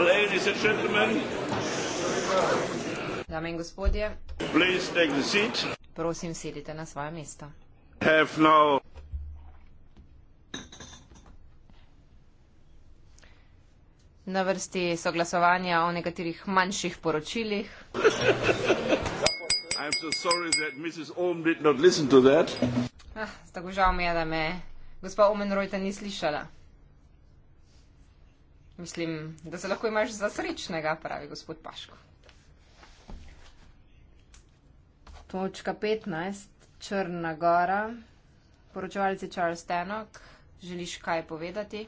ladies and gentlemen. Dame in gospodje. Please take the seat. Prosim, sedite na svoje mesto. Have now. Na vrsti so glasovanja o nekaterih manjših poročilih. I am so sorry that Mrs. Ohm did not listen to that. Ah, tako žal mi je, da me gospa Omen Rojta ni slišala. Mislim, da se lahko imaš za srečnega, pravi gospod Paško. Točka 15, Črna gora. Poročevalci Charles Tenok, želiš kaj povedati?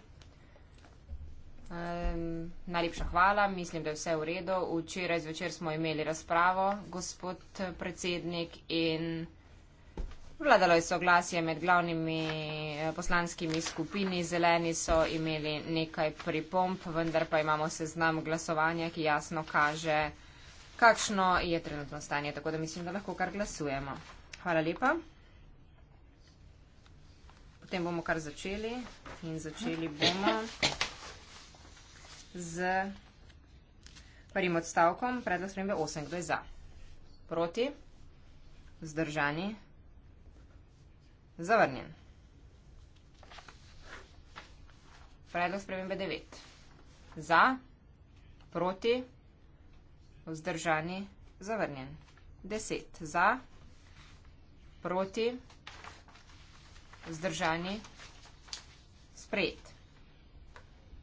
Um, najlepša hvala, mislim, da je vse v redu. Včeraj zvečer smo imeli razpravo, gospod predsednik, in Vladalo je soglasje med glavnimi eh, poslanskimi skupini, zeleni so imeli nekaj pripomp, vendar pa imamo seznam glasovanja, ki jasno kaže, kakšno je trenutno stanje, tako da mislim, da lahko kar glasujemo. Hvala lepa. Potem bomo kar začeli in začeli bomo z prvim odstavkom predlog spremembe 8. Kdo je za? Proti? Zdržani? Zavrnjen. Predlog spremembe 9. Za, proti, vzdržani, zavrnjen. 10. Za, proti, vzdržani, sprejet.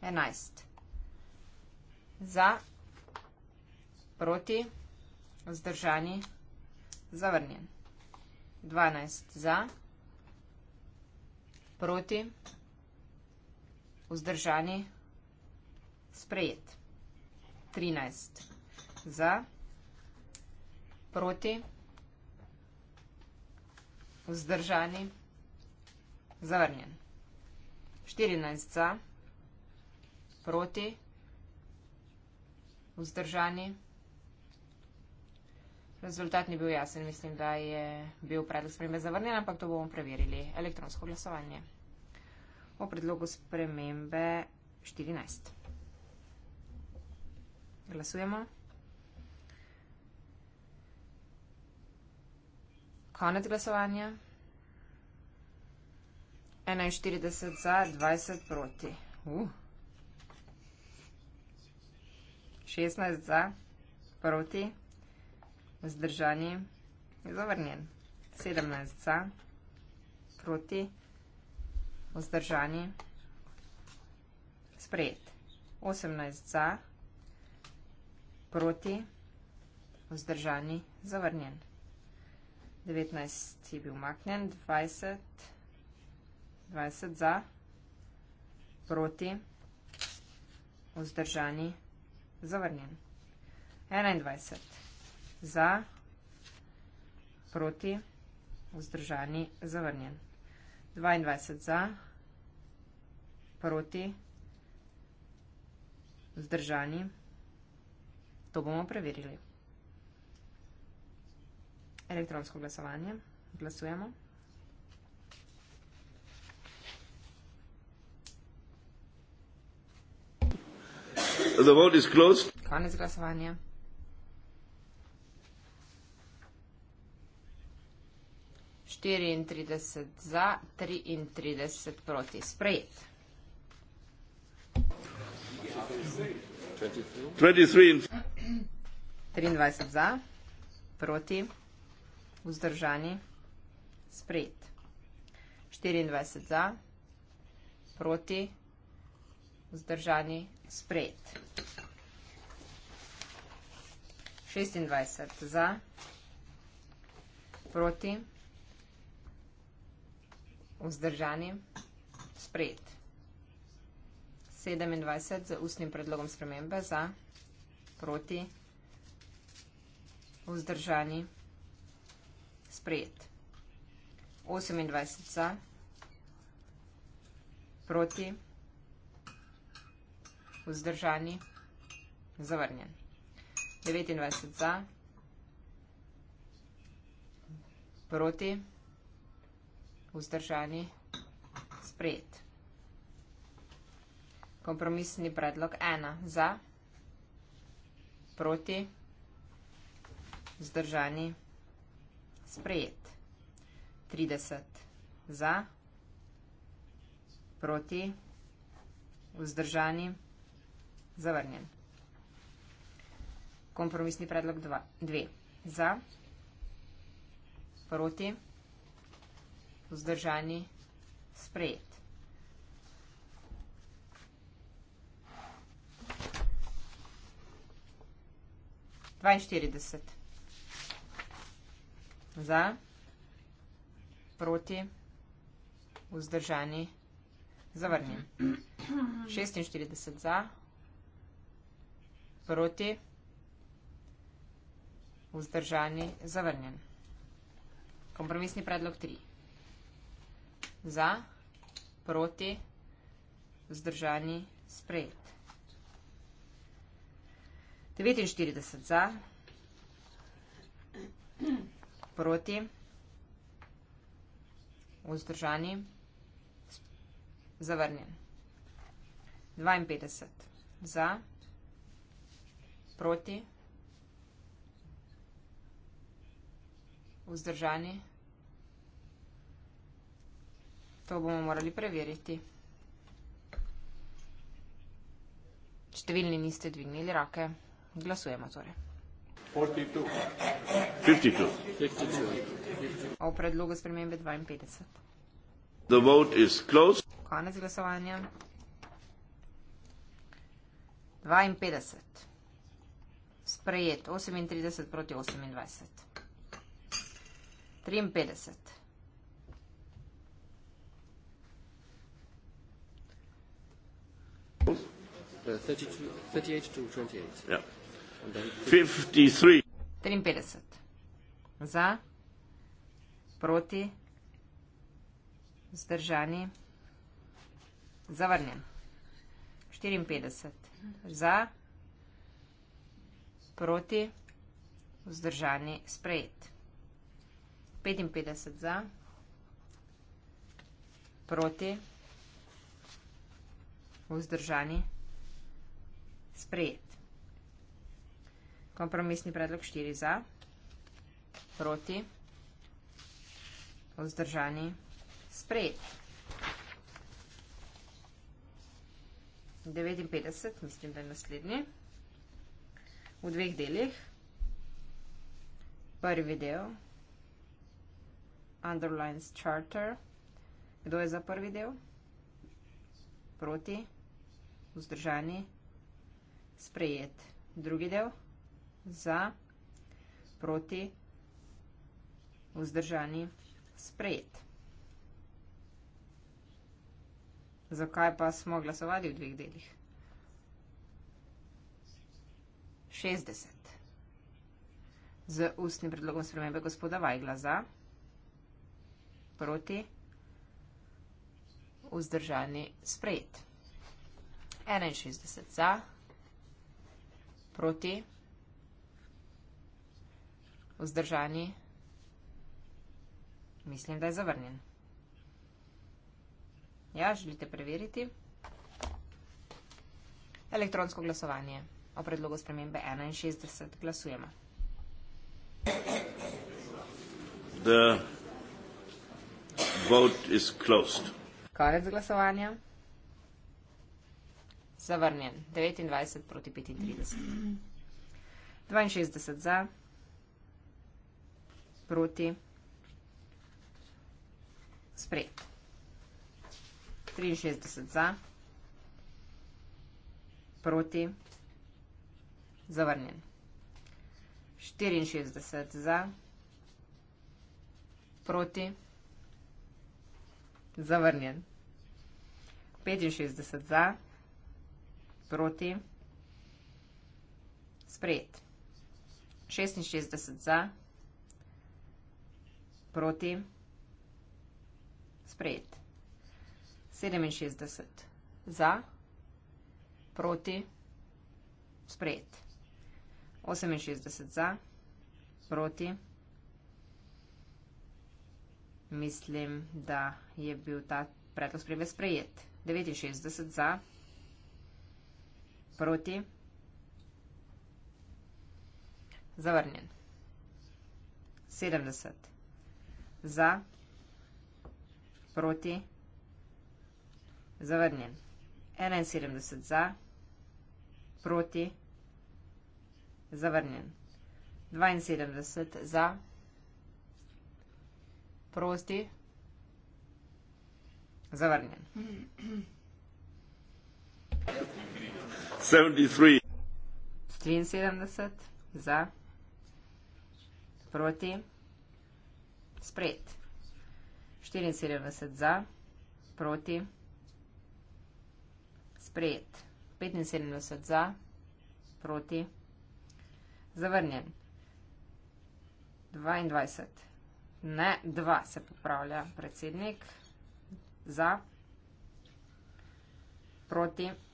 11. Za, proti, vzdržani, zavrnjen. 12. Za, proti, vzdržani, zavrnjen proti, vzdržani, sprejet. 13. Za, proti, vzdržani, zavrnjen. 14. Za, proti, vzdržani, zavrnjen. Rezultat ni bil jasen. Mislim, da je bil predlog spremembe zavrnjen, ampak to bomo preverili elektronsko glasovanje. O predlogu spremembe 14. Glasujemo. Konec glasovanja. 41 za, 20 proti. Uh. 16 za, proti vzdržani, zavrnjen. 17 za, proti, vzdržani, sprejet. 18 za, proti, vzdržani, zavrnjen. 19 je bil maknjen, 20, 20 za, proti, vzdržani, zavrnjen. 21 za, proti, vzdržani, zavrnjen za, proti, vzdržani, zavrnjen. 22 za, proti, vzdržani, to bomo preverili. Elektronsko glasovanje, glasujemo. The vote is closed. Konec glasovanja. 34 za, 33 proti. Sprejet. 23 za, proti, vzdržani, sprejet. 24 za, proti, vzdržani, sprejet. 26 za, proti, vzdržani, sprejet vzdržani, sprejet. 27 z ustnim predlogom spremembe za, proti, vzdržani, sprejet. 28 za, proti, vzdržani, zavrnjen. 29 za, proti, vzdržani, zavrnjen vzdržani sprejet. Kompromisni predlog ena za, proti, vzdržani sprejet. 30 za, proti, vzdržani, zavrnjen. Kompromisni predlog dva, dve za, proti, vzdržani sprejet vzdržani, sprejet. Dvainštirideset. Za, proti, vzdržani, zavrnjen. Šestinštirideset za, proti, vzdržani, zavrnjen. Kompromisni predlog tri. Za, proti, vzdržani, sprejet. 49 za, proti, vzdržani, zavrnjen. 52 za, proti, vzdržani, zavrnjen. To bomo morali preveriti. Številni niste dvignili rake. Glasujemo torej. 52. O predlogu spremembe 52. The vote is closed. Konec glasovanja. 52. Sprejet. 38 proti 28. 53. 53. Za, proti, zdržani, zavrnjen. 54. Za, proti, vzdržani, sprejet. 55 za, proti, vzdržani, sprejet. Sprejet. Kompromisni predlog 4 za, proti, vzdržani, sprejet. 59, mislim, da je naslednji, v dveh delih. Prvi del, underlines charter, kdo je za prvi del? Proti, vzdržani, sprejet sprejet. Drugi del, za, proti, vzdržani, sprejet. Zakaj pa smo glasovali v dveh delih? 60. Z ustnim predlogom spremembe gospoda Vajgla za, proti, vzdržani, sprejet. 61 za, proti, vzdržani, mislim, da je zavrnjen. Ja, želite preveriti? Elektronsko glasovanje. O predlogu spremembe 61 glasujemo. The vote is closed. Konec glasovanja. Zavrnjen. 29 proti 35. 62 za. Proti. Spred. 63 za. Proti. Zavrnjen. 64 za. Proti. Zavrnjen. 65 za proti. Sprejet. 66 za. Proti. Sprejet. 67 za. Proti. Sprejet. 68 za. Proti. Mislim, da je bil ta predlog sprejet. 69 za. Proti. Proti. Zavrnjen. 70. Za. Proti. Zavrnjen. 71 za. Proti. Zavrnjen. 72 za. Prosti. Zavrnjen. 73 za, proti, sprejet. 74 za, proti, sprejet. 75 za, proti, zavrnjen. 22. Ne, 2 se popravlja predsednik. Za, proti, sprejet.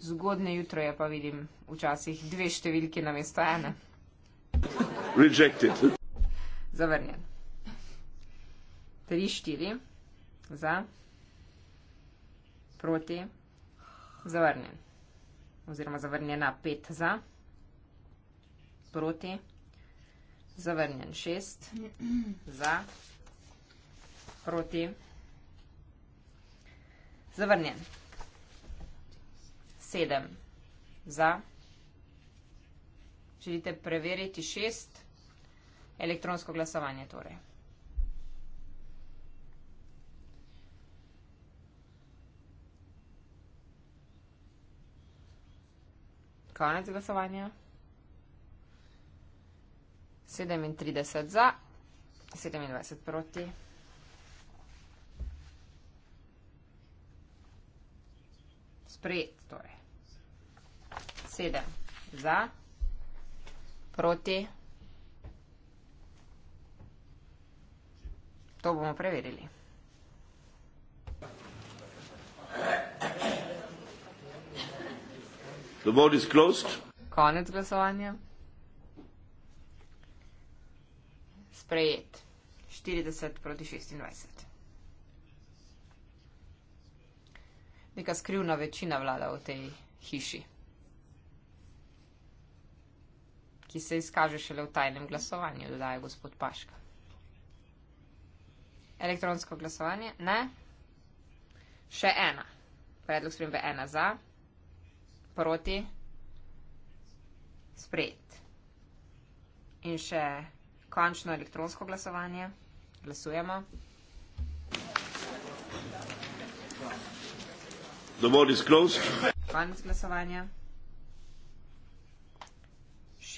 zgodne jutro je pa vidim včasih dve številke na mesto ene. Rejected. Zavrnjen. Tri, štiri. Za. Proti. Zavrnjen. Oziroma zavrnjena pet za. Proti. Zavrnjen šest. Za. Proti. Zavrnjen sedem. Za. Želite preveriti šest. Elektronsko glasovanje torej. Konec glasovanja. 37 za, 27 proti. Sprejet torej sedem za, proti. To bomo preverili. The vote is closed. Konec glasovanja. Sprejet. 40 proti 26. Neka skrivna večina vlada v tej hiši. ki se izkaže šele v tajnem glasovanju, dodaja gospod Paška. Elektronsko glasovanje? Ne. Še ena. Predlog spremembe ena za, proti, sprejet. In še končno elektronsko glasovanje. Glasujemo. Konec glasovanja.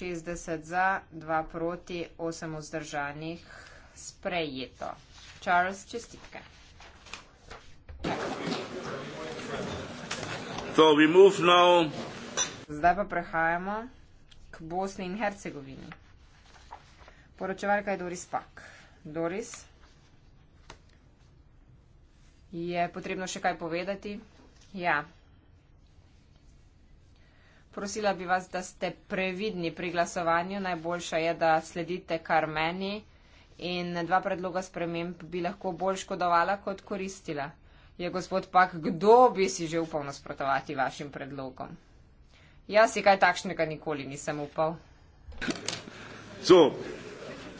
60 za, 2 proti, 8 vzdržanih, sprejeto. Charles, čestitke. So we move now. Zdaj pa prehajamo k Bosni in Hercegovini. Poročevalka je Doris Pak. Doris, je potrebno še kaj povedati? Ja. Prosila bi vas, da ste previdni pri glasovanju. Najboljša je, da sledite kar meni in dva predloga sprememb bi lahko bolj škodovala, kot koristila. Je gospod pak, kdo bi si že upal nasprotovati vašim predlogom? Jaz si kaj takšnega nikoli nisem upal. So,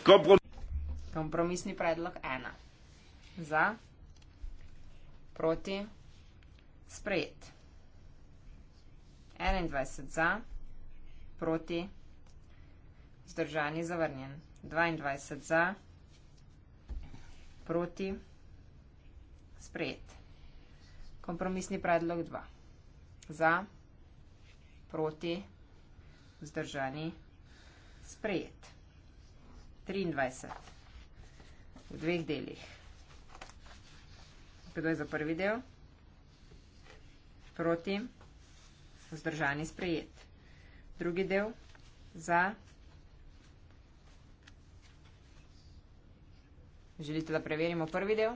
komprom Kompromisni predlog ena. Za, proti, sprejeti. 21 za, proti, vzdržani, zavrnjen. 22 za, proti, sprejet. Kompromisni predlog 2. Za, proti, vzdržani, sprejet. 23. V dveh delih. Kdo je za prvi del? Proti. Vzdržani sprejet. Drugi del. Za. Želite, da preverimo prvi del?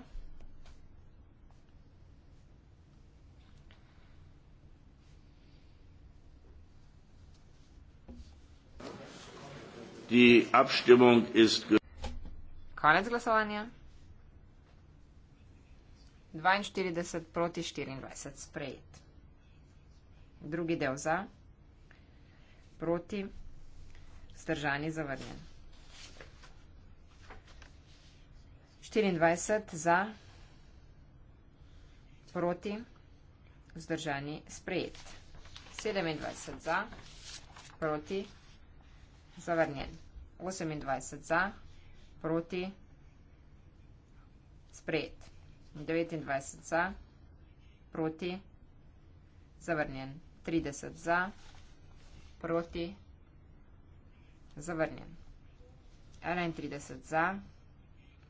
Die Abstimmung ist Konec glasovanja. 42 proti 24 sprejet drugi del za, proti, stržani zavrnjen. 24 za, proti, vzdržani, sprejet. 27 za, proti, zavrnjen. 28 za, proti, sprejet. 29 za, proti, zavrnjen. 30 za, proti, zavrnjen. 31 za,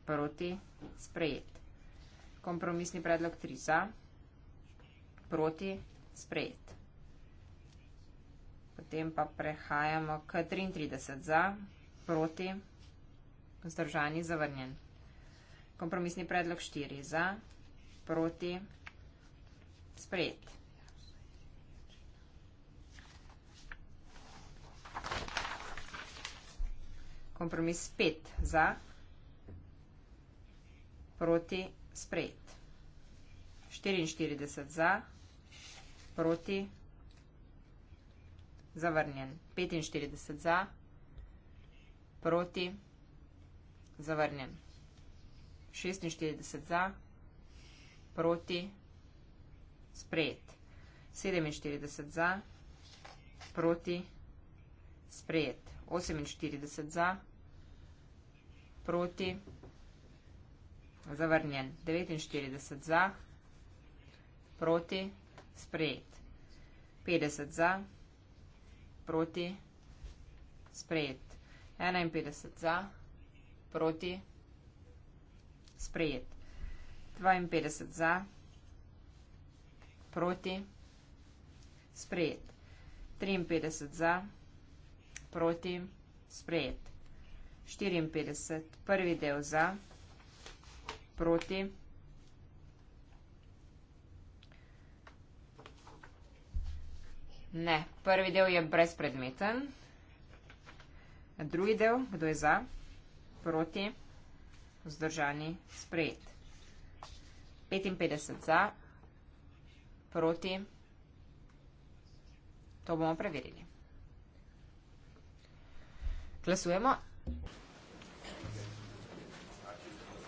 proti, sprejet. Kompromisni predlog 3 za, proti, sprejet. Potem pa prehajamo k 33 za, proti, vzdržani, zavrnjen. Kompromisni predlog 4 za, proti, sprejet. kompromis 5 za, proti sprejet. 44 za, proti zavrnjen. 45 za, proti zavrnjen. 46 za, proti sprejet. 47 za, proti sprejet. 48 za, proti sprejet proti. Zavrnjen. 49 za, proti, sprejet. 50 za, proti, sprejet. 51 za, proti, sprejet. 52 za, proti, sprejet. 53 za, proti, sprejet. 54, prvi del za, proti. Ne, prvi del je brezpredmeten. Drugi del, kdo je za, proti, vzdržani, sprejet. 55 za, proti, to bomo preverili. Glasujemo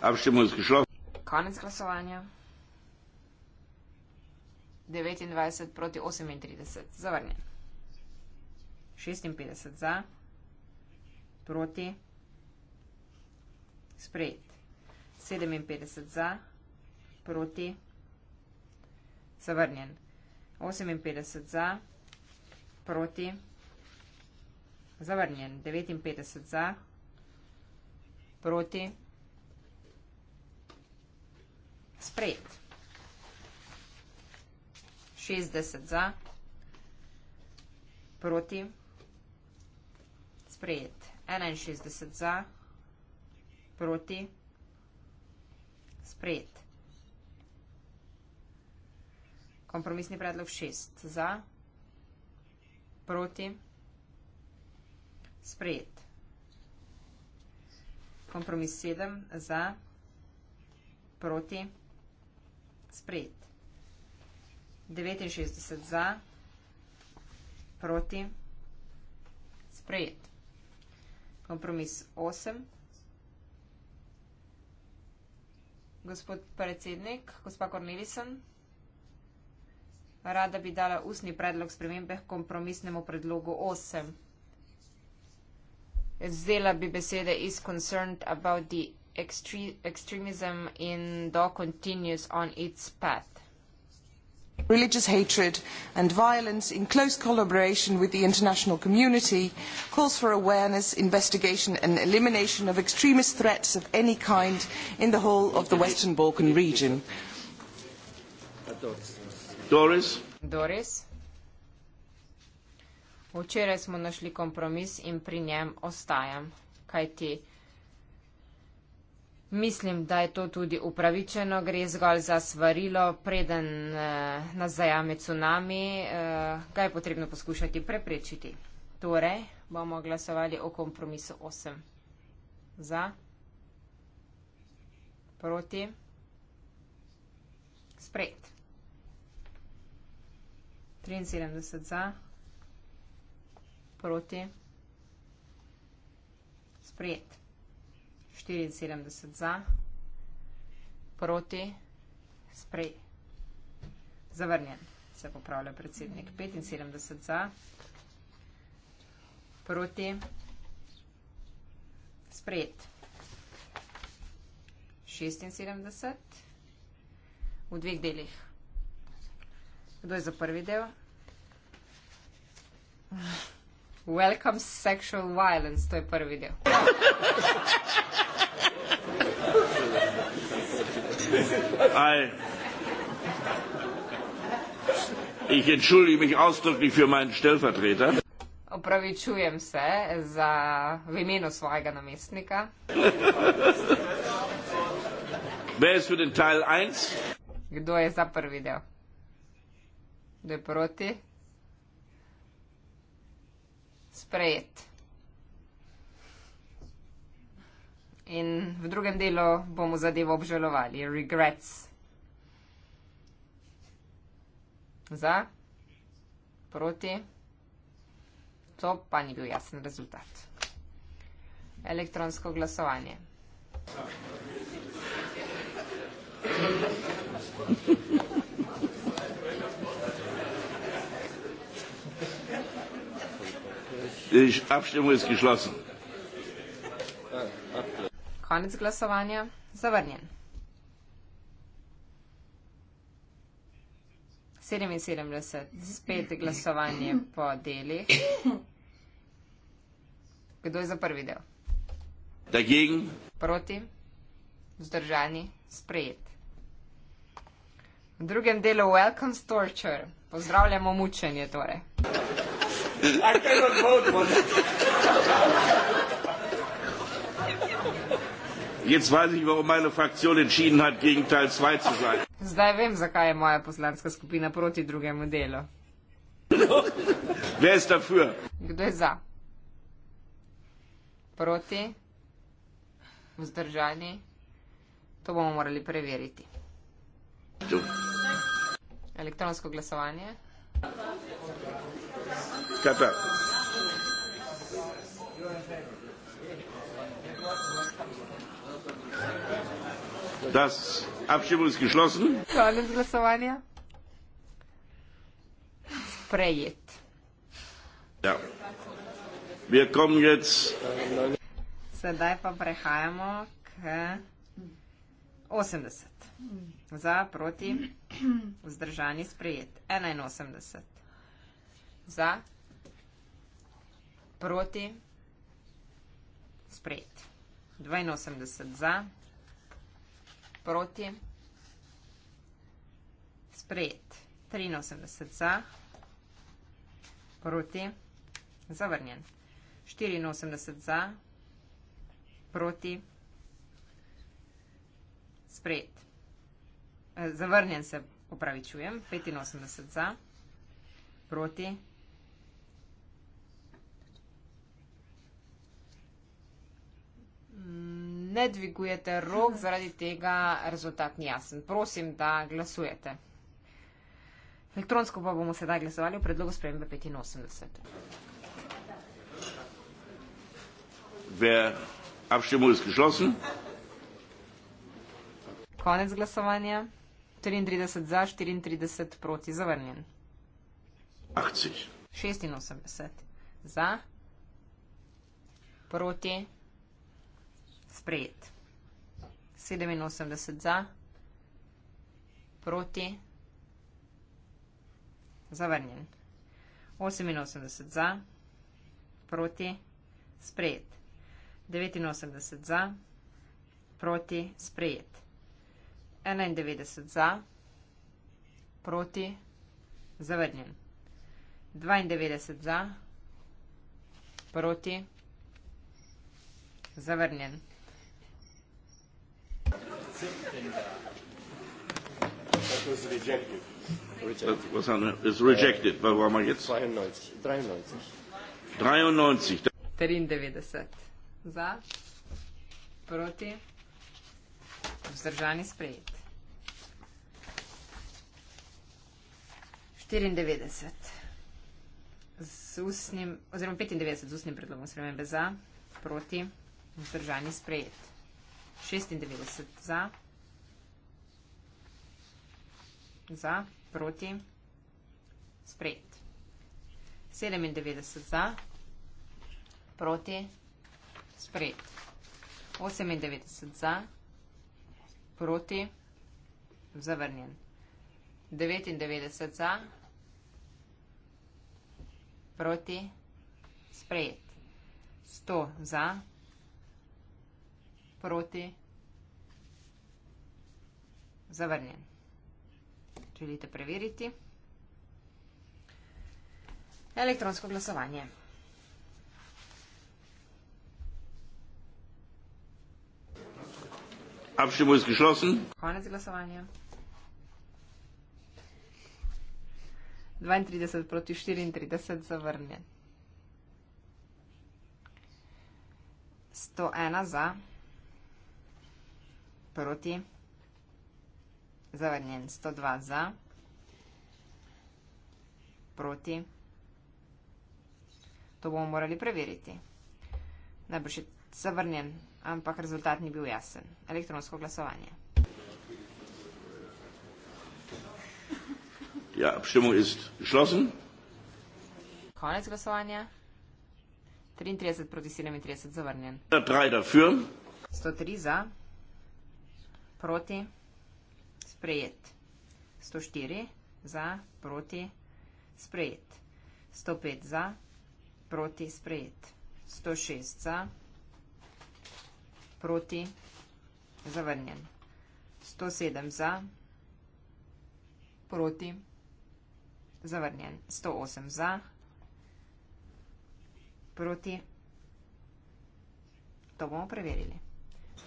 Abstimmung ist geschlossen. Konec glasovanja. 29 proti 38 zavrnjen. 56 za, proti, sprejet. 57 za, proti, zavrnjen. 58 za, proti, zavrnjen. 59 za, proti. Proti. Sprejet. 60 za. Proti. Sprejet. 61 za. Proti. Sprejet. Kompromisni predlog 6 za. Proti. Sprejet kompromis 7 za, proti, sprejet. 69 za, proti, sprejet. Kompromis 8. Gospod predsednik, gospa Cornelison, rada bi dala ustni predlog spremembe kompromisnemu predlogu 8. Zdela bi besede is concerned about the extre extremism in dog continues on its path. Religious hatred and violence in close collaboration with the international community calls for awareness, investigation and elimination of extremist threats of any kind in the whole of the Western Balkan region. Doris. Doris. Včeraj smo našli kompromis in pri njem ostajam, kajti mislim, da je to tudi upravičeno, gre zgolj za svarilo, preden eh, nas zajame cunami, eh, ga je potrebno poskušati preprečiti. Torej, bomo glasovali o kompromisu 8. Za? Proti? Sprejet. 73 za proti. Sprejet. 74 za. Proti. Sprej. Zavrnjen. Se popravlja predsednik. 75 za. Proti. Sprejet. 76. V dveh delih. Kdo je za prvi del? Hvala. Welcome sexual violence, to je prvi del. Aj. Ich entschuldige mich ausdrücklich für meinen Stellvertreter. Opravičujem se za v imenu svojega namestnika. Wer ist für den Teil 1? Kdo je za prvi del? Kdo je proti? sprejet. In v drugem delu bomo zadevo obžalovali, regrets za, proti, to pa ni bil jasen rezultat. Elektronsko glasovanje. Thank you. Abstimmung ist geschlossen. Konec glasovanja. Zavrnjen. 77. Spet glasovanje po delih. Kdo je za prvi del? Dagegen. Proti. Zdržani. Sprejet. V drugem delu Welcome to Torture. Pozdravljamo mučenje torej. I cannot vote for Jetzt weiß ich, warum meine Fraktion entschieden hat, gegen Teil 2 zu sein. Zdaj vem, zakaj je moja poslanska skupina proti drugemu delu. Wer ist dafür? Kdo je za? Proti? Vzdržani? To bomo morali preveriti. Elektronsko glasovanje? Zdaj. Kata. Das Abstimmung ist geschlossen. Sprejet. Ja. Wir kommen jetzt. Sedaj pa prehajamo k 80. Za, proti, vzdržani sprejet. 81 za, proti, sprejet. 82 za, proti, sprejet. 83 za, proti, zavrnjen. 84 za, proti, sprejet. Eh, zavrnjen se opravičujem. 85 za, proti, sprejet. ne dvigujete rok, zaradi tega rezultat ni jasen. Prosim, da glasujete. Elektronsko pa bomo sedaj glasovali v predlogu spremembe 85. Wer abstimmung ist geschlossen? Konec glasovanja. 33 za, 34 proti, zavrnjen. 80. 86 za, proti sprejet. 87 za, proti, zavrnjen. 88 za, proti, sprejet. 89 za, proti, sprejet. 91 za, proti, zavrnjen. 92 za, proti, zavrnjen. Was haben wir? Das ist rejected. Wo haben wir jetzt? 93. 93. 93. Za. Proti. Vzdržani sprejet. 94. Z usnim, oziroma 95 z usnim predlogom spremembe za. Proti. Vzdržani sprejet. 96 za, za, proti, sprejet. 97 za, proti, sprejet. 98 za, proti, zavrnjen. 99 za, proti, sprejet. 100 za, proti, sprejet proti, zavrnjen. Želite preveriti? Elektronsko glasovanje. Konec glasovanja. 32 proti 34 zavrnjen. 101 za proti. Zavrnjen 102 za. Proti. To bomo morali preveriti. Najbrž je zavrnjen, ampak rezultat ni bil jasen. Elektronsko glasovanje. Ja, abstimmung ist geschlossen. Konec glasovanja. 33 proti 37 zavrnjen. 3 dafür. 103 za proti, sprejet. 104 za, proti, sprejet. 105 za, proti, sprejet. 106 za, proti, zavrnjen. 107 za, proti, zavrnjen. 108 za, proti. To bomo preverili.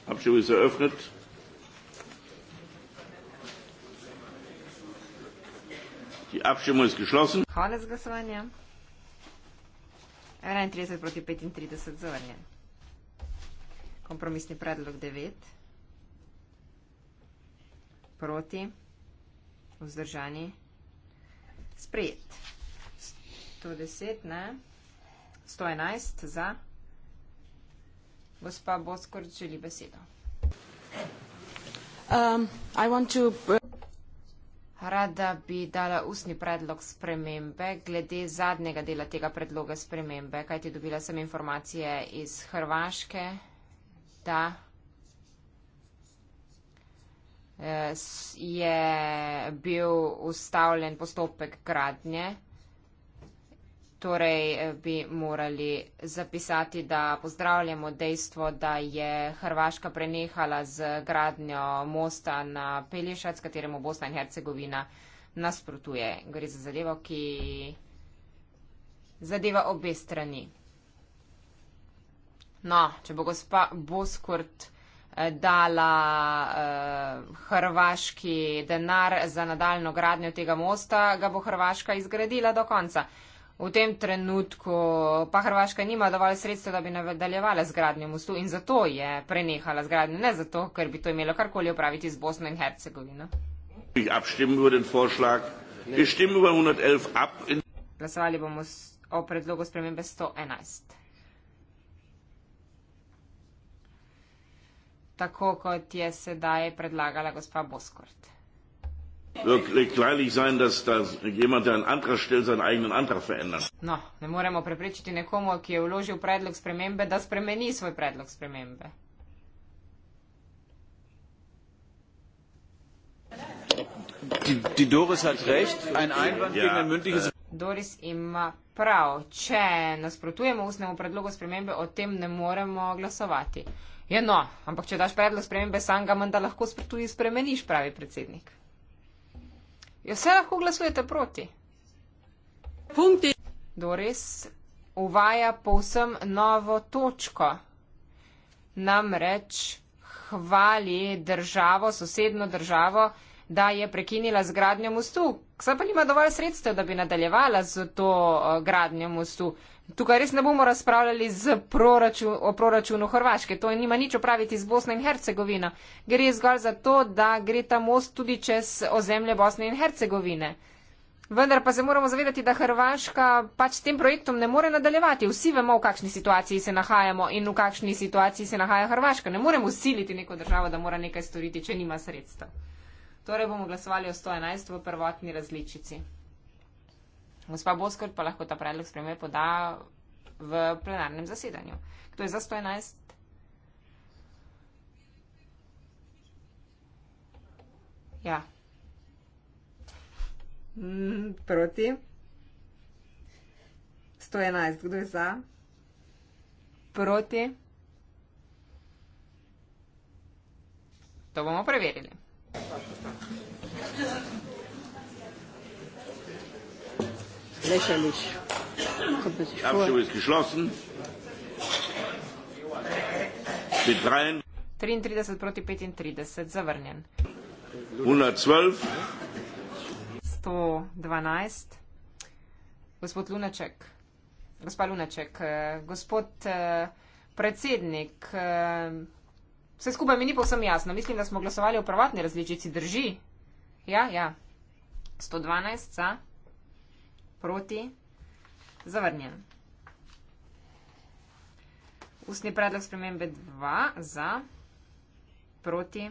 Abstimmung ist eröffnet. Die Abstimmung ist geschlossen. Kompromisni predlog 9, proti, vzdržani, sprejet. 110, ne, 111 za. Gospa Boskor želi besedo. Um, Rada bi dala ustni predlog spremembe glede zadnjega dela tega predloga spremembe, kajti dobila sem informacije iz Hrvaške, da eh, je bil ustavljen postopek gradnje. Torej eh, bi morali zapisati, da pozdravljamo dejstvo, da je Hrvaška prenehala z gradnjo mosta na Pelješac, kateremu Bosna in Hercegovina nasprotuje. Gre za zadevo, ki zadeva obe strani. No, če bo gospa Boskurt eh, dala eh, Hrvaški denar za nadaljno gradnjo tega mosta, ga bo Hrvaška izgradila do konca v tem trenutku pa Hrvaška nima dovolj sredstev, da bi nadaljevala zgradnjo mostu in zato je prenehala zgradnjo, ne zato, ker bi to imelo karkoli opraviti z Bosno in Hercegovino. Glasovali bomo o predlogu spremembe 111. Tako kot je sedaj predlagala gospa Boskort. No, ne moremo preprečiti nekomu, ki je vložil predlog spremembe, da spremeni svoj predlog spremembe. Ja, äh. Doris ima prav, če nasprotujemo ustnemu predlogu spremembe, o tem ne moremo glasovati. Je no, ampak če daš predlog spremembe, sam ga manda lahko tudi spremeniš, pravi predsednik. Jo ja, vse lahko glasujete proti. Punkti. Doris uvaja povsem novo točko. Namreč hvali državo, sosedno državo, da je prekinila z gradnjo mostu. Ksa pa nima dovolj sredstev, da bi nadaljevala z to eh, gradnjo mostu. Tukaj res ne bomo razpravljali proraču, o proračunu Hrvaške, to nima nič opraviti z Bosno in Hercegovino. Gre zgolj za to, da gre ta most tudi čez ozemlje Bosne in Hercegovine. Vendar pa se moramo zavedati, da Hrvaška pač s tem projektom ne more nadaljevati. Vsi vemo, v kakšni situaciji se nahajamo in v kakšni situaciji se nahaja Hrvaška. Ne moremo usiliti neko državo, da mora nekaj storiti, če nima sredstev. Torej bomo glasovali o 111 v prvotni različici. Gospa Boskor pa lahko ta predlog spremembe poda v plenarnem zasedanju. Kdo je za 111? Ja. Mm, proti. 111. Kdo je za? Proti. To bomo preverili. Thank you. lächerlich. Kommt man sich die Abstimmung vor. ist geschlossen. Mit 33 proti 35 zavrnen. 112. 112. Gospod Lunaček. Gospa Lunaček. Eh, gospod eh, predsednik. Eh, vse skupaj mi ni povsem jasno. Mislim, da smo glasovali v pravatni različici. Drži? Ja, ja. 112 za proti, zavrnjen. Ustni predlog spremembe 2 za, proti,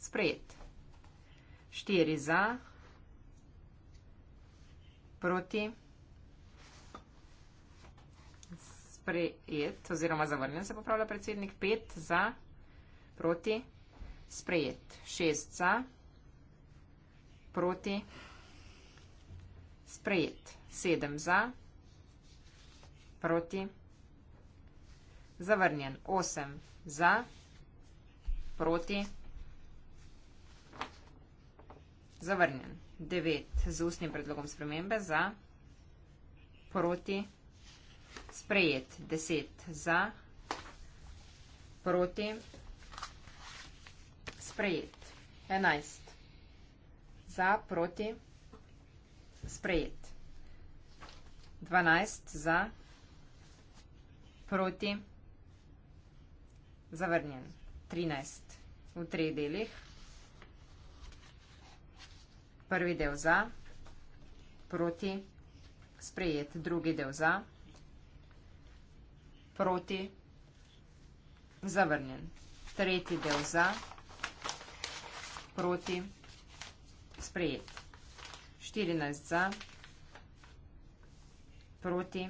sprejet. 4 za, proti, sprejet, oziroma zavrnjen se popravlja predsednik, 5 za, proti, sprejet. 6 za, proti, sprejet sprejet. Sedem za, proti, zavrnjen. Osem za, proti, zavrnjen. Devet z ustnim predlogom spremembe za, proti, sprejet. Deset za, proti, sprejet. Enajst za, proti, sprejet sprejet. 12 za, proti, zavrnjen. 13 v treh delih. Prvi del za, proti, sprejet. Drugi del za, proti, zavrnjen. Tretji del za, proti, sprejet. 14 za, proti,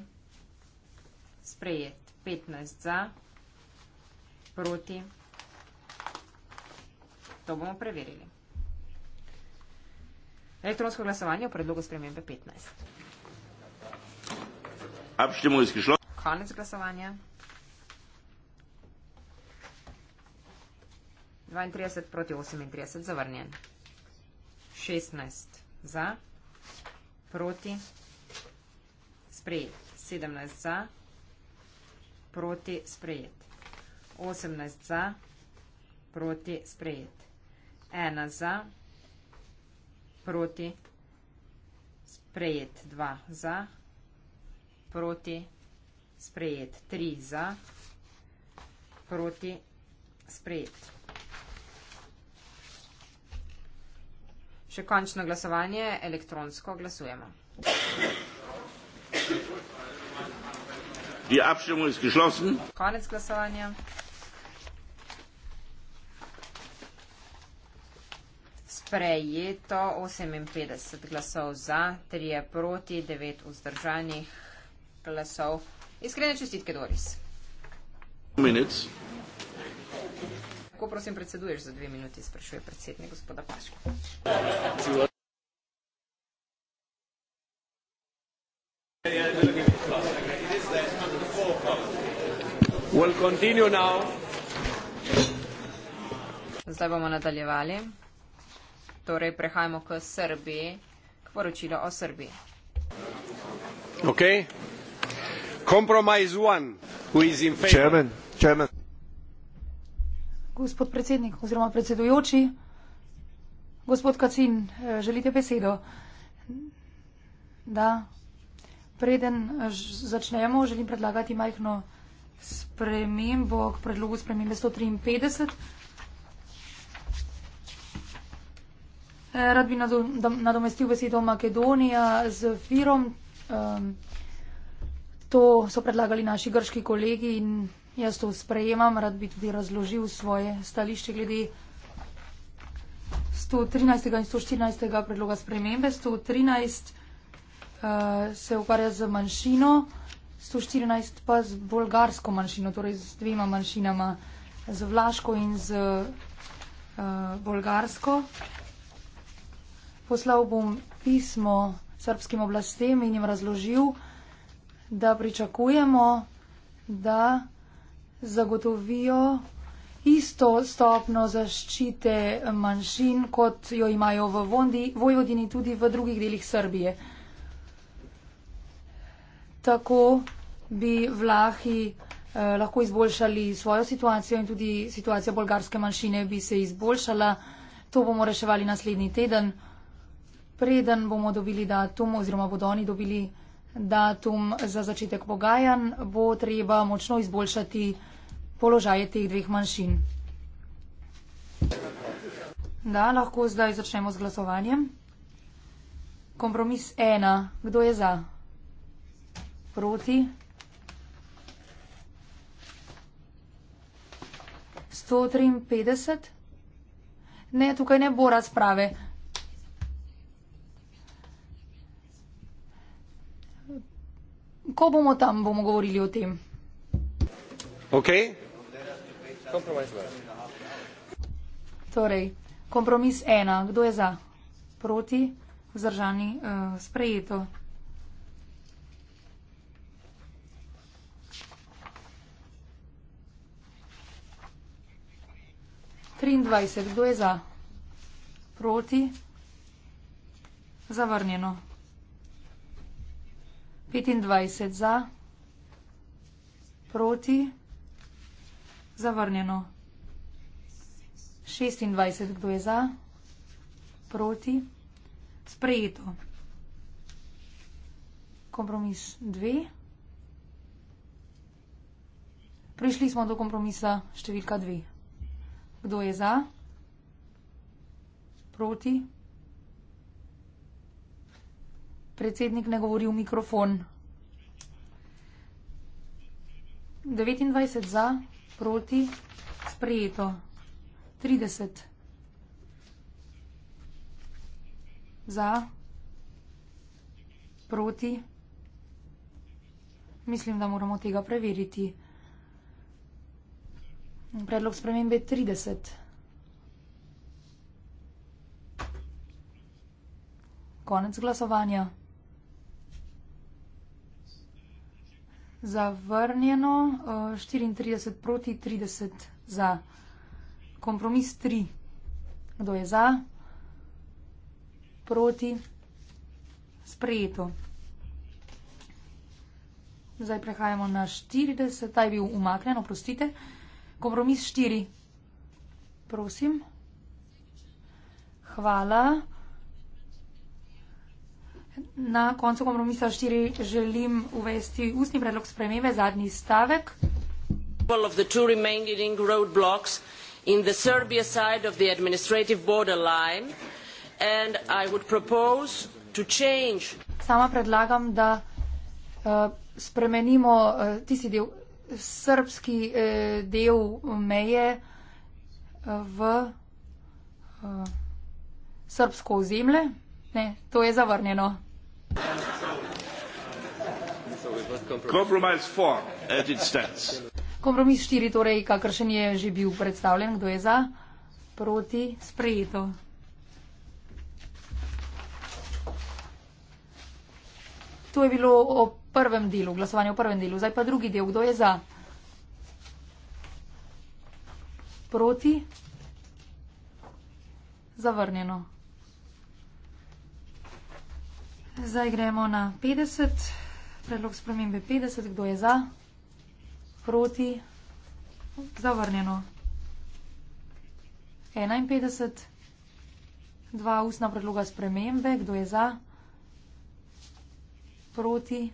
sprejet, 15 za, proti, to bomo preverili. Elektronsko glasovanje v predlogu spremembe 15. Apštemo izkišlo. Konec glasovanja. 32 proti 38 zavrnjen. 16 za proti, sprejet. 17 za, proti, sprejet. 18 za, proti, sprejet. 1 za, proti, sprejet. 2 za, proti, sprejet. 3 za, proti, sprejet. Sprejet. Še končno glasovanje, elektronsko glasujemo. Konec glasovanja. Sprejeto 58 glasov za, 3 proti, 9 vzdržanih glasov. Iskrene čestitke, Doris. Kako prosim predseduješ za dve minuti, sprašuje predsednik gospoda Paška. Zdaj bomo nadaljevali. Torej, prehajamo k Srbiji, k poročilu o Srbiji. Okay. Compromise one, who is in favor. Chairman, chairman gospod predsednik oziroma predsedujoči. Gospod Kacin, eh, želite besedo? Da. Preden eh, začnemo, želim predlagati majhno spremembo k predlogu spremembe 153. Eh, rad bi nadomestil besedo Makedonija z Firom. Ehm, to so predlagali naši grški kolegi in Jaz to sprejemam, rad bi tudi razložil svoje stališče glede 113. in 114. predloga spremembe. 113 uh, eh, se ukvarja z manjšino, 114 pa z bolgarsko manjšino, torej z dvema manjšinama, z vlaško in z uh, bolgarsko. Poslal bom pismo srpskim oblastem in jim razložil, da pričakujemo, da zagotovijo isto stopno zaščite manjšin, kot jo imajo v Vondi, Vojvodini tudi v drugih delih Srbije. Tako bi vlahi eh, lahko izboljšali svojo situacijo in tudi situacija bolgarske manjšine bi se izboljšala. To bomo reševali naslednji teden, preden bomo dobili datum oziroma bodo oni dobili datum za začetek pogajanj, bo treba močno izboljšati položaje teh dveh manjšin. Da, lahko zdaj začnemo z glasovanjem. Kompromis ena. Kdo je za? Proti? 153? Ne, tukaj ne bo razprave. ko bomo tam, bomo govorili o tem. Okay. Torej, kompromis ena. Kdo je za? Proti? Vzdržani? Uh, sprejeto. Triindvajset. Kdo je za? Proti? Zavrnjeno petindvajset za, proti, zavrnjeno. Šestindvajset, kdo je za, proti, sprejeto. Kompromis dve. Prišli smo do kompromisa številka dve. Kdo je za? Proti? Predsednik ne govori v mikrofon. 29 za, proti, sprejeto. 30. Za, proti. Mislim, da moramo tega preveriti. Predlog spremembe je 30. Konec glasovanja. zavrnjeno, uh, eh, 34 proti 30 za. Kompromis 3. Kdo je za? Proti? Sprejeto. Zdaj prehajamo na 40, ta je bil umaknen, oprostite. Kompromis 4. Prosim. Hvala. Na koncu kompromisa štiri želim uvesti ustni predlog spremembe, zadnji stavek. In the Serbia side of the administrative border line, and I would propose to change. Sama predlagam, da uh, spremenimo uh, tisti del, srbski uh, del meje uh, v uh, srbsko ozemlje. Ne, to je zavrnjeno. Kompromis štiri, torej, kakršen je že bil predstavljen, kdo je za, proti, sprejeto. To je bilo o prvem delu, glasovanje o prvem delu. Zdaj pa drugi del, kdo je za? Proti? Zavrnjeno. Zdaj gremo na 50. Predlog spremembe 50. Kdo je za? Proti? Zavrnjeno. 51. Dva ustna predloga spremembe. Kdo je za? Proti?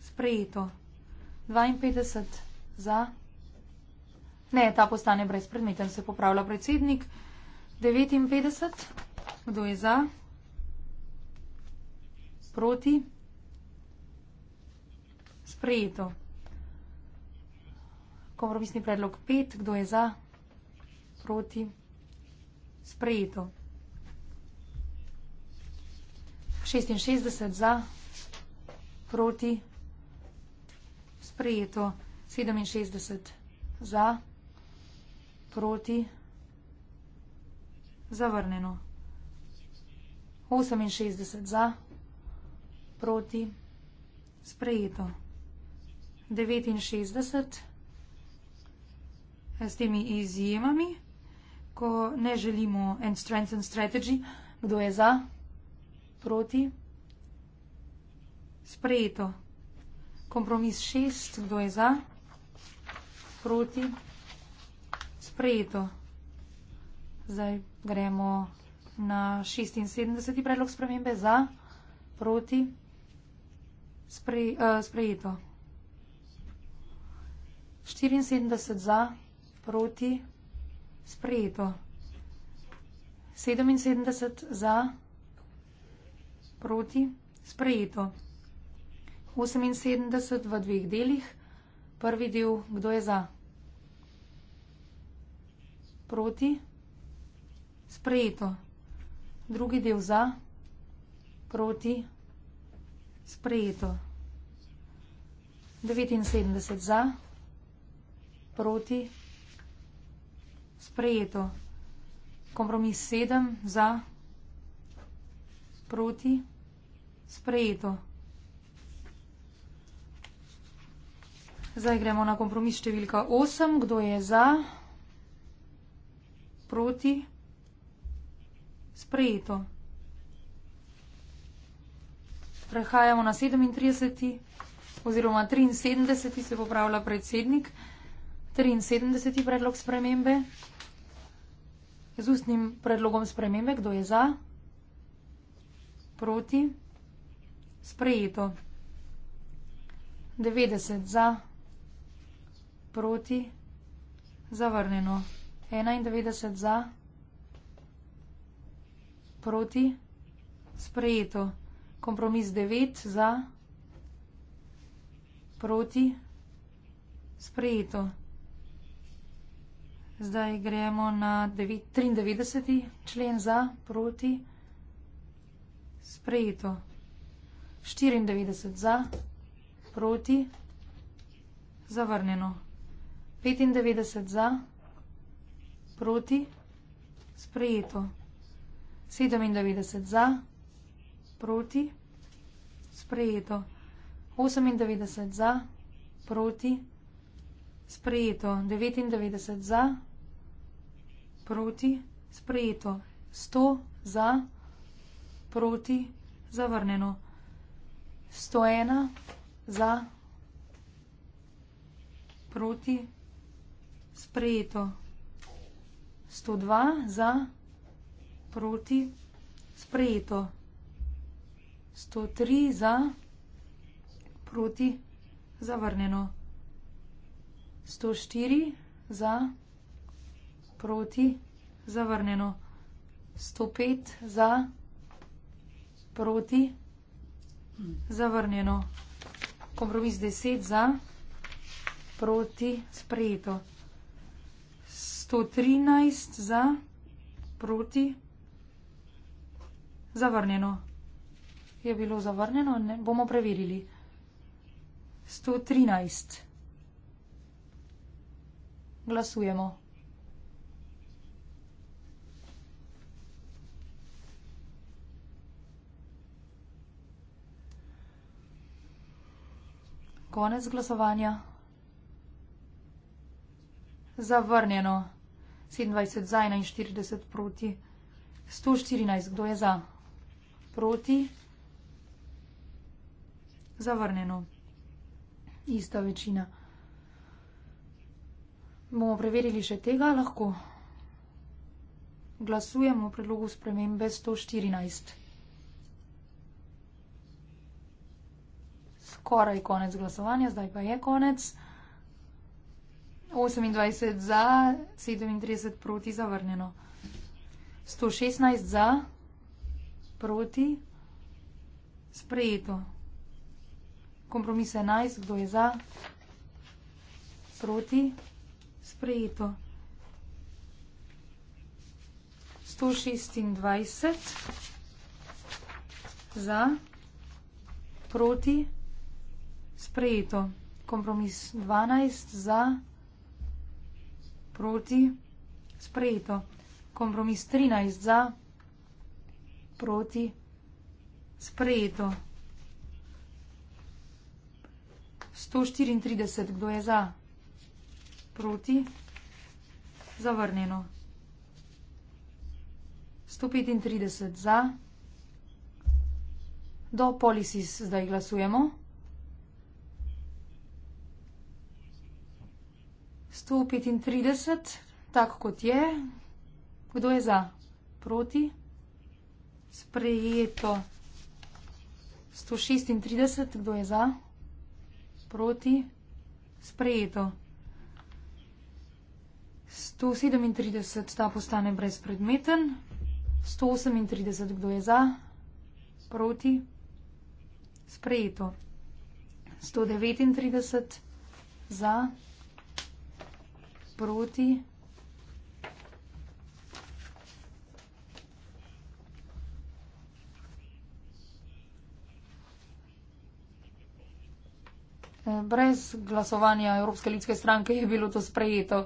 Sprejeto. 52. Za? Ne, ta postane brezpredmeten. Se popravlja predsednik. 59. Kdo je za? Proti? proti. Sprejeto. Kompromisni predlog 5. Kdo je za? Proti. Sprejeto. 66 za. Proti. Sprejeto. 67 za. Proti. Zavrnjeno. 68 za. Proti proti. Sprejeto. 69. S temi izjemami, ko ne želimo en strength and strategy, kdo je za, proti. Sprejeto. Kompromis 6, kdo je za, proti. Sprejeto. Zdaj gremo na 76. predlog spremembe za, proti. Eh, sprejeto. 74 za, proti, sprejeto. 77 za, proti, sprejeto. 78 v dveh delih, prvi del, kdo je za, proti, sprejeto. Drugi del za, proti, sprejeto. Sprejeto. 79 za, proti. Sprejeto. Kompromis 7 za, proti. Sprejeto. Zdaj gremo na kompromis številka 8. Kdo je za? Proti? Sprejeto prehajamo na 37. oziroma 73. se popravlja predsednik. 73. predlog spremembe. Z ustnim predlogom spremembe, kdo je za? Proti? Sprejeto. 90 za, proti, zavrnjeno. 91 za, proti, sprejeto kompromis 9 za, proti, sprejeto. Zdaj gremo na 9, 93. člen za, proti, sprejeto. 94 za, proti, zavrnjeno. 95 za, proti, sprejeto. 97 za, proti proti, sprejeto. 98 za, proti, sprejeto. 99 za, proti, sprejeto. 100 za, proti, zavrnjeno. 101 za, proti, sprejeto. 102 za, proti, sprejeto sto tri za, proti zavrnjeno. sto štiri za, proti zavrnjeno. sto pet za, proti zavrnjeno. Kompromis deset za, proti sprejeto. sto trinajst za, proti zavrnjeno je bilo zavrnjeno, ne bomo preverili. 113. Glasujemo. Konec glasovanja. Zavrnjeno. 27 za, 41 proti. 114, kdo je za? Proti zavrnjeno. Ista večina. Bomo preverili še tega, lahko. Glasujemo o predlogu spremembe 114. Skoraj konec glasovanja, zdaj pa je konec. 28 za, 37 proti zavrnjeno. 116 za, proti, sprejeto kompromis 11, kdo je za, proti, sprejeto. 126 za, proti, sprejeto. Kompromis 12 za, proti, sprejeto. Kompromis 13 za, proti, sprejeto. Sprejeto. 134, kdo je za? Proti? Zavrnjeno. 135 za. Do policies zdaj glasujemo. 135, tako kot je. Kdo je za? Proti? Sprejeto. 136, kdo je za? proti. Sprejeto. 137, ta postane brezpredmeten. 138, kdo je za? Proti. Sprejeto. 139, za? Proti. brez glasovanja Evropske ljudske stranke je bilo to sprejeto.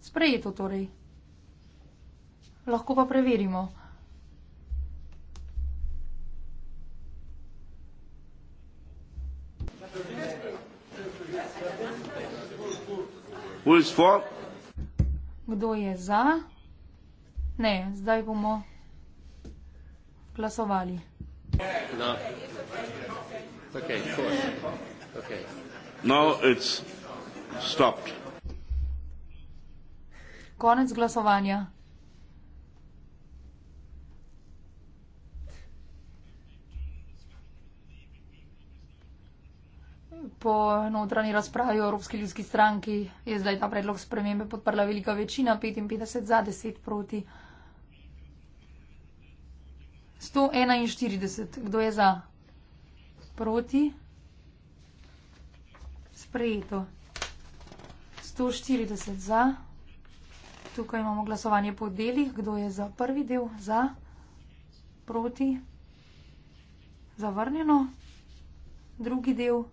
Sprejeto torej. Lahko pa preverimo. Kdo je za? Ne, zdaj bomo glasovali. Okay, course. Okay. Now it's stopped. Konec glasovanja. Po notranji razpravi v Evropski ljudski stranki je zdaj ta predlog spremembe podprla velika večina, 55 za, 10 proti. 141. Kdo je za? proti sprejeto. 140 za. Tukaj imamo glasovanje po delih, kdo je za prvi del, za, proti, zavrnjeno, drugi del,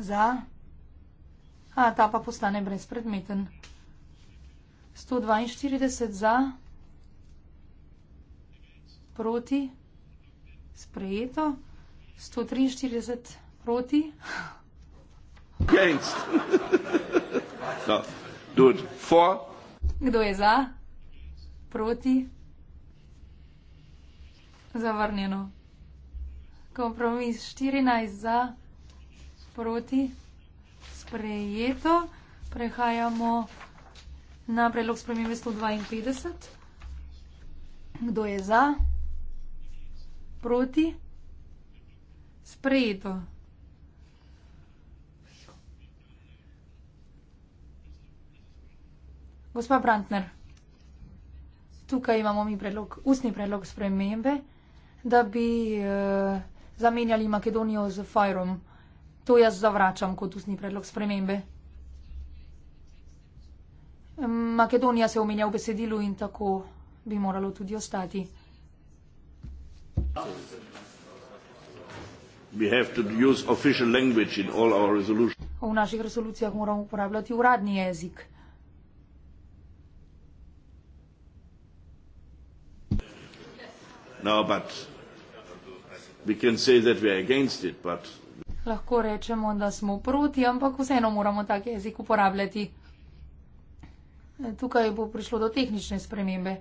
za, a ta pa postane brezpredmeten. 142 za, proti, sprejeto. 143 proti. Against. no, good. For. Kdo je za? Proti. Zavrnjeno. Kompromis 14 za, proti, sprejeto. Prehajamo na predlog spremembe 152. Kdo je za? Proti sprejeto. Gospa Brantner, tukaj imamo mi predlog, ustni predlog spremembe, da bi uh, zamenjali Makedonijo z Fajrom. To jaz zavračam kot ustni predlog spremembe. Makedonija se omenja v besedilu in tako bi moralo tudi ostati. Absolutely. V naših resolucijah moramo uporabljati uradni jezik. No, it, but... Lahko rečemo, da smo proti, ampak vseeno moramo tak jezik uporabljati. E, tukaj bo prišlo do tehnične spremembe.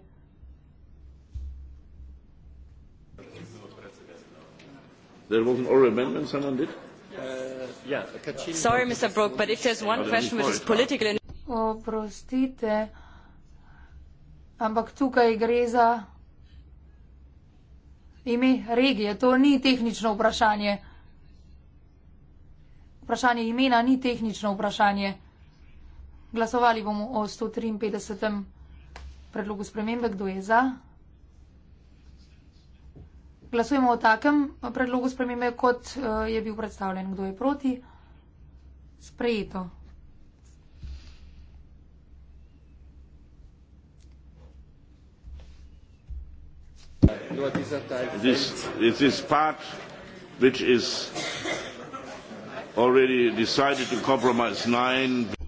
there was an oral amendment someone did? Uh, yeah. Sorry, Mr. Brook, but if there's one question which is political... Oprostite, ampak tukaj gre za ime regije. To ni tehnično vprašanje. Vprašanje imena ni tehnično vprašanje. Glasovali bomo o 153. predlogu spremembe. Kdo je za? glasujemo o takem predlogu spremembe, kot eh, je bil predstavljen. Kdo je proti? Sprejeto.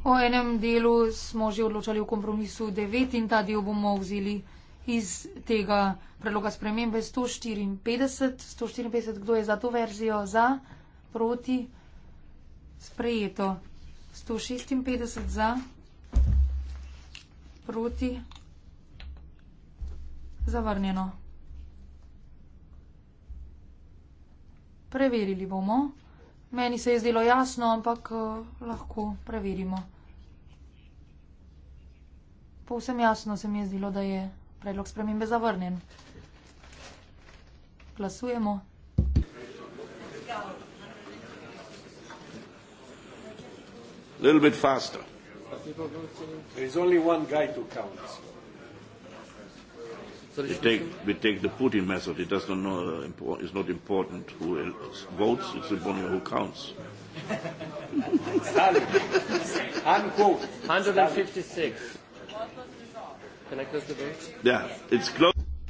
O enem delu smo že odločali v kompromisu 9 in ta del bomo vzeli iz tega predloga spremembe 154. 154, kdo je za to verzijo, za, proti, sprejeto. 156 za, proti, zavrnjeno. Preverili bomo. Meni se je zdelo jasno, ampak eh, lahko preverimo. Povsem jasno se mi je zdelo, da je. Predlog spremembe zavrnjen. Glasujemo. Little bit faster. There is only one guy to count. We take, we take the Putin method. It does not know, uh, impor- it's not important who else votes, it's important who counts. Stalin. Unquote. 156. Stalin. Ja,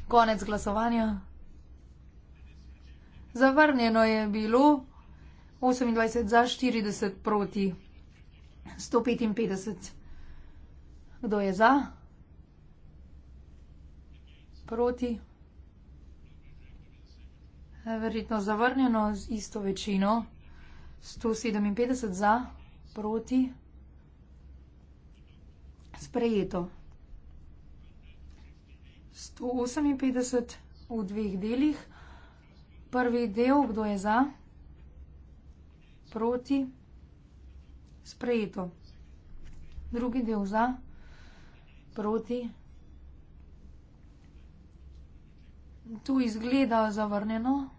Konec glasovanja. Zavrnjeno je bilo 28 za 40 proti 155. Kdo je za? Proti? Verjetno zavrnjeno z isto večino. 157 za, proti. Sprejeto. 158 v dveh delih. Prvi del, kdo je za, proti, sprejeto. Drugi del za, proti. Tu izgleda zavrnjeno,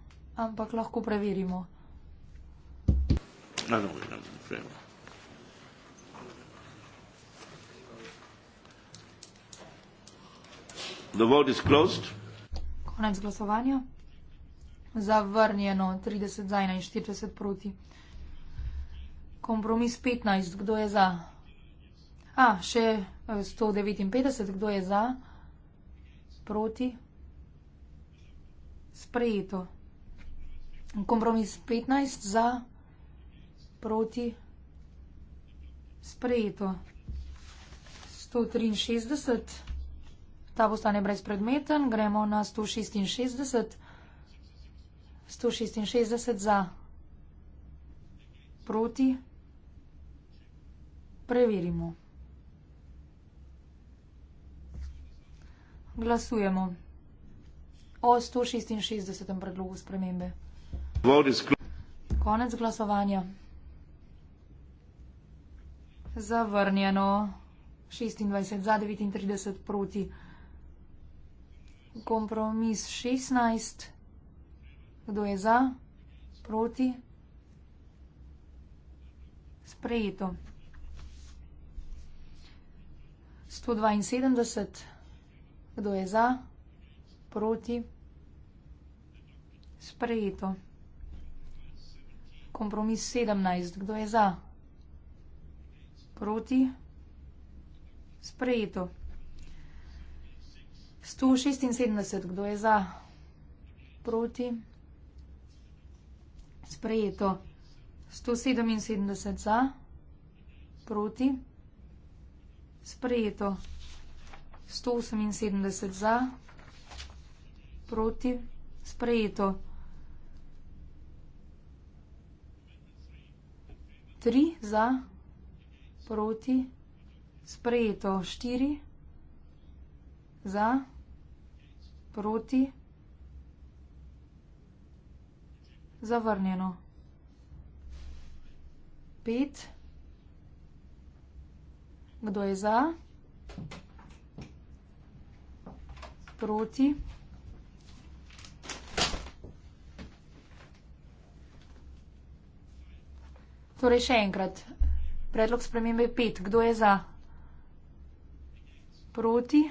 ampak lahko preverimo. Na ah, novinem, prejmo. No, no. The vote is closed. Konec glasovanja. Zavrnjeno 30 za 41 proti. Kompromis 15. Kdo je za? A, še 159. Eh, Kdo je za? Proti. Sprejeto. Kompromis 15 za. Proti. Sprejeto. 163 ta postane brezpredmeten. Gremo na 166. 166 za proti. Preverimo. Glasujemo o 166. predlogu spremembe. Konec glasovanja. Zavrnjeno 26 za 39 proti. Kompromis 16. Kdo je za? Proti? Sprejeto. 172. Kdo je za? Proti? Sprejeto. Kompromis 17. Kdo je za? Proti? Sprejeto. 176, kdo je za, proti, sprejeto. 177 za, proti, sprejeto. 178 za, proti, sprejeto. 3 za, proti, sprejeto. 4 za, proti. Proti. Zavrnjeno. Pet. Kdo je za? Proti. Torej še enkrat. Predlog spremembe je pet. Kdo je za? Proti.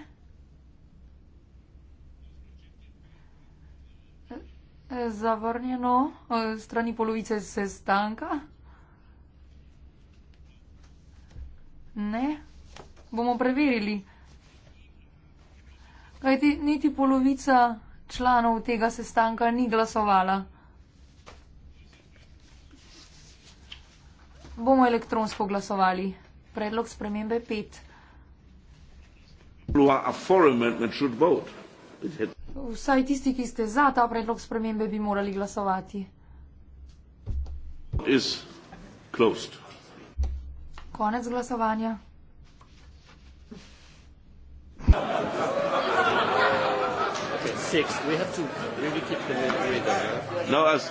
Zavrnjeno e, strani polovice sestanka. Ne. Bomo preverili. Kajti niti polovica članov tega sestanka ni glasovala. Bomo elektronsko glasovali. Predlog spremembe 5. Vsaj tisti, ki ste za ta predlog spremembe, bi morali glasovati. Konec glasovanja. No, uh,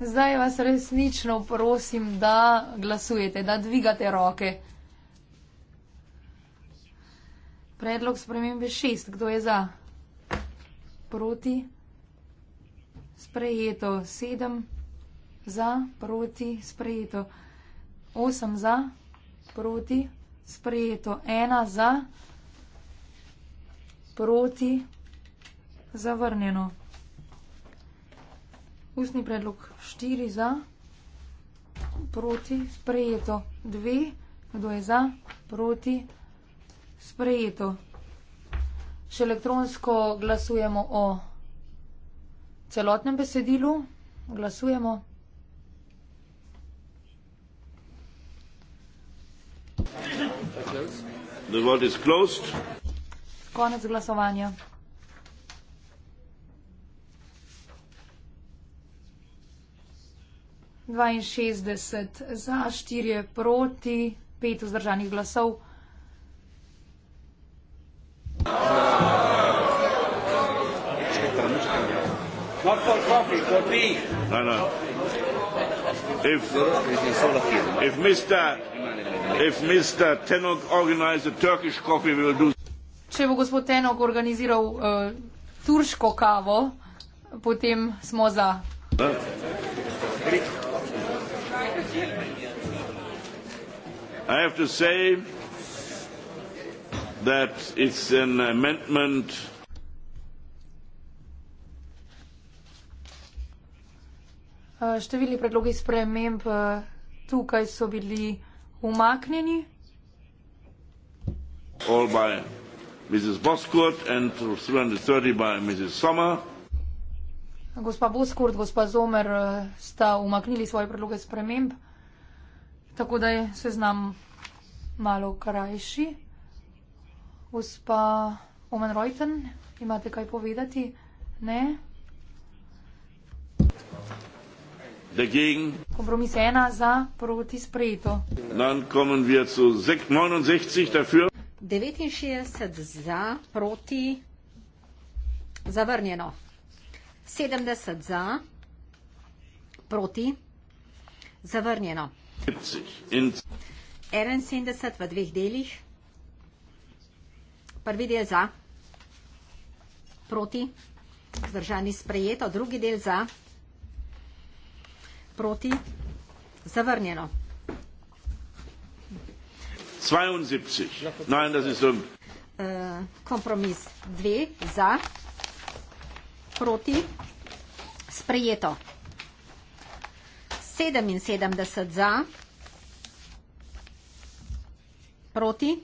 Zdaj vas resnično prosim, da glasujete, da dvigate roke. Predlog spremembe šest. Kdo je za? Proti. Sprejeto. Sedem. Za. Proti. Sprejeto. Osem za. Proti. Sprejeto. Ena za. Proti. Zavrnjeno. Ustni predlog. Štiri za. Proti. Sprejeto. Dve. Kdo je za? Proti. Sprejeto. Še elektronsko glasujemo o celotnem besedilu. Glasujemo. The vote is closed. Konec glasovanja. Dvainšestdeset za, štirje proti, pet vzdržanih glasov. Not for coffee, for tea. I know. No. If, if Mr. If Mr. Tenok organized a Turkish coffee, we will do. Če bo gospod Tenok organiziral uh, turško kavo, potem smo za. Da? I have to say that it's an amendment Eh, številni predlogi sprememb eh, tukaj so bili umaknjeni. Gospa Boskurt, gospa Zomer eh, sta umaknili svoje predloge sprememb, tako da je seznam malo krajši. Gospa Omen Reuten, imate kaj povedati? Ne? dagegen. Kompromiss 1 za, proti sprejeto. Dann kommen wir zu 69 dafür. 69 za, proti zavrnjeno. 70 za, proti zavrnjeno. 71 v dveh delih. Prvi del za, proti, zdržani sprejeto, drugi del za. Proti. Zavrnjeno. 72. Nein, uh, kompromis 2 za, proti, sprejeto. 77 za, proti.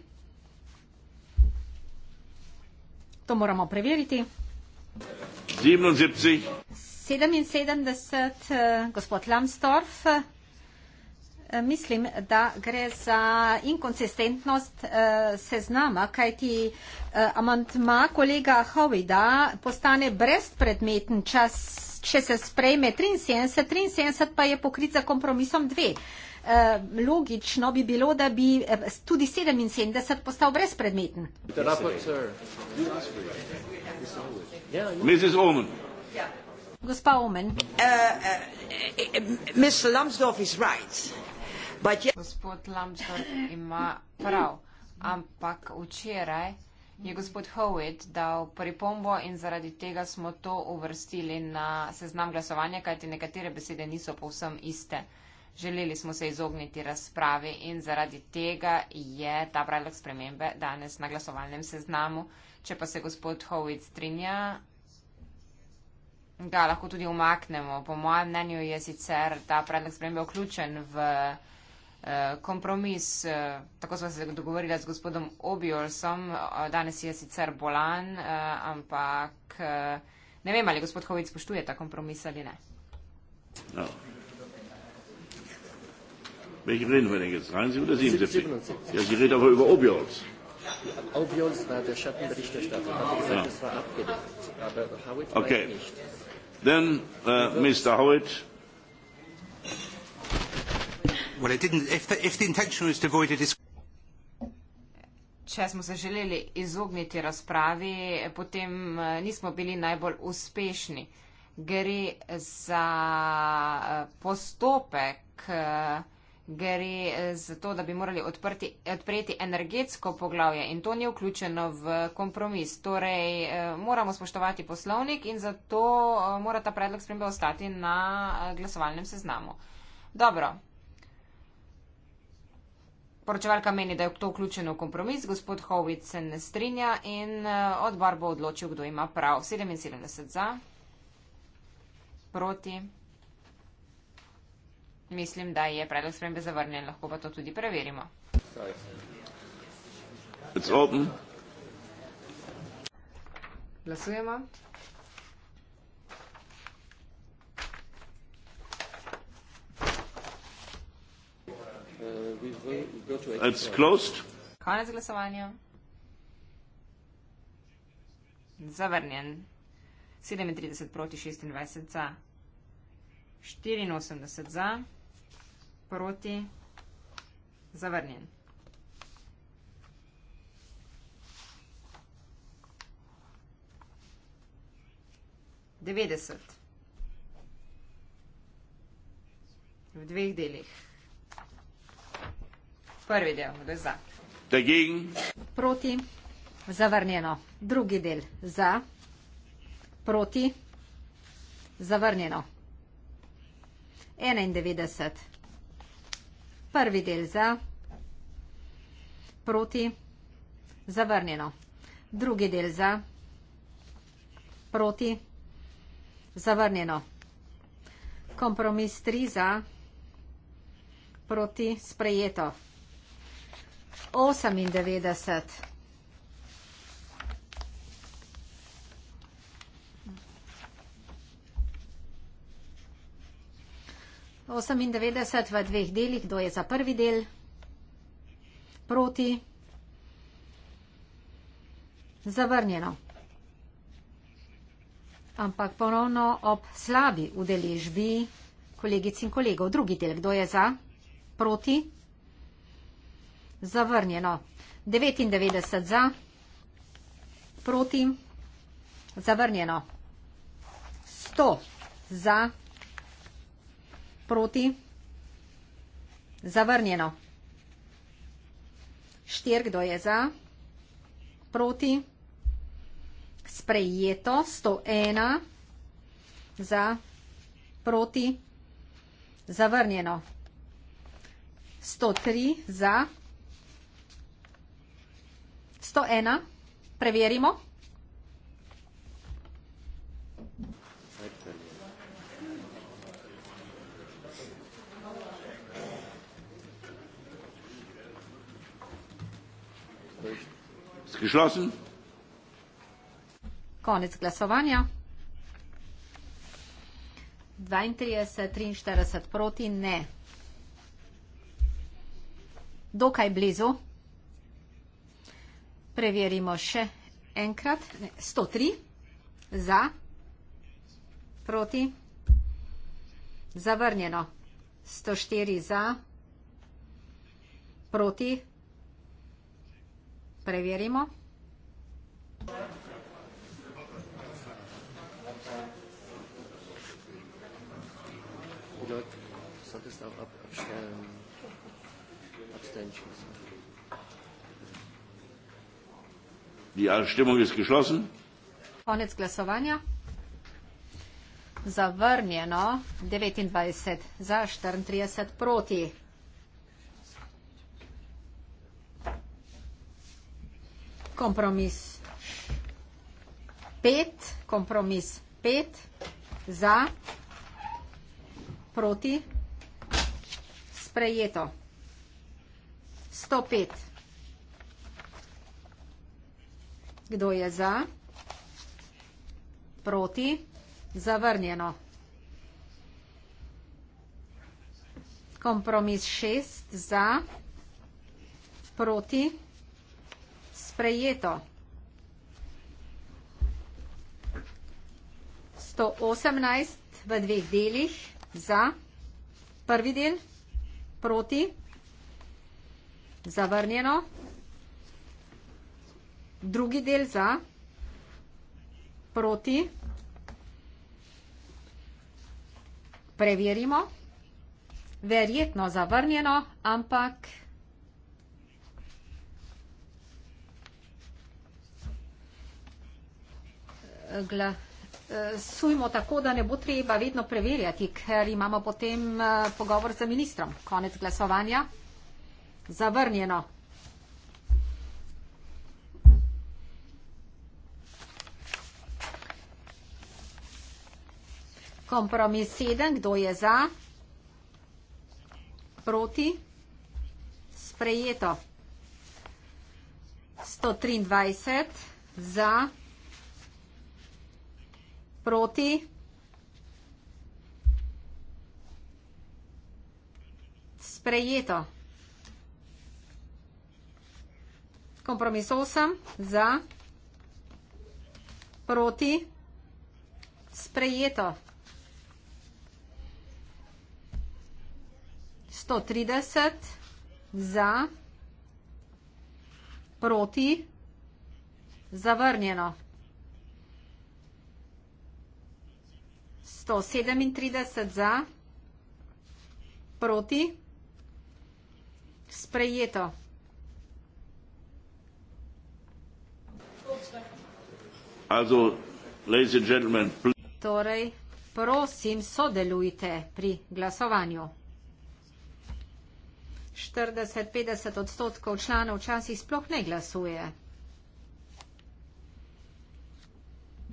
To moramo preveriti. 77. 77, eh, gospod Lambsdorff. Eh, mislim, da gre za inkonsistentnost eh, seznama, kajti amantma kolega Hovida postane brezpredmeten čas, če se sprejme 73, 73 pa je pokrit za kompromisom 2. Logično bi bilo, da bi tudi 77 postal brezpredmeten. Mrs. Oman. Gospa Omen. Uh, uh, uh, gospod Lambsdorff ima prav, ampak včeraj je gospod Howitt dal pripombo in zaradi tega smo to uvrstili na seznam glasovanja, kajti nekatere besede niso povsem iste. Želeli smo se izogniti razpravi in zaradi tega je ta predlog spremembe danes na glasovalnem seznamu. Če pa se gospod Howitt strinja, ga lahko tudi umaknemo. Po mojem mnenju je sicer ta predlog spremembe vključen v eh, kompromis. Eh, tako smo se dogovorili z gospodom Obiolsom, eh, danes je sicer bolan, ampak ne vem, ali gospod Hovic poštuje ta kompromis ali ne. No. Welche reden wir denn jetzt? 73 oder 77? 77. Ja, Sie reden aber über Obiols. Obiols war der Schattenberichterstatter. Er hat gesagt, ja. es war abgedeckt. Aber Howitz okay. war nicht. Then, uh, Mr. Howitt. Well, it didn't. If the, if the intention was to avoid a discussion. Če smo se želeli izogniti razpravi, potem uh, nismo bili najbolj uspešni. Gre za uh, postopek. Uh gre eh, za to, da bi morali odprti, odpreti energetsko poglavje in to ni vključeno v kompromis. Torej, eh, moramo spoštovati poslovnik in zato eh, mora ta predlog spremembe ostati na glasovalnem seznamu. Dobro. Poročevalka meni, da je to vključeno v kompromis, gospod Hovic se ne strinja in odbor bo odločil, kdo ima prav. 77 za, proti. Mislim, da je predlog spremembe zavrnjen, lahko pa to tudi preverimo. Glasujemo. Konec glasovanja. Zavrnjen. 37 proti 26 za. 84 za proti, zavrnjen. Devedeset. V dveh delih. Prvi del, kdo je za? Dagegen. Proti, zavrnjeno. Drugi del, za, proti, zavrnjeno. 91. Prvi del za, proti, zavrnjeno. Drugi del za, proti, zavrnjeno. Kompromis tri za, proti, sprejeto. 98. 98 v dveh delih, kdo je za prvi del proti. Zavrnjeno. Ampak ponovno ob slabi udeležbi kolegic in kolegov. Drugi del, kdo je za proti. Zavrnjeno. 99 za proti. Zavrnjeno. 100 za proti. Proti? Zavrnjeno. Štir, kdo je za? Proti? Sprejeto, 101 za, proti, zavrnjeno, 103 za, 101, preverimo. geschlossen. Konec glasovanja. 32, 43 proti ne. Dokaj blizu. Preverimo še enkrat. 103 za, proti, zavrnjeno. 104 za, proti, Preverimo. Die Abstimmung ist geschlossen. Konec glasovanja. Zavrnjeno 29 za 34 proti. kompromis pet, kompromis pet, za, proti, sprejeto. Sto pet. Kdo je za? Proti? Zavrnjeno. Kompromis šest, za, proti, zavrnjeno sprejeto. 118 v dveh delih za prvi del, proti, zavrnjeno, drugi del za, proti, preverimo, verjetno zavrnjeno, ampak glasujmo eh, tako, da ne bo treba vedno preverjati, ker imamo potem eh, pogovor z ministrom. Konec glasovanja. Zavrnjeno. Kompromis 7. Kdo je za? Proti? Sprejeto. 123 za. Proti? Sprejeto. Kompromis 8 za. Proti? Sprejeto. 130 za. Proti? Zavrnjeno. 137 za, proti, sprejeto. Torej, prosim, sodelujte pri glasovanju. 40-50 odstotkov članov včasih sploh ne glasuje.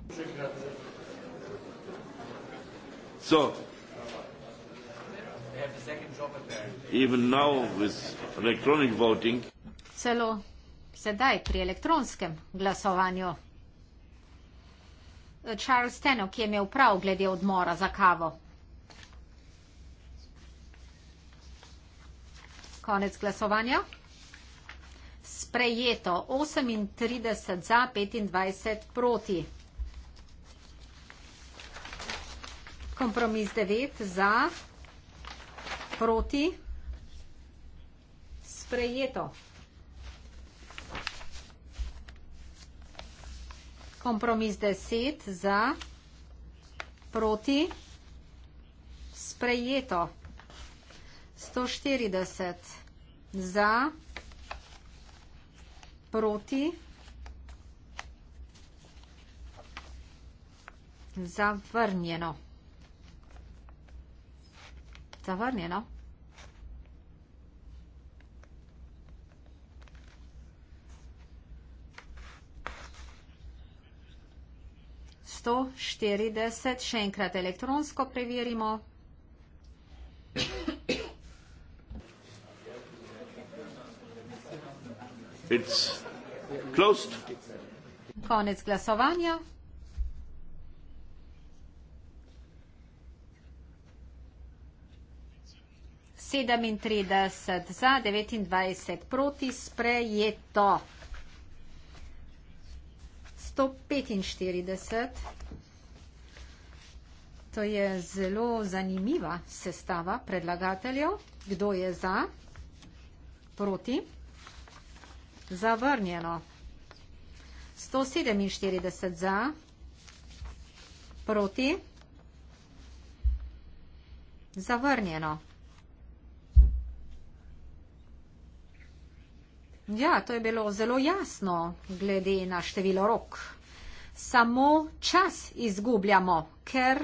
Vse krati. So. Celo sedaj pri elektronskem glasovanju. Charles Tenok je imel prav glede odmora za kavo. Konec glasovanja. Sprejeto 38 za 25 proti. kompromis 9 za, proti, sprejeto. Kompromis 10 za, proti, sprejeto. 140 za, proti, zavrnjeno zavrnjeno. Sto štirideset, še enkrat elektronsko preverimo. It's closed. Konec glasovanja. 37 za, 29 proti, sprejeto. 145. To je zelo zanimiva sestava predlagateljev. Kdo je za? Proti? Zavrnjeno. 147 za. Proti? Zavrnjeno. Ja, to je bilo zelo jasno, glede na število rok. Samo čas izgubljamo, ker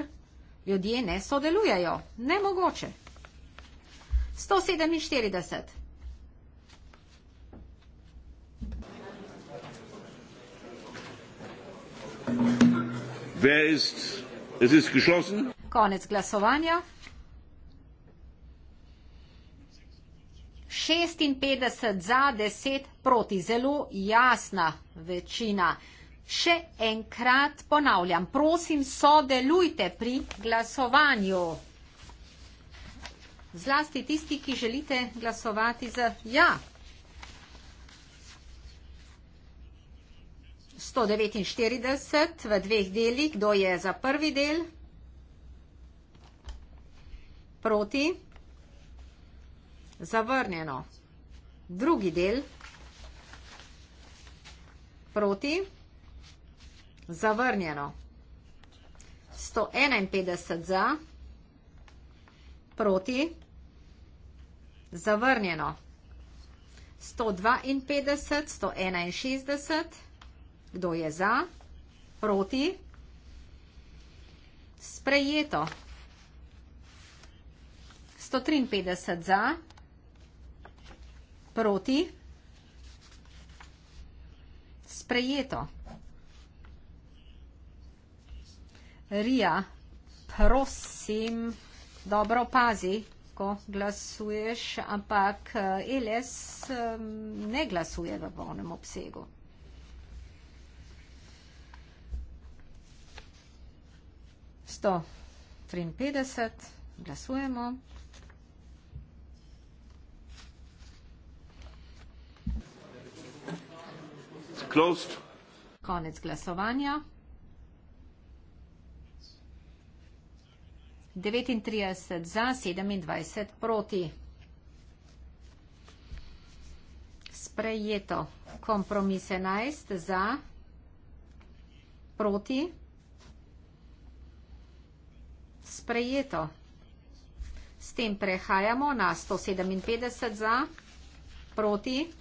ljudje ne sodelujajo. Nemogoče. 147. Wer ist, es ist geschlossen. Konec glasovanja. 56 za, 10 proti. Zelo jasna večina. Še enkrat ponavljam, prosim, sodelujte pri glasovanju. Zlasti tisti, ki želite glasovati za ja. 149 v dveh delih, kdo je za prvi del? Proti zavrnjeno. Drugi del, proti, zavrnjeno. 151 za, proti, zavrnjeno. 152, 161, kdo je za, proti, sprejeto. 153 za, proti, proti sprejeto. Rija, prosim, dobro pazi, ko glasuješ, ampak eh, Eles eh, ne glasuje v volnem obsegu. Sto trinpedeset, glasujemo. Sto trinpedeset. closed. Konec glasovanja. 39 za, 27 proti. Sprejeto. Kompromis 11 za, proti. Sprejeto. S tem prehajamo na 157 za, proti,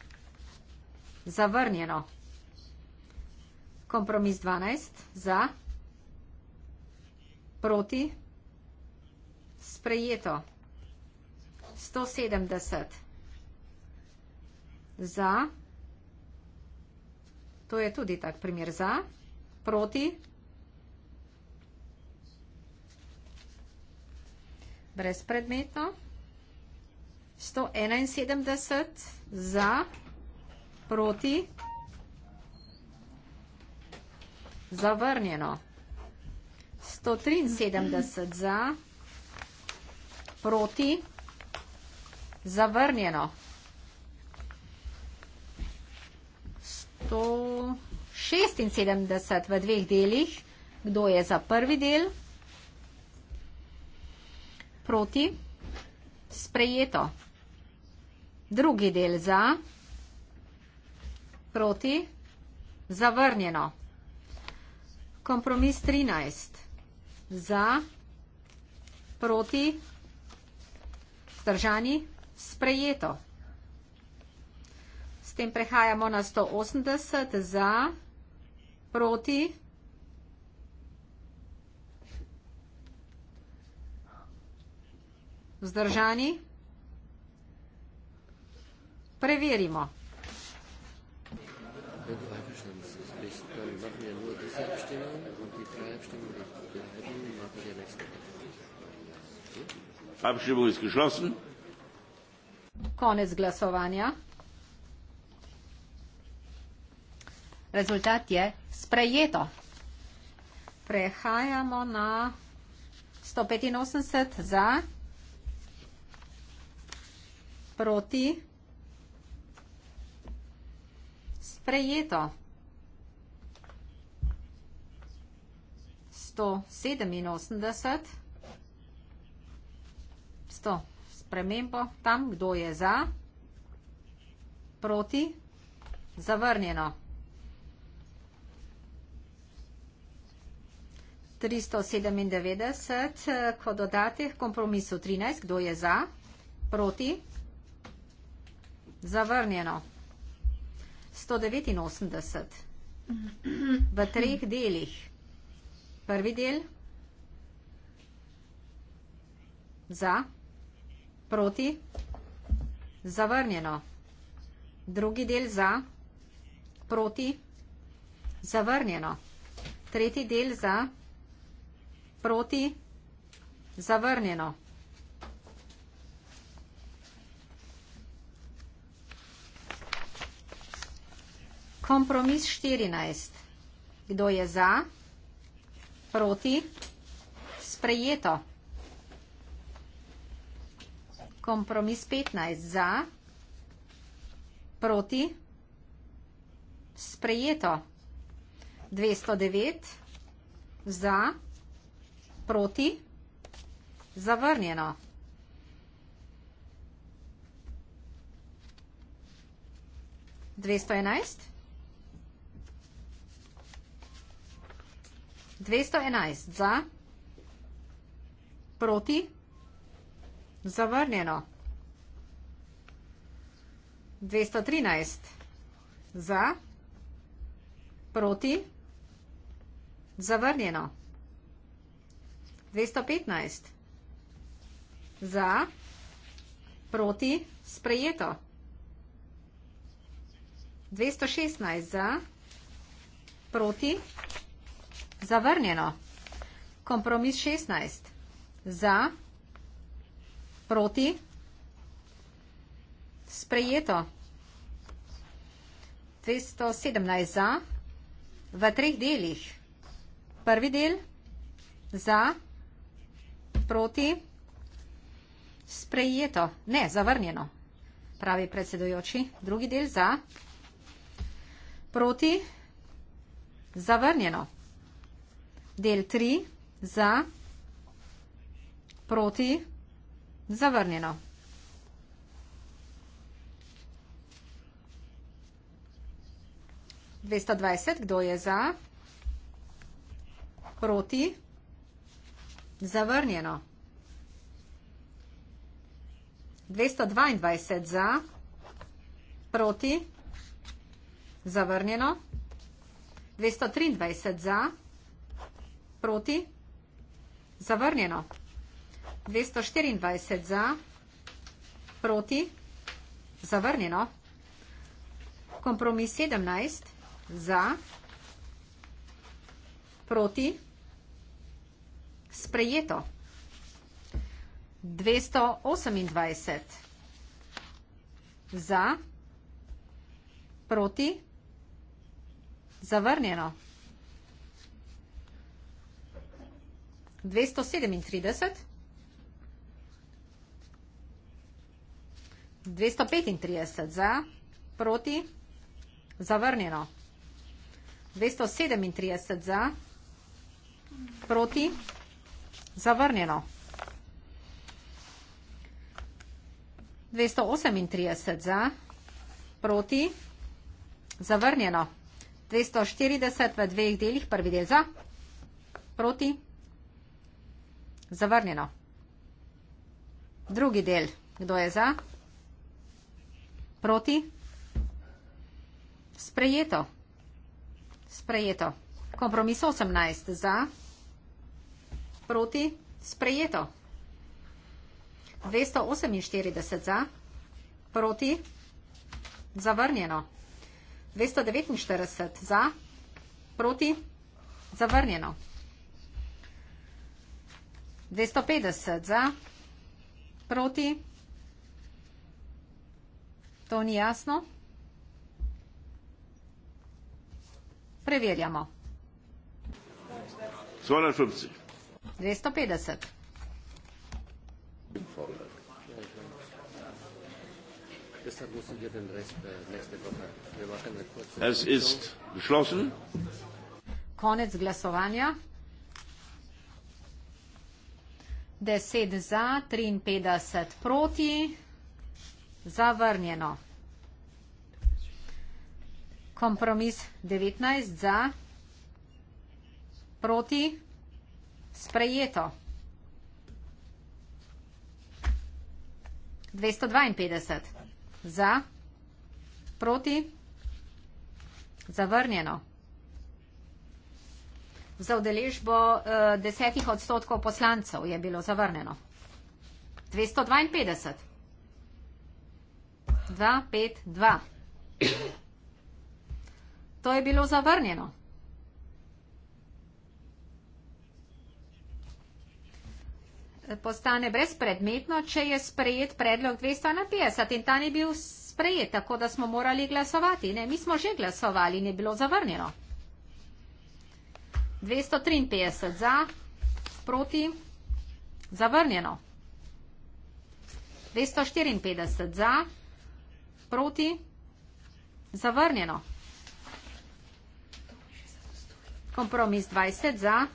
zavrnjeno. Kompromis 12 za, proti, sprejeto. 170 za, to je tudi tak primer za, proti, brezpredmetno. 171 za, proti, brezpredmetno. Zavrnjeno. 173 za. Proti. Zavrnjeno. 176 v dveh delih. Kdo je za prvi del? Proti. Sprejeto. Drugi del za. Proti. Zavrnjeno. Kompromis 13. Za, proti, vzdržani, sprejeto. S tem prehajamo na 180. Za, proti, vzdržani, preverimo. Preverimo. Abstimmung ist geschlossen. Konec glasovanja. Rezultat je sprejeto. Prehajamo na 185 za, proti, sprejeto. 187 za enajsto spremembo, tam kdo je za, proti, zavrnjeno. 397, ko dodate kompromisu 13, kdo je za, proti, zavrnjeno. 189, v treh delih. Prvi del, za, proti, zavrnjeno. Proti. Zavrnjeno. Drugi del za. Proti. Zavrnjeno. Tretji del za. Proti. Zavrnjeno. Kompromis 14. Kdo je za? Proti. Sprejeto kompromis 15 za, proti, sprejeto 209 za, proti, zavrnjeno. Dvesto enajst. Dvesto enajst za, proti, zavrnjeno. Zavrnjeno. 213. Za. Proti. Zavrnjeno. 215. Za. Proti. Sprejeto. 216. Za. Proti. Zavrnjeno. Kompromis 16. Za. Proti proti? Sprejeto. 217 za v treh delih. Prvi del za, proti, sprejeto. Ne, zavrnjeno, pravi predsedojoči. Drugi del za, proti, zavrnjeno. Del 3 za, proti, sprejeto. Zavrnjeno. Dvesto dvajset, kdo je za? Proti? Zavrnjeno. Dvesto dvaindvajset za? Proti? Zavrnjeno. Dvesto triindvajset za? Proti? Zavrnjeno. 224 za, proti, zavrnjeno. Kompromis 17 za, proti, sprejeto. 228 za, proti, zavrnjeno. 237 za, proti, zavrnjeno. 235 za, proti, zavrnjeno. 237 za, proti, zavrnjeno. 238 za, proti, zavrnjeno. 240 v dveh delih, prvi del za, proti, zavrnjeno. Drugi del, kdo je za? 238 za. Proti? Sprejeto. Sprejeto. Kompromis 18. Za? Proti? Sprejeto. 248 za, proti, zavrnjeno. 249 za, proti, zavrnjeno. 250 za, proti, zavrnjeno. To ni jasno? Preverjamo. 250. Es ist beschlossen. Konec glasovanja. 10 za, 53 proti. Zavrnjeno. Kompromis 19 za. Proti. Sprejeto. 252 za. Proti. Zavrnjeno. Za udeležbo eh, desetih odstotkov poslancev je bilo zavrnjeno. 252 za. 252. To je bilo zavrnjeno. Postane brezpredmetno, če je sprejet predlog 251 in ta ni bil sprejet, tako da smo morali glasovati. Ne, mi smo že glasovali in je bilo zavrnjeno. 253 za, proti, zavrnjeno. 254 za proti? Zavrnjeno. Kompromis 20 za,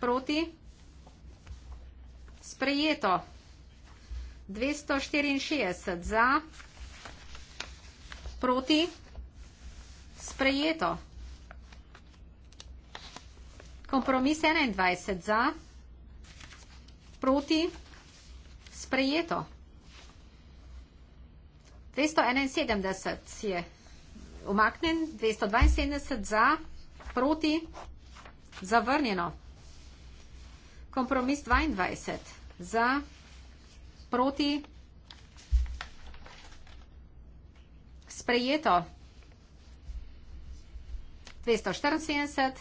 proti, sprejeto, 264 za, proti, sprejeto. Kompromis 21 za, proti, sprejeto. 271 je umaknen, 272 za, proti, zavrnjeno. Kompromis 22 za, proti, sprejeto. 274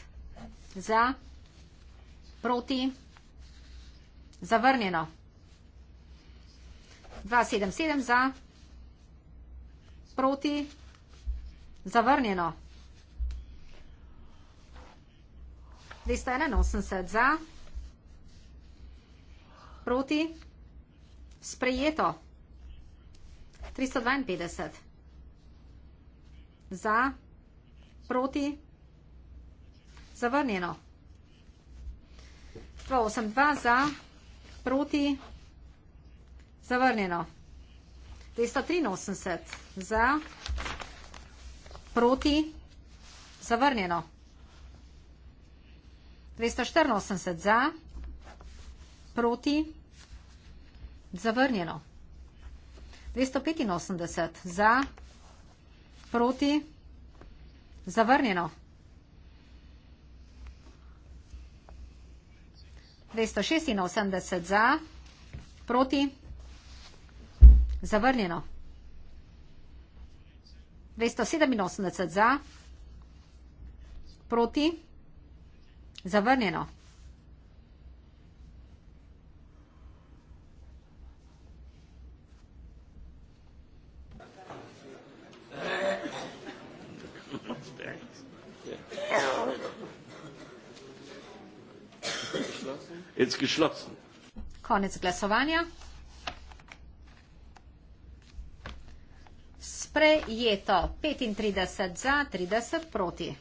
za, proti, zavrnjeno. 277 za proti? Zavrnjeno. 281 za. Proti. Sprejeto. 352. Za. Proti. Zavrnjeno. 282 za. Proti. Zavrnjeno. 283 za, proti, zavrnjeno. 284 za, proti, zavrnjeno. 285 za, proti, zavrnjeno. 286 za, proti, zavrnjeno. Zavrnjeno. 287 za. Proti. Zavrnjeno. It's geschlossen. Konec glasovanja. sprejeto. 35 za, 30 proti.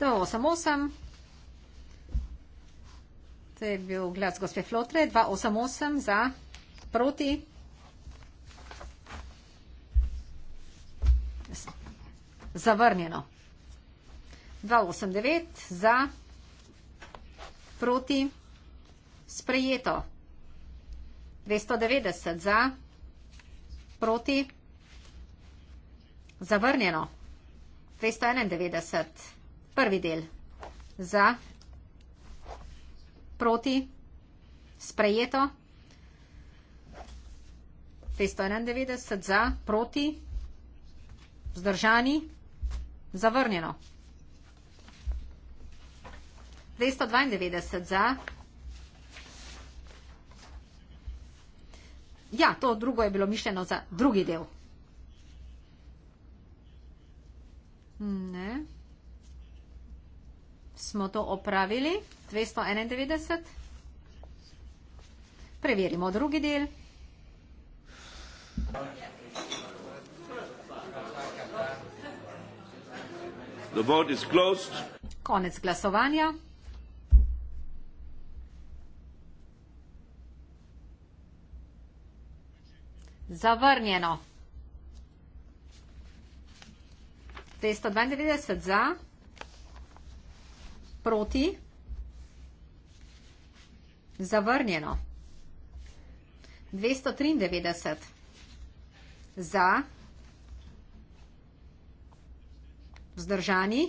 To je 88. To je bil glas gospe Flotre. 288 za, proti. Zavrnjeno. 289 za, proti. Sprejeto. 290 za, proti. Zavrnjeno. 291. Prvi del. Za. Proti. Sprejeto. 291. Za. Proti. Zdržani. Zavrnjeno. 292. Za. Ja, to drugo je bilo mišljeno za drugi del. Ne. Smo to opravili. 291. Preverimo drugi del. The vote is closed. Konec glasovanja. Zavrnjeno. dvesto dvaindevetdeset za, proti, zavrnjeno. Dvesto triindevetdeset za, vzdržani,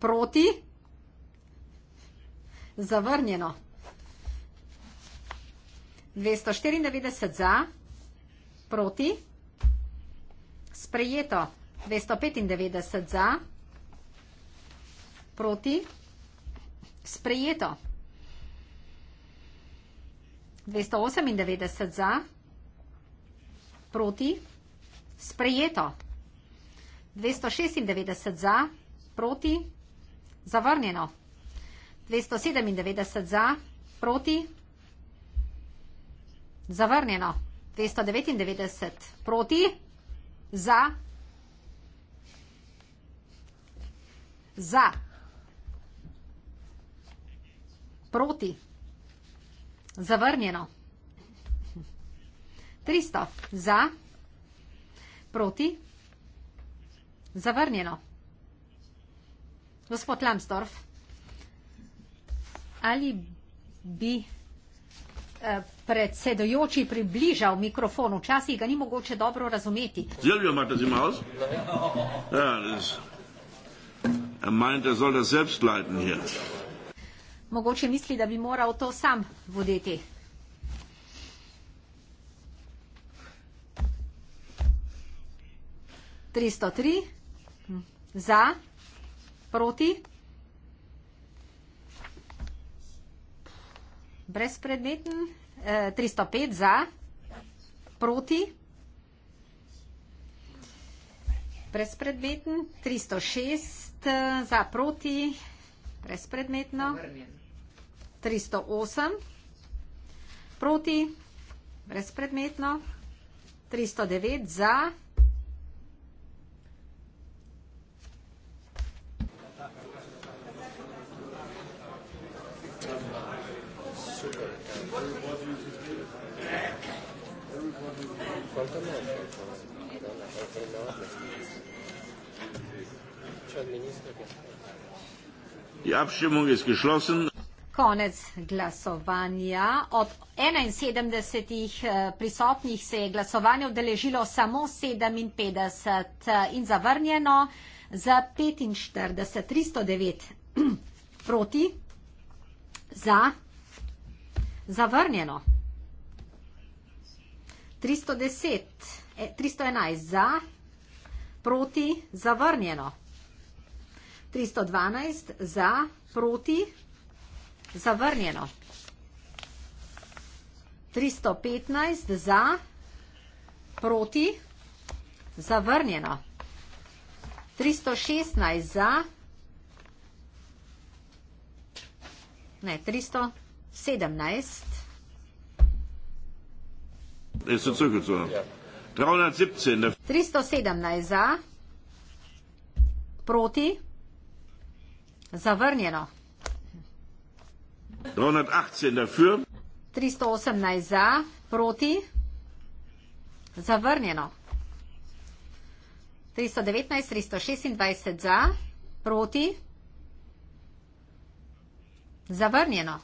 proti, zavrnjeno. Dvesto štiriindevetdeset za, proti sprejeto. 295 za, proti, sprejeto. 298 za, proti, sprejeto. 296 za, proti, zavrnjeno. 297 za, proti, zavrnjeno. 299 proti, zavrnjeno za, za, proti, zavrnjeno. 300. Za, proti, zavrnjeno. Gospod Lambsdorff, ali bi eh, predsedujoči približal mikrofon, včasih ga ni mogoče dobro razumeti. Silvio, imate zimalce? Ja, res. Er meint, er soll das selbst leiten hier. Mogoče misli, da bi moral to sam voditi. Tristo tri za, proti, brezpredmeten. 305 za, proti, brezpredmeten, 306 eh, za, proti, brezpredmetno, 308 proti, brezpredmetno, 309 za, proti, Ja, Konec glasovanja. Od 71 eh, prisotnih se je glasovanje odeležilo samo 57 eh, in zavrnjeno za 45. 309 proti za zavrnjeno. 310, 311 eh, za proti zavrnjeno. 312 za, proti, zavrnjeno. 315 za, proti, zavrnjeno. 316 za, ne, 317. Jaz sem suhil zvon. 317 za, proti, zavrnjeno. Zavrnjeno. 318 za, proti. Zavrnjeno. 319, 326 za, proti. Zavrnjeno.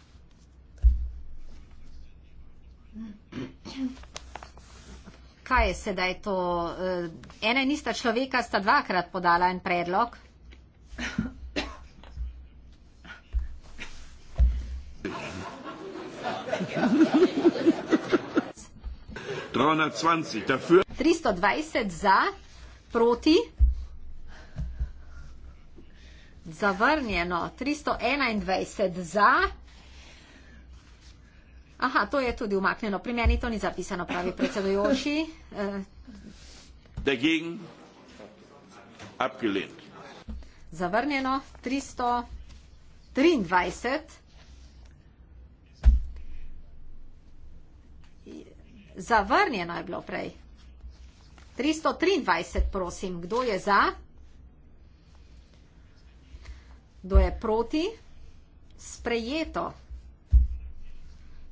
1 eh, in ista človeka sta dvakrat podala en predlog. 320 za, proti. Zavrnjeno. 321 za. Aha, to je tudi umaknjeno. Pri meni to ni zapisano, pravi predsedujoči. Eh. Dagegen. Abgelehnt. Zavrnjeno. 323. Zavrnjeno je bilo prej. 323, prosim. Kdo je za? Kdo je proti? Sprejeto.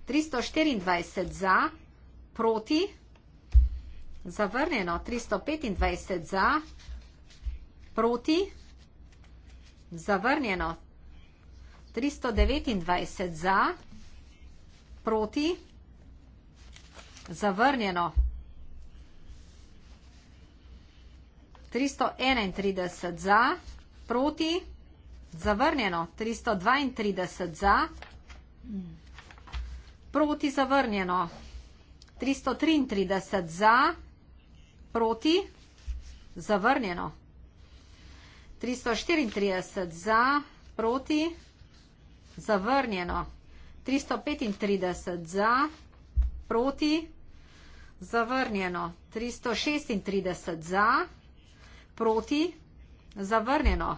324 za, proti, zavrnjeno. 325 za, proti, zavrnjeno. 329 za, proti, zavrnjeno. Zavrnjeno. 331 za, proti. Zavrnjeno. 332 za, proti. Zavrnjeno. 333 za, proti. Zavrnjeno. 334 za, proti. Zavrnjeno. 335 za, proti. Zavrnjeno. Zavrnjeno 336 za, proti, zavrnjeno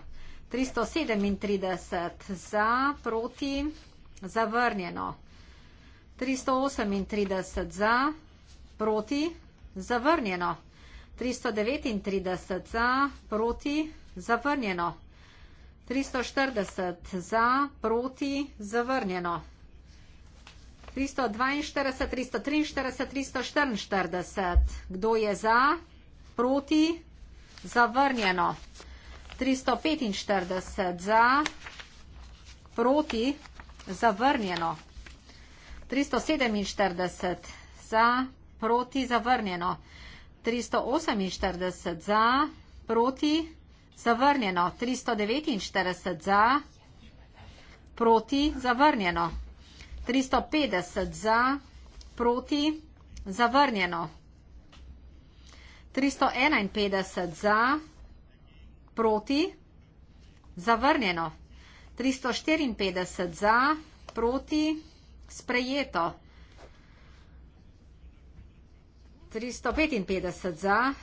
337 za, proti, zavrnjeno 338 za, proti, zavrnjeno 339 za, proti, zavrnjeno 340 za, proti, zavrnjeno 340 za, proti, zavrnjeno 342, 343, 344. Kdo je za? Proti? Zavrnjeno. 345 za. Proti? Zavrnjeno. 347 za. Proti? Zavrnjeno. 348 za. Proti? Zavrnjeno. 349 za. Proti? Zavrnjeno. 350 za, proti, zavrnjeno. 351 za, proti, zavrnjeno. 354 za, proti, sprejeto. 355 za,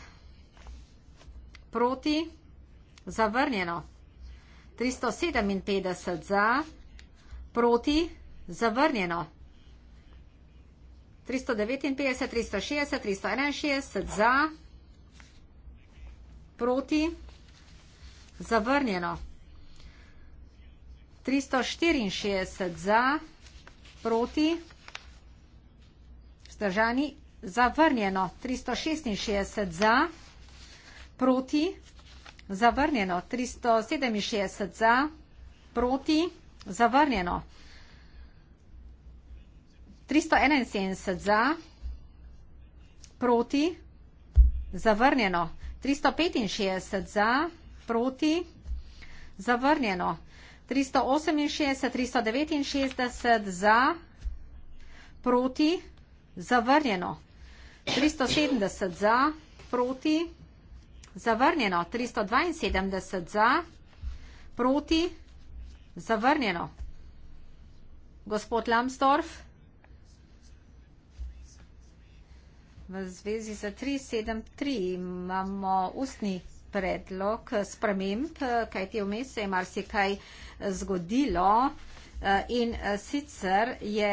proti, zavrnjeno. 357 za, proti, zavrnjeno. Zavrnjeno. 359, 360, 361 za, proti, zavrnjeno. 364 za, proti, vzdržani, zavrnjeno. 366 za, proti, zavrnjeno. 367 za, proti, zavrnjeno. 367 za, proti, zavrnjeno. 371 za, proti, zavrnjeno. 365 za, proti, zavrnjeno. 368, 369 za, proti, zavrnjeno. 370 za, proti, zavrnjeno. 372 za, proti, zavrnjeno. Gospod Lambsdorff. v zvezi za 373 imamo ustni predlog sprememb, kaj ti vmes se je marsikaj eh, zgodilo. Eh, in eh, sicer je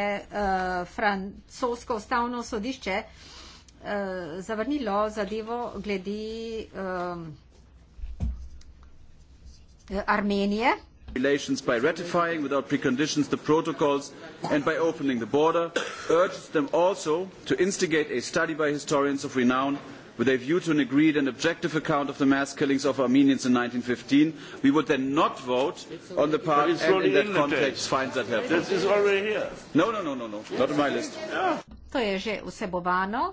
francosko ustavno sodišče zavrnilo zadevo glede Armenije relations by ratifying without preconditions the protocols and by opening the border, urges them also to instigate a study by historians of renown with a view to an agreed and objective account of the mass killings of Armenians in 1915, we would then not vote on the part and in that context finds that helpful. This is already here. No, no, no, no, no. Not on my list. Yeah. To je že vsebovano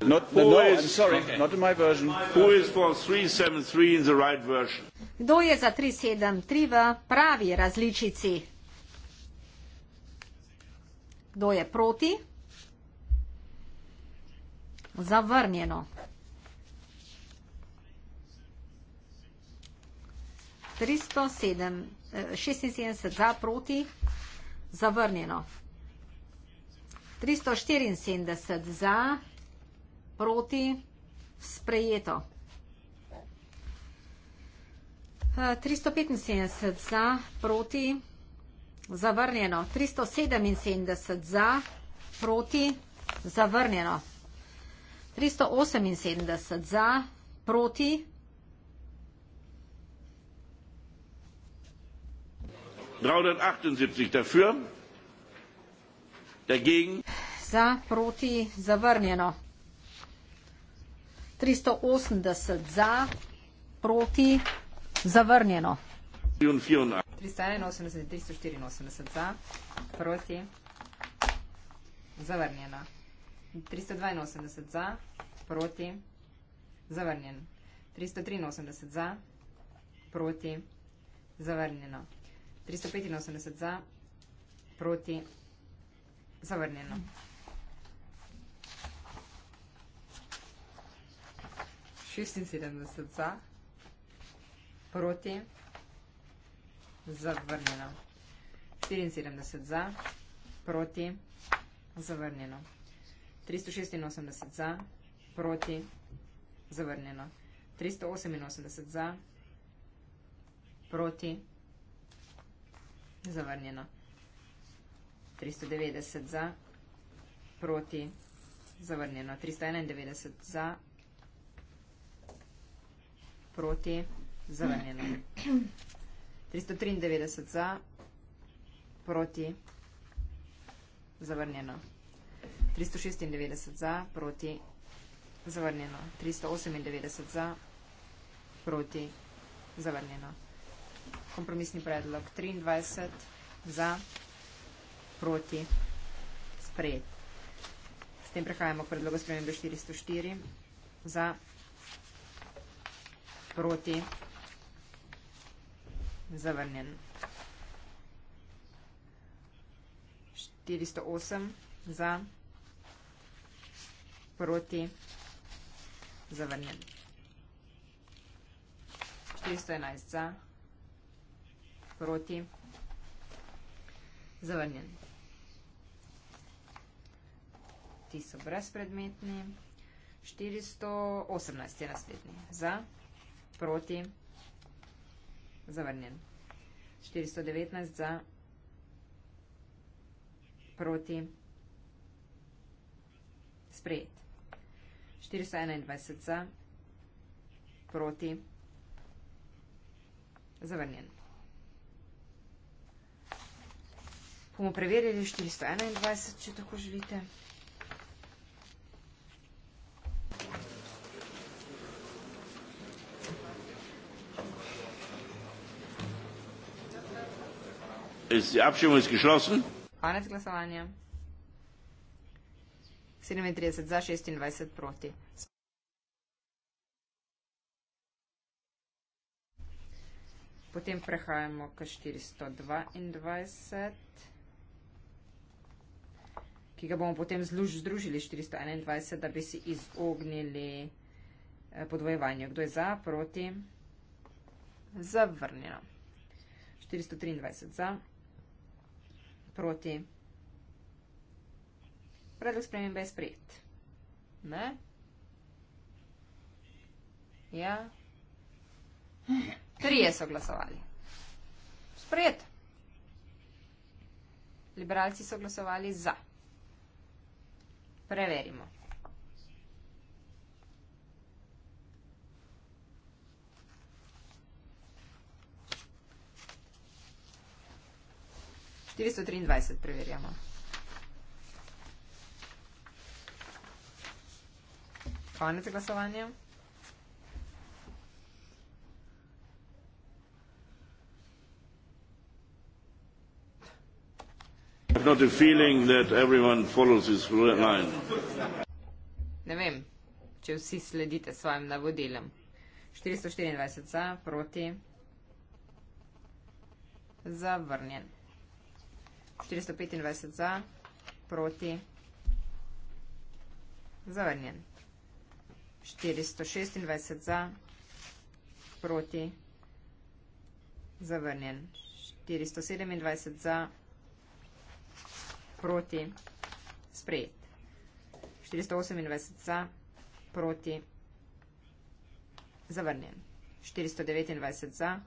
not four no, is, sorry, okay. not in my version. Who is for 373 in the right version? Kdo je za 373 v pravi različici? Kdo je proti? Zavrnjeno. tristo sedem eh, šestinsedemdeset za proti zavrnjeno tristo štiriinsedemdeset za proti sprejeto. 375 eh, za, proti, zavrnjeno. 377 za, proti, zavrnjeno. 378 za, proti. Za, proti, zavrnjeno. 380 za, proti, zavrnjeno. 381, 384 za, proti, zavrnjeno. 382 za, proti, zavrnjen. 383 za, proti, zavrnjeno. 385 za, proti, zavrnjeno. Mm. 76 za, proti, zavrnjeno. 74 za, proti, zavrnjeno. 386 za, proti, zavrnjeno. 388 za, proti, zavrnjeno. 390 za, proti, zavrnjeno. 391 za, proti zelenjenem. 393 za, proti zavrnjeno. 396 za, proti zavrnjeno. 398 za, proti zavrnjeno. Kompromisni predlog 23 za, proti sprejet. S tem prehajamo k predlogu spremembe 404 za proti. Zavrnjen. 408 za, proti, zavrnjen. 411 za, proti, zavrnjen. Ti so brezpredmetni. 418 je naslednji za, proti proti. Zavrnjen. 419 za. Proti. Sprejet. 421 za. Proti. Zavrnjen. Bomo preverili 421, če tako želite. Ist die Abstimmung ist geschlossen. Konec glasovanja. 37 za, 26 proti. Potem prehajamo k 422, ki ga bomo potem zluž, združili 421, da bi si izognili eh, podvojevanje. Kdo je za, proti? Zavrnjeno. 423 za. Proti. Predlog spremembe je sprejet. Ne? Ja. Trije so glasovali. Sprejet. Liberalci so glasovali za. Preverimo. 423 preverjamo. Konec glasovanja. Ne vem, če vsi sledite svojim navodilom. 424 za, proti, zavrnjen. 425 za, proti, zavrnjen. 426 za, proti, zavrnjen. 427 za, proti, sprejet. 428 za, proti, zavrnjen. 429 za,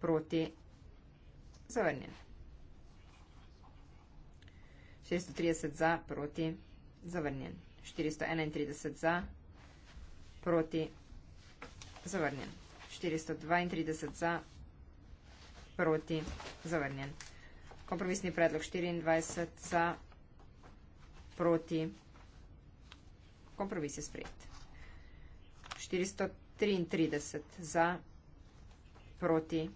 proti, zavrnjen. 630 za, proti, zavrnjen. 431 za, proti, zavrnjen. 432 za, proti, zavrnjen. Kompromisni predlog 24 za, proti, kompromis je sprejet. 433 za, proti,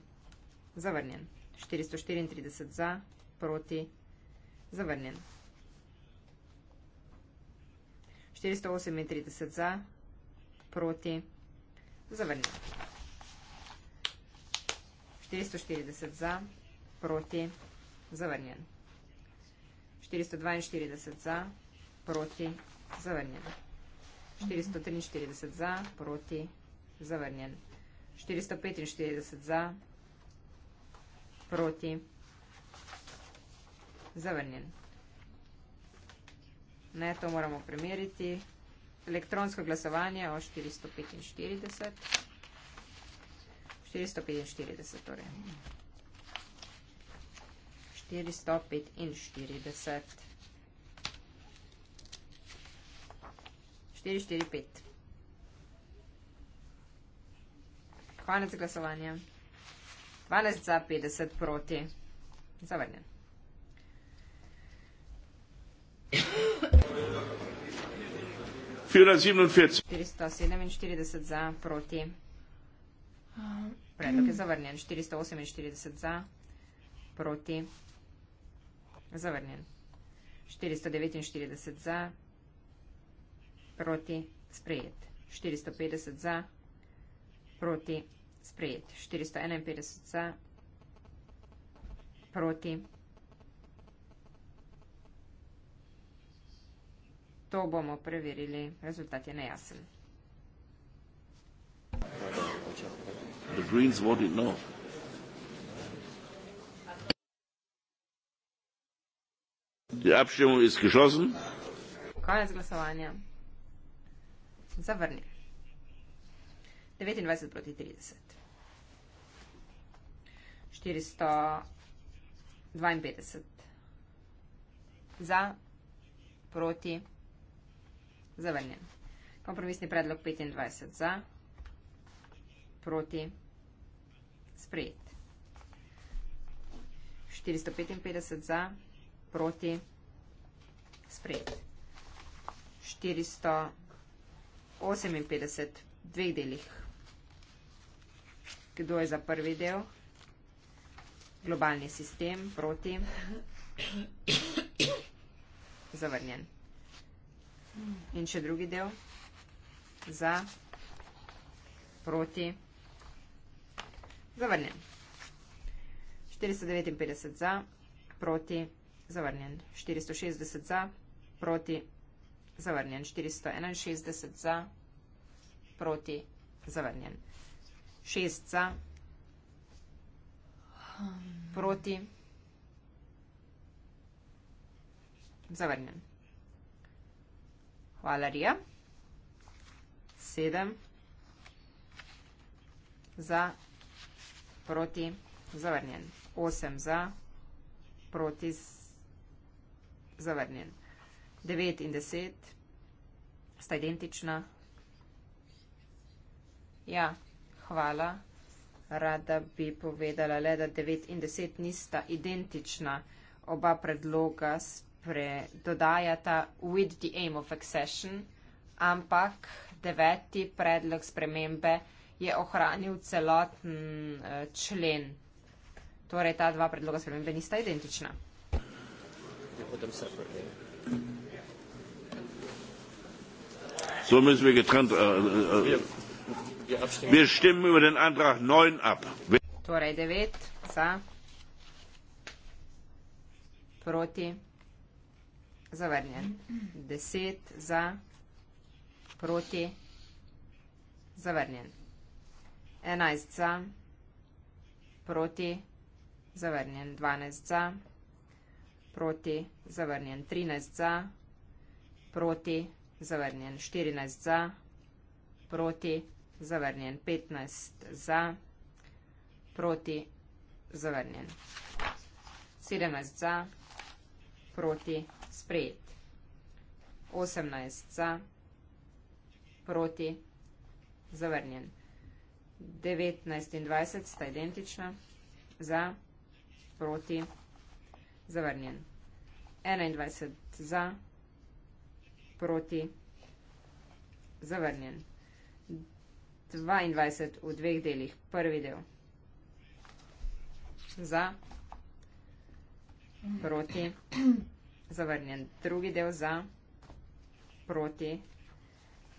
zavrnjen. 434 za, proti, zavrnjen. Zavrnjen. 438 za, proti, zavrnjen. 440 za, proti, zavrnjen. 442 za, proti, zavrnjen. 443 za, proti, zavrnjen. 445 za, proti, zavrnjen zavrnjen. Ne, to moramo primeriti. Elektronsko glasovanje o 445. 445 torej. 445. 445. Konec glasovanja. 12 za 50 proti. Zavrnjen. 447 za, proti. Predlog je zavrnjen. 448 za, proti. Zavrnjen. 449 za, proti. Sprejet. 450 za, proti. Sprejet. 451 za, proti. To bomo preverili. Rezultat je nejasen. The Greens voted no. Die Abstimmung ist geschlossen. Konec glasovanja. Zavrni. 29 proti 30. 452. Za, proti 30 zavrnjen. Kompromisni predlog 25 za, proti, sprejet. 455 za, proti, sprejet. 458 v dveh delih. Kdo je za prvi del? Globalni sistem proti. Zavrnjen. In še drugi del za, proti, zavrnjen. 459 za, proti, zavrnjen. 460 za, proti, zavrnjen. 461 za, proti, zavrnjen. 6 za, proti, zavrnjen. Hvala, Rija. Sedem za, proti, zavrnjen. Osem za, proti, zavrnjen. Devet in deset sta identična. Ja, hvala. Rada bi povedala le, da 9 in 10 nista identična. Oba predloga dodajata with the aim of accession, ampak deveti predlog spremembe je ohranil celoten eh, člen. Torej, ta dva predloga spremembe nista identična. So müssen wir getrennt. Äh, äh, wir, äh, wir, wir stimmen über den Antrag 9 ab. Torej, devet, za, proti. Zavrnjen. Deset za, proti, zavrnjen. Enajst za, proti, zavrnjen. Dvanajst za, proti, zavrnjen. Trinajst za, proti, zavrnjen. Štirinajst za, proti, zavrnjen. Petnajst za, proti, zavrnjen. Sedemnajst za, proti, zavrnjen sprejet. 18 za, proti, zavrnjen. 19 in 20 sta identična, za, proti, zavrnjen. 21 za, proti, zavrnjen. 22 v dveh delih, prvi del, za, proti, zavrnjen zavrnjen, drugi del za, proti,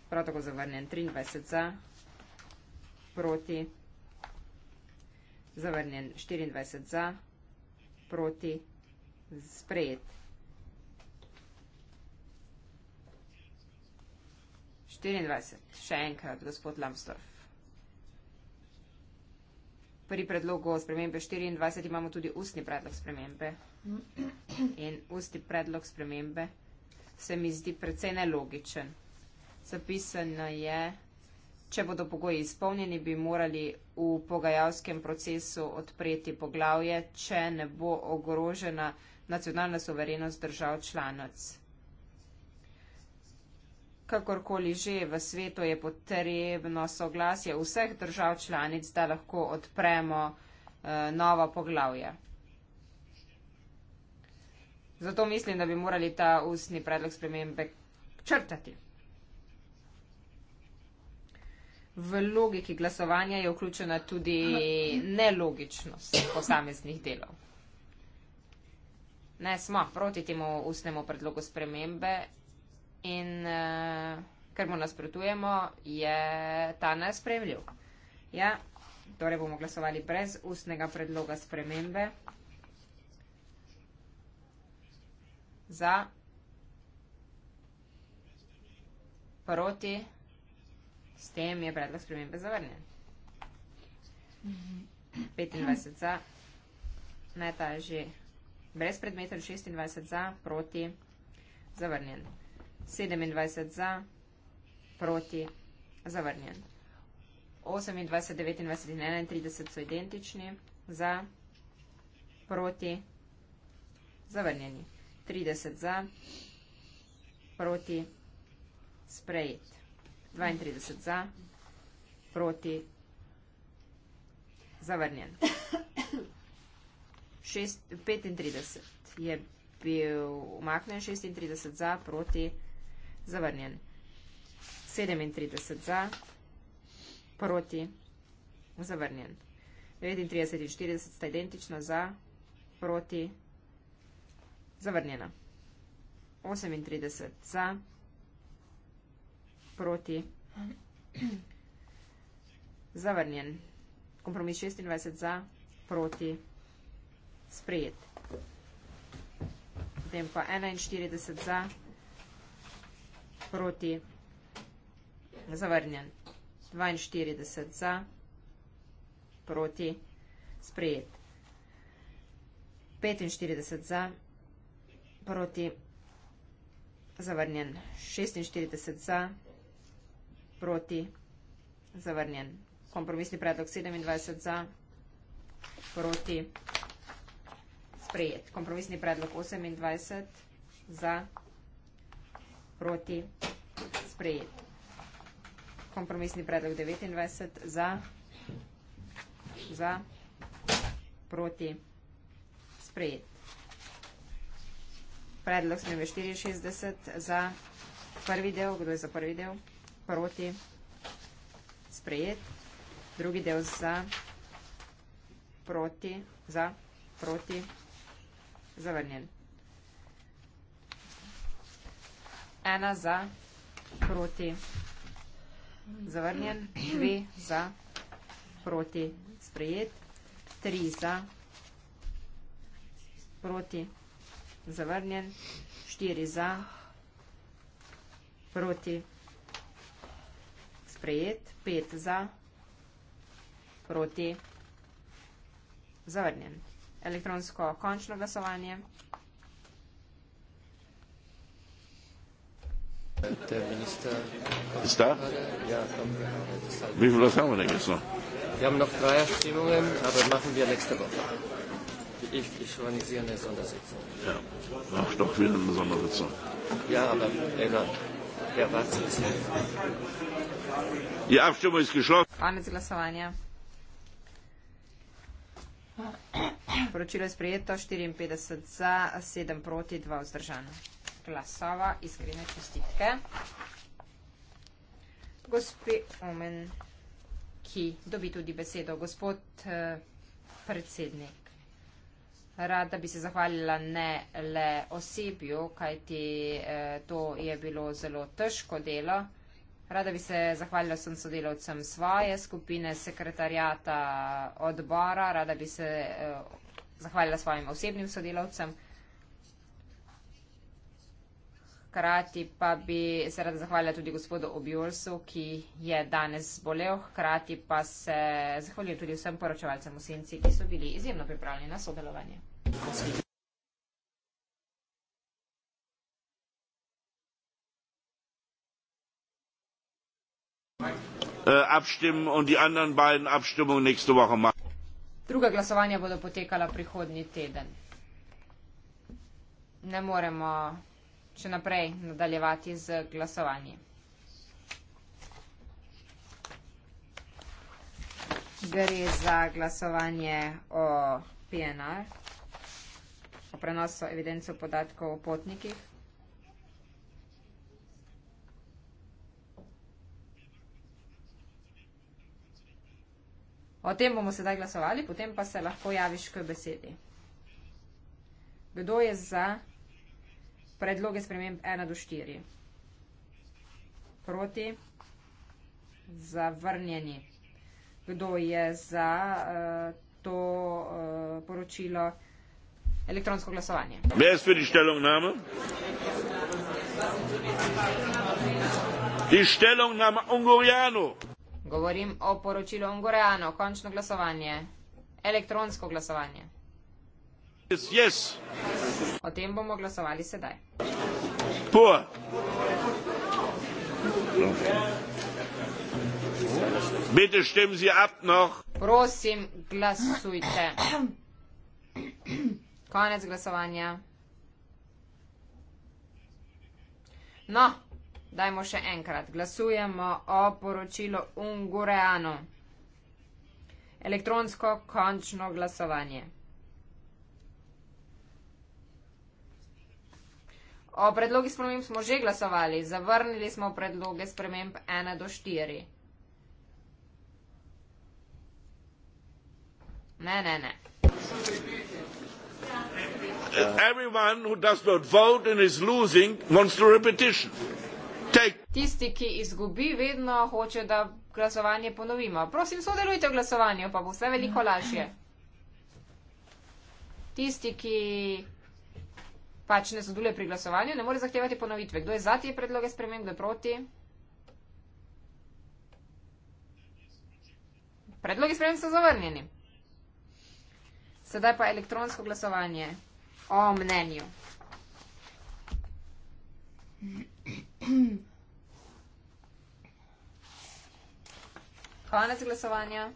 prav tako zavrnjen, 23 za, proti, zavrnjen, 24 za, proti, sprejet. 24, še enkrat, gospod Lambsdorff. Pri predlogu spremembe 24 imamo tudi ustni predlog spremembe. In usti predlog spremembe se mi zdi precej nelogičen. Zapisano je, če bodo pogoji izpolnjeni, bi morali v pogajalskem procesu odpreti poglavje, če ne bo ogrožena nacionalna soverenost držav članic. Kakorkoli že v svetu je potrebno soglasje vseh držav članic, da lahko odpremo uh, nova poglavja. Zato mislim, da bi morali ta ustni predlog spremembe črtati. V logiki glasovanja je vključena tudi nelogičnost posameznih delov. Ne smo proti temu ustnemu predlogu spremembe in uh, eh, ker mu nasprotujemo, je ta nesprejemljiv. Ja, torej bomo glasovali brez ustnega predloga spremembe. za, proti, s tem je predlog spremembe zavrnjen. 25 za, najtažji, brez predmeta, 26 za, proti, zavrnjen. 27 za, proti, zavrnjen. 28, 29 in 31 so identični, za, proti, zavrnjeni. 30 za, proti, sprejet. 32 za, proti, zavrnjen. 35 je bil umaknen, 36 za, proti, zavrnjen. 37 za, proti, zavrnjen. 39 in 40 sta identična za, proti, zavrnjen. Zavrnjena. 38 za, proti. Zavrnjen. Kompromis 26 za, proti. Sprejet. Potem pa 41 za, proti. Zavrnjen. 42 za, proti. Sprejet. 45 za, proti proti zavrnjen. 46 za proti zavrnjen. Kompromisni predlog 27 za proti sprejet. Kompromisni predlog 28 za proti sprejet. Kompromisni predlog 29 za za proti sprejet predlog smo imeli 64 za prvi del, kdo je za prvi del, proti, sprejet, drugi del za, proti, za, proti, zavrnjen. Ena za, proti, zavrnjen, dve za, proti, sprejet, tri za, proti, zavrnjen, štiri za, proti, sprejet, pet za, proti, zavrnjen. Elektronsko končno glasovanje. Ist da? Ja, Wie viel Zeit haben wir denn jetzt noch? Wir haben noch drei Abstimmungen, aber machen wir nächste Woche ich, ich organisiere eine Sondersitzung. Ja, mach doch wieder eine Sondersitzung. Ja, aber egal. Ja, was ist Die Abstimmung ist geschlossen. Poročilo je sprejeto 54 za, 7 proti, 2 vzdržan. Glasova, iskrene čestitke. Gospe Omen, ki dobi tudi besedo, gospod eh, predsednik. Rada bi se zahvalila ne le osebju, kajti eh, to je bilo zelo težko delo. Rada bi se zahvalila vsem sodelovcem svoje skupine, sekretarjata odbora. Rada bi se eh, zahvalila svojim osebnim sodelovcem. Hkrati pa bi se rada zahvalila tudi gospodu Objolsu, ki je danes zbolel. Hkrati pa se zahvaljujem tudi vsem poročevalcem v Senci, ki so bili izjemno pripravljeni na sodelovanje. Äh, Druga glasovanja bodo potekala prihodnji teden. Ne moremo še naprej nadaljevati z glasovanjem. Gre za glasovanje o PNR, o prenosu evidencov podatkov o potnikih. O tem bomo sedaj glasovali, potem pa se lahko javiš k besedi. Kdo je za? predloge sprememb 1 do 4. Proti. Zavrnjeni. Kdo je za uh, to uh, poročilo elektronsko glasovanje? Jaz tudi štelom nama. In štelom nama Ungorjanu. Govorim o poročilu Ungorjanu. Končno glasovanje. Elektronsko glasovanje. Yes, yes. O tem bomo glasovali sedaj. Poor. Bitte stimmen Sie ab noch. Prosim, glasujte. Konec glasovanja. No, dajmo še enkrat. Glasujemo o poročilu Ungureanu. Elektronsko končno glasovanje. O predlogi sprememb smo že glasovali, zavrnili smo predloge sprememb 1 do 4. Ne, ne, ne. Tisti, ki izgubi, vedno hoče, da glasovanje ponovimo. Prosim, sodelujte v glasovanju, pa bo vse veliko lažje. Tisti, ki pač ne sodeluje pri glasovanju, ne more zahtevati ponovitve. Kdo je za te predloge sprememb, kdo je proti? Predlogi sprememb so zavrnjeni. Sedaj pa elektronsko glasovanje o mnenju. Konec glasovanja.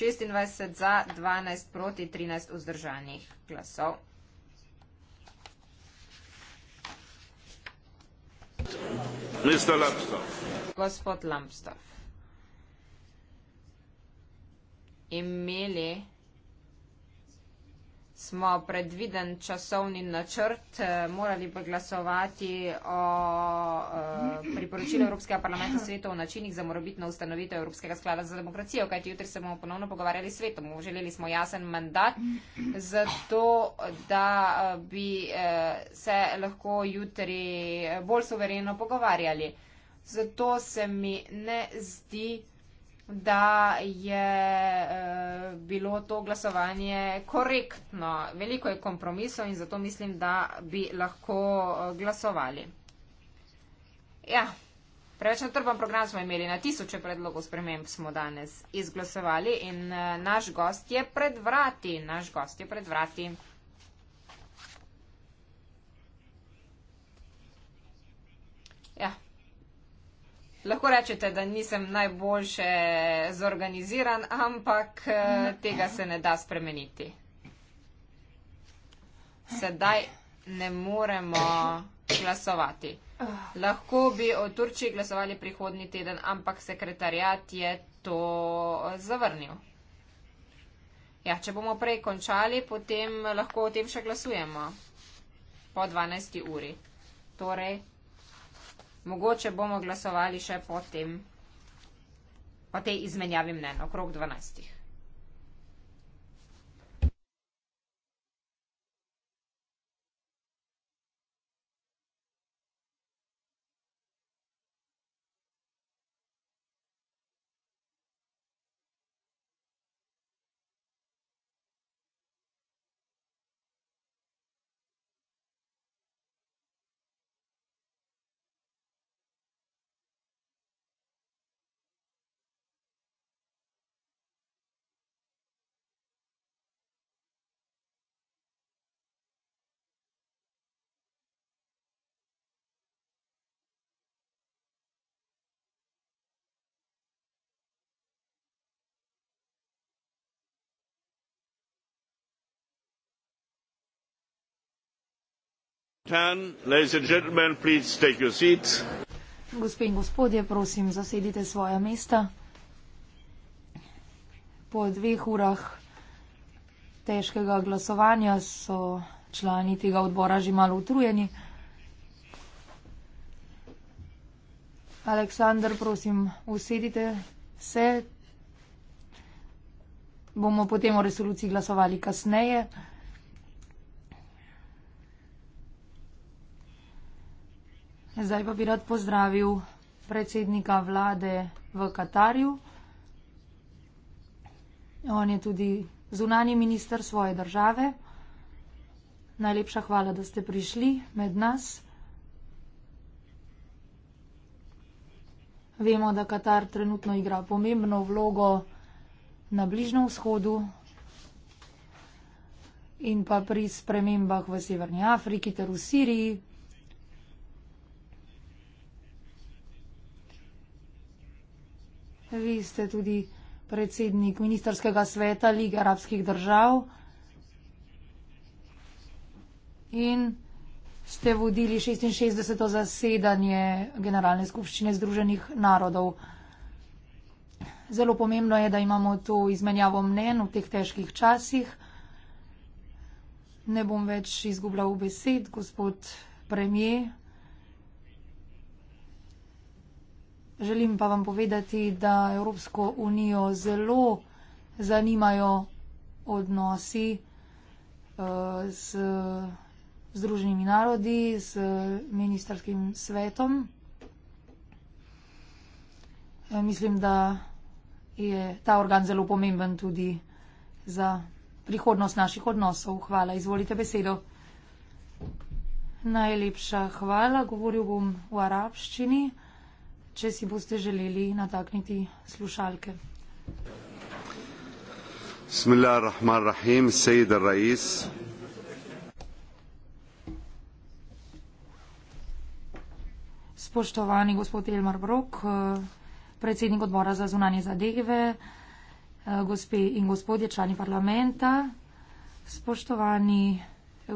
26 za, 12 proti, 13 vzdržanih glasov. Mr. Lampstov. Gospod Lampstov. Imeli smo predviden časovni načrt, eh, morali bi glasovati o eh, priporočilu Evropskega parlamenta sveta o načinih za morobitno ustanovitev Evropskega sklada za demokracijo, kajti jutri se bomo ponovno pogovarjali s svetom. Želeli smo jasen mandat, zato da eh, bi se lahko jutri bolj suvereno pogovarjali. Zato se mi ne zdi da je eh, bilo to glasovanje korektno. Veliko je kompromisov in zato mislim, da bi lahko eh, glasovali. Ja, preveč natrpan program smo imeli, na tisoče predlogov sprememb smo danes izglasovali in eh, naš gost je pred vrati, naš gost je pred vrati. Lahko rečete, da nisem najboljše zorganiziran, ampak eh, tega se ne da spremeniti. Sedaj ne moremo glasovati. Lahko bi o Turčiji glasovali prihodni teden, ampak sekretarjat je to zavrnil. Ja, če bomo prej končali, potem lahko o tem še glasujemo. Po 12. uri. Torej, Mogoče bomo glasovali še po tem, po tej izmenjavi mnen, okrog dvanajstih. Gospe in gospodje, prosim, zasedite svoje mesta. Po dveh urah težkega glasovanja so člani tega odbora že malo utrujeni. Aleksandr, prosim, usedite se. Bomo potem o resoluciji glasovali kasneje. Zdaj pa bi rad pozdravil predsednika vlade v Katarju. On je tudi zunani minister svoje države. Najlepša hvala, da ste prišli med nas. Vemo, da Katar trenutno igra pomembno vlogo na Bližnem vzhodu in pa pri spremembah v Severni Afriki ter v Siriji. Vi ste tudi predsednik ministerskega sveta Lige arabskih držav in ste vodili 66. zasedanje Generalne skupščine Združenih narodov. Zelo pomembno je, da imamo to izmenjavo mnen v teh težkih časih. Ne bom več izgubljal besed, gospod premijer. Želim pa vam povedati, da Evropsko unijo zelo zanimajo odnosi eh, z Združenimi narodi, z ministerskim svetom. Eh, mislim, da je ta organ zelo pomemben tudi za prihodnost naših odnosov. Hvala, izvolite besedo. Najlepša hvala, govoril bom v arabščini če si boste želeli natakniti slušalke. Spoštovani gospod Elmar Brok, eh, predsednik odbora za zunanje zadeve, eh, gospe in gospodje člani parlamenta, spoštovani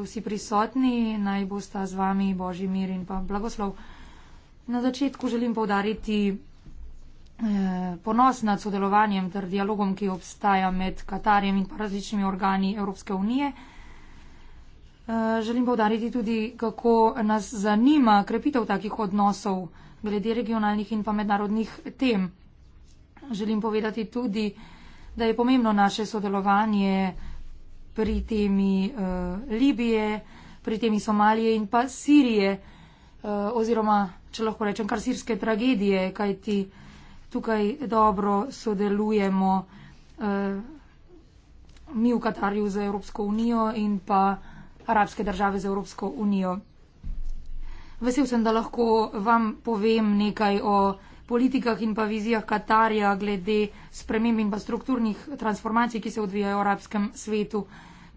vsi prisotni, naj bosta z vami božji mir in pa blagoslov. Na začetku želim povdariti eh, ponos nad sodelovanjem ter dialogom, ki obstaja med Katarjem in različnimi organi Evropske unije. Eh, želim povdariti tudi, kako nas zanima krepitev takih odnosov glede regionalnih in pa mednarodnih tem. Želim povedati tudi, da je pomembno naše sodelovanje pri temi eh, Libije, pri temi Somalije in pa Sirije oziroma če lahko rečem, kar sirske tragedije, kajti tukaj dobro sodelujemo eh, mi v Katarju z Evropsko unijo in pa arabske države z Evropsko unijo. Vesel sem, da lahko vam povem nekaj o politikah in pa vizijah Katarja glede sprememb in pa strukturnih transformacij, ki se odvijajo v arabskem svetu.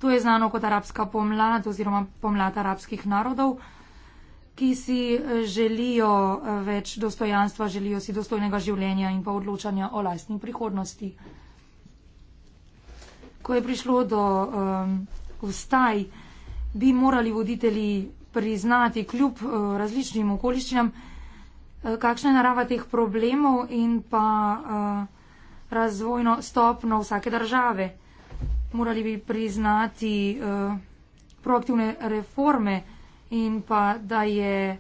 To je znano kot arabska pomlad oziroma pomlad arabskih narodov ki si eh, želijo eh, več dostojanstva, želijo si dostojnega življenja in pa odločanja o lastni prihodnosti. Ko je prišlo do um, vstaj, bi morali voditelji priznati kljub uh, različnim okoliščinam, uh, kakšna je narava teh problemov in pa uh, razvojno stopno vsake države. Morali bi priznati uh, proaktivne reforme, in pa da je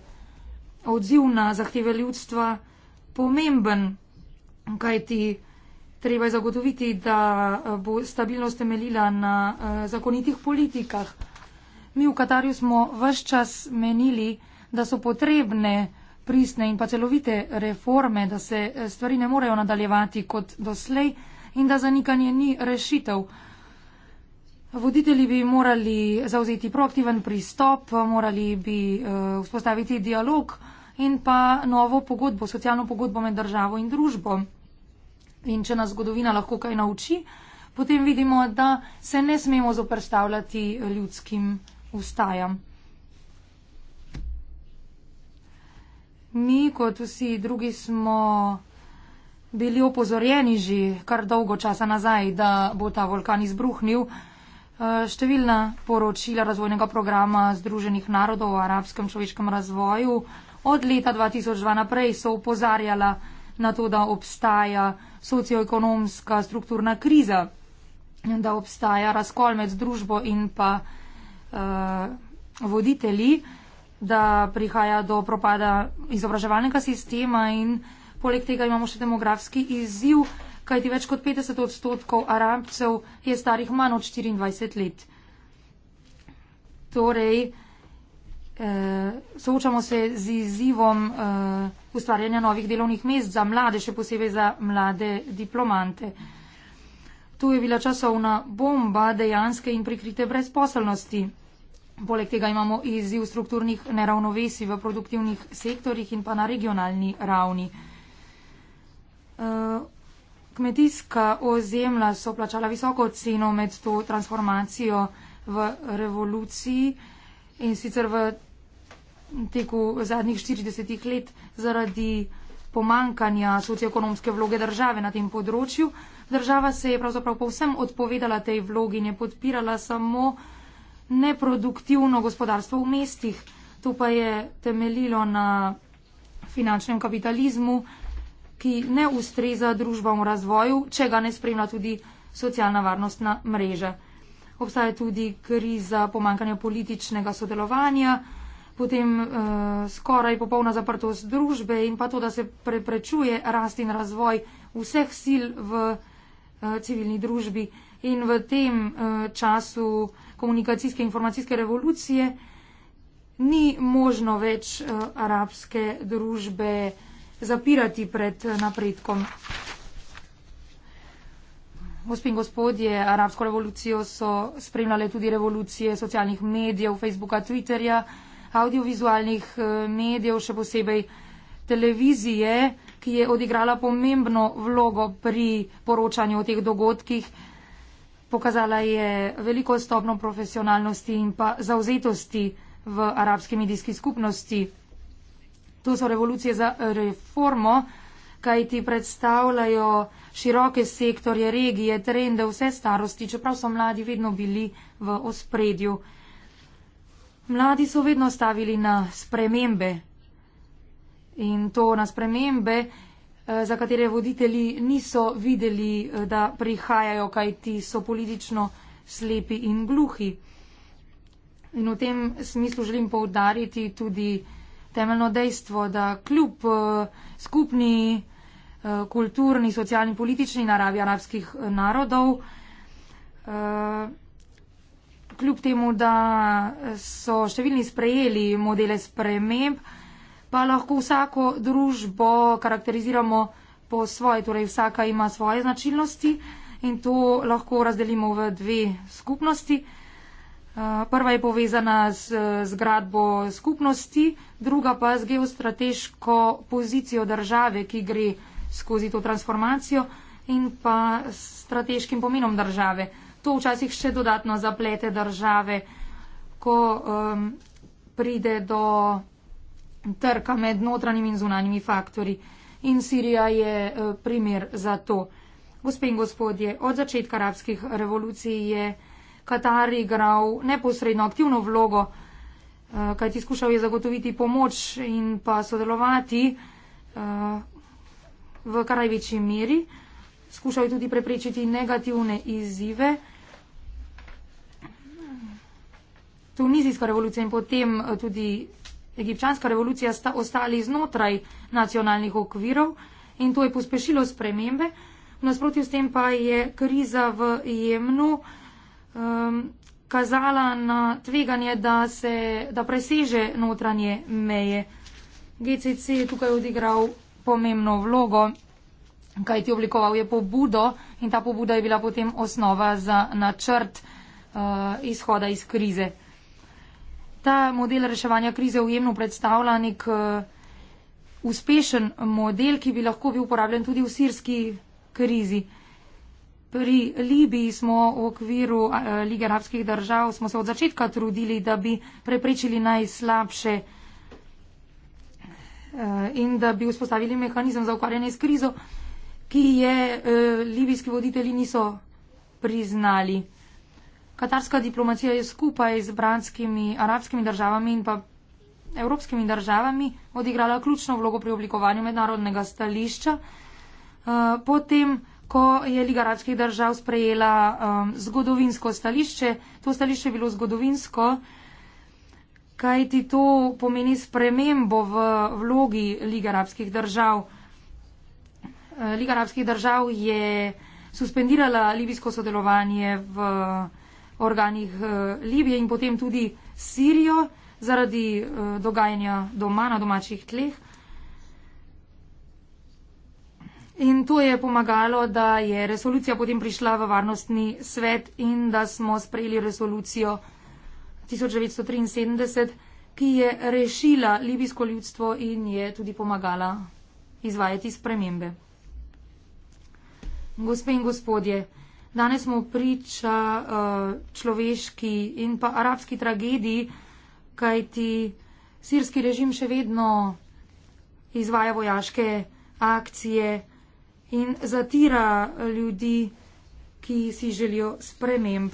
odziv na zahteve ljudstva pomemben, kajti treba je zagotoviti, da eh, bo stabilnost temeljila na eh, zakonitih politikah. Mi v Katarju smo vse čas menili, da so potrebne pristne in pa celovite reforme, da se eh, stvari ne morejo nadaljevati kot doslej in da zanikanje ni rešitev. Voditelji bi morali zauzeti proaktiven pristop, morali bi eh, vzpostaviti dialog in pa novo pogodbo, socialno pogodbo med državo in družbo. In če nas zgodovina lahko kaj nauči, potem vidimo, da se ne smemo zoprstavljati ljudskim ustajam. Mi, kot vsi drugi, smo bili opozorjeni že kar dolgo časa nazaj, da bo ta vulkan izbruhnil. Eh, številna poročila razvojnega programa Združenih narodov o arabskem človeškem razvoju od leta 2002 naprej so upozarjala na to, da obstaja socioekonomska strukturna kriza, da obstaja razkol med družbo in pa uh, voditelji, da prihaja do propada izobraževalnega sistema in poleg tega imamo še demografski izziv kajti več kot 50 odstotkov arabcev je starih manj od 24 let. Torej, eh, soočamo se z izzivom eh, ustvarjanja novih delovnih mest za mlade, še posebej za mlade diplomante. Tu je bila časovna bomba dejanske in prikrite brezposelnosti. Poleg tega imamo izziv strukturnih neravnovesij v produktivnih sektorjih in pa na regionalni ravni. Eh, kmetijska ozemlja so plačala visoko ceno med to transformacijo v revoluciji in sicer v teku zadnjih 40 let zaradi pomankanja socioekonomske vloge države na tem področju. Država se je pravzaprav povsem odpovedala tej vlogi in je podpirala samo neproduktivno gospodarstvo v mestih. To pa je temeljilo na finančnem kapitalizmu, ki ne ustreza družbam v razvoju, če ga ne spremlja tudi socialna varnostna mreža. Obstaja tudi kriza pomankanja političnega sodelovanja, potem eh, skoraj popolna zaprtost družbe in pa to, da se preprečuje rast in razvoj vseh sil v eh, civilni družbi. In v tem eh, času komunikacijske informacijske revolucije ni možno več eh, arabske družbe eh, zapirati pred napredkom. Gospod in gospodje, arabsko revolucijo so spremljale tudi revolucije socialnih medijev, Facebooka, Twitterja, audiovizualnih eh, medijev, še posebej televizije, ki je odigrala pomembno vlogo pri poročanju o teh dogodkih. Pokazala je veliko stopno profesionalnosti in pa zauzetosti v arabski medijski skupnosti. Tu so revolucije za eh, reformo, kaj ti predstavljajo široke sektorje, regije, trende, vse starosti, čeprav so mladi vedno bili v ospredju. Mladi so vedno stavili na spremembe in to na spremembe, eh, za katere voditelji niso videli, eh, da prihajajo, kaj ti so politično slepi in gluhi. In v tem smislu želim poudariti tudi, temeljno dejstvo, da kljub eh, skupni eh, kulturni, socialni, politični naravi arabskih eh, narodov, kljub temu, da so številni sprejeli modele sprememb, pa lahko vsako družbo karakteriziramo po svoje, torej vsaka ima svoje značilnosti in to lahko razdelimo v dve skupnosti. Prva je povezana z zgradbo skupnosti, druga pa z geostrateško pozicijo države, ki gre skozi to transformacijo in pa s strateškim pomenom države. To včasih še dodatno zaplete države, ko um, pride do trka med notranjimi in zunanjimi faktori. In Sirija je uh, primer za to. Gospe in gospodje, od začetka arabskih revolucij je. Katar igral neposredno aktivno vlogo, eh, kajti skušal je zagotoviti pomoč in pa sodelovati eh, v kar največji meri. Skušal je tudi preprečiti negativne izzive. Tunizijska revolucija in potem eh, tudi egipčanska revolucija sta ostali znotraj nacionalnih okvirov in to je pospešilo spremembe. Nasprotju s tem pa je kriza v Jemnu um, kazala na tveganje, da, se, da preseže notranje meje. GCC je tukaj odigral pomembno vlogo, kaj ti oblikoval je pobudo in ta pobuda je bila potem osnova za načrt uh, izhoda iz krize. Ta model reševanja krize vjemno predstavlja nek uh, uspešen model, ki bi lahko bil uporabljen tudi v sirski krizi. Pri Libiji smo v okviru eh, Lige arabskih držav smo se od začetka trudili, da bi preprečili najslabše eh, in da bi vzpostavili mehanizem za ukvarjanje s krizo, ki je eh, libijski voditelji niso priznali. Katarska diplomacija je skupaj z branskimi arabskimi državami in pa evropskimi državami odigrala ključno vlogo pri oblikovanju mednarodnega stališča. Potem ko je Liga arabskih držav sprejela um, zgodovinsko stališče. To stališče je bilo zgodovinsko, kaj ti to pomeni spremembo v vlogi Liga arabskih držav. Uh, Liga arabskih držav je suspendirala libijsko sodelovanje v organih uh, Libije in potem tudi Sirijo zaradi uh, dogajanja doma na domačih tleh. In to je pomagalo, da je resolucija potem prišla v varnostni svet in da smo sprejeli resolucijo 1973, ki je rešila libijsko ljudstvo in je tudi pomagala izvajati spremembe. Gospe in gospodje, danes smo priča uh, človeški in pa arabski tragediji, kajti sirski režim še vedno izvaja vojaške akcije, in zatira ljudi, ki si želijo sprememb.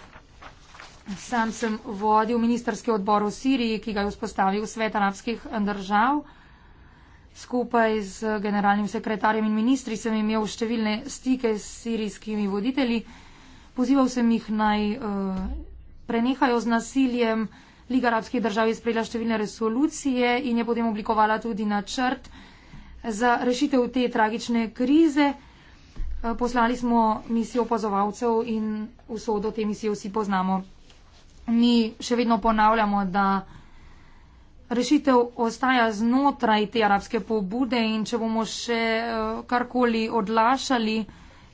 Sam sem vodil ministerski odbor v Siriji, ki ga je vzpostavil Svet arabskih držav. Skupaj z generalnim sekretarjem in ministri sem imel številne stike s sirijskimi voditelji. Pozival sem jih naj uh, prenehajo z nasiljem. Liga arabskih držav je sprejela številne resolucije in je potem oblikovala tudi načrt za rešitev te tragične krize. Eh, poslali smo misijo opazovalcev in usodo te misije vsi poznamo. Mi še vedno ponavljamo, da rešitev ostaja znotraj te arabske pobude in če bomo še eh, karkoli odlašali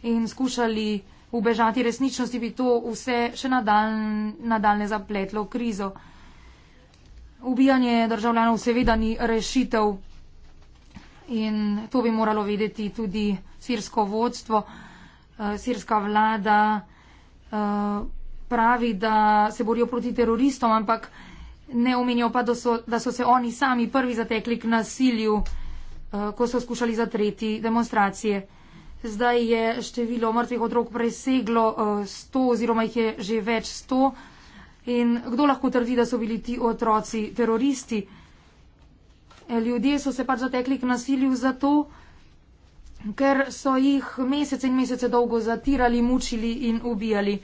in skušali ubežati resničnosti, bi to vse še nadaljne zapletlo krizo. Ubijanje državljanov seveda ni rešitev in to bi moralo vedeti tudi sirsko vodstvo. Eh, sirska vlada eh, pravi, da se borijo proti teroristom, ampak ne omenijo pa, da so, da so se oni sami prvi zatekli k nasilju, eh, ko so skušali zatreti demonstracije. Zdaj je število mrtvih otrok preseglo 100 oziroma jih je že več 100 in kdo lahko trdi, da so bili ti otroci teroristi? ljudje so se pač zatekli k nasilju zato, ker so jih mesece in mesece dolgo zatirali, mučili in ubijali.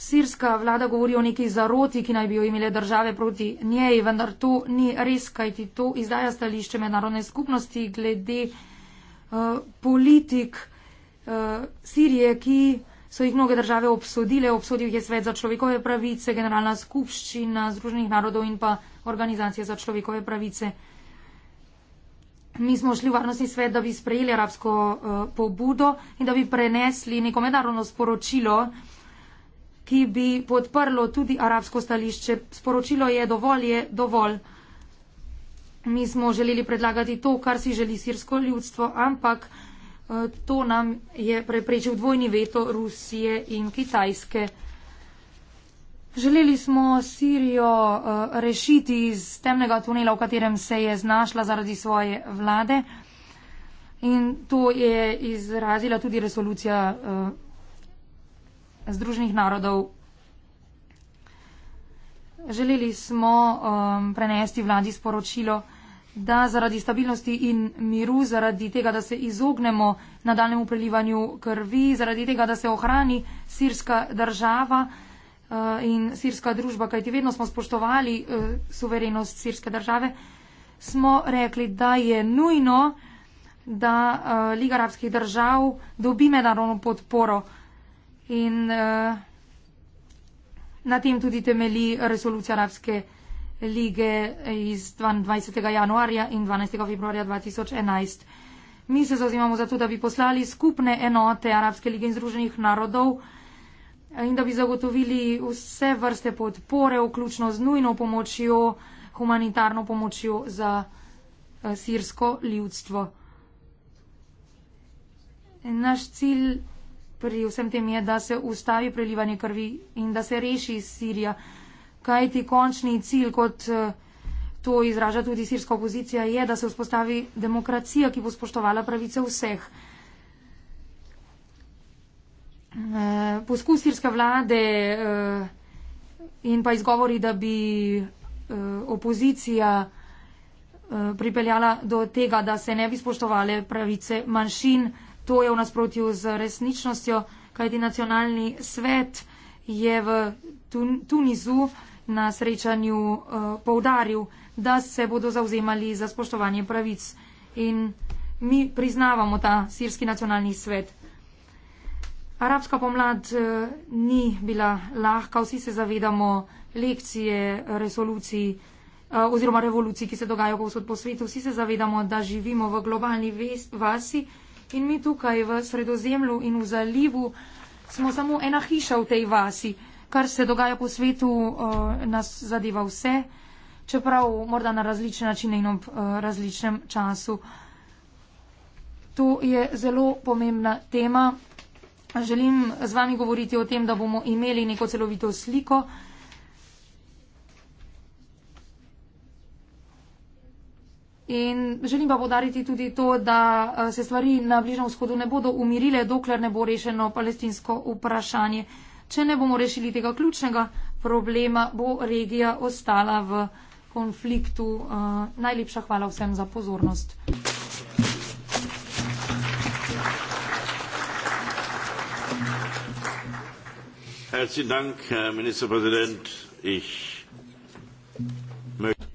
Sirska vlada govori o neki zaroti, ki naj bi jo imele države proti njej, vendar to ni res, kajti to izdaja stališče mednarodne skupnosti glede uh, politik uh, Sirije, ki so jih mnoge države obsodile. Obsodil jih je Svet za človekove pravice, Generalna skupščina Združenih narodov in pa organizacije za človekove pravice. Mi smo šli v varnostni svet, da bi sprejeli arabsko uh, pobudo in da bi prenesli neko mednarodno sporočilo, ki bi podprlo tudi arabsko stališče. Sporočilo je dovolj, je dovolj. Mi smo želeli predlagati to, kar si želi sirsko ljudstvo, ampak uh, to nam je preprečil dvojni veto Rusije in Kitajske. Želeli smo Sirijo uh, rešiti iz temnega tunela, v katerem se je znašla zaradi svoje vlade. In to je izrazila tudi resolucija uh, Združenih narodov. Želeli smo um, prenesti vladi sporočilo, da zaradi stabilnosti in miru, zaradi tega, da se izognemo nadaljemu prelivanju krvi, zaradi tega, da se ohrani sirska država, uh, Eh, in sirska družba, kajti vedno smo spoštovali uh, suverenost sirske države, smo rekli, da je nujno, da uh, Liga arabskih držav dobi mednarodno podporo in uh, na tem tudi temeli resolucija arabske lige iz 22. januarja in 12. februarja 2011. Mi se zauzimamo za to, da bi poslali skupne enote Arabske lige in Združenih narodov uh, in da bi zagotovili vse vrste podpore, vključno z nujno pomočjo, humanitarno pomočjo za eh, sirsko ljudstvo. Naš cilj pri vsem tem je, da se ustavi prelivanje krvi in da se reši iz Sirija. Kaj ti končni cilj, kot eh, to izraža tudi sirska opozicija, je, da se vzpostavi demokracija, ki bo spoštovala pravice vseh. Eh, poskus sirske vlade eh, in pa izgovori, da bi eh, opozicija pripeljala do tega, da se ne bi spoštovale pravice manjšin, to je v nasprotju z resničnostjo, kajti nacionalni svet je v Tunizu na srečanju poudaril, da se bodo zauzemali za spoštovanje pravic. In mi priznavamo ta sirski nacionalni svet. Arabska pomlad eh, ni bila lahka, vsi se zavedamo lekcije resolucij eh, oziroma revolucij, ki se dogajajo povsod po svetu. Vsi se zavedamo, da živimo v globalni vasi in mi tukaj v sredozemlju in v zalivu smo samo ena hiša v tej vasi, kar se dogaja po svetu, eh, nas zadeva vse, čeprav morda na različne načine in ob različnem času. To je zelo pomembna tema. Želim z vami govoriti o tem, da bomo imeli neko celovito sliko. In želim pa podariti tudi to, da eh, se stvari na Bližnem vzhodu ne bodo umirile, dokler ne bo rešeno palestinsko vprašanje. Če ne bomo rešili tega ključnega problema, bo regija ostala v konfliktu. Eh, najlepša hvala vsem za pozornost. Herzlichen Dank, Herr Ministerpräsident. Ich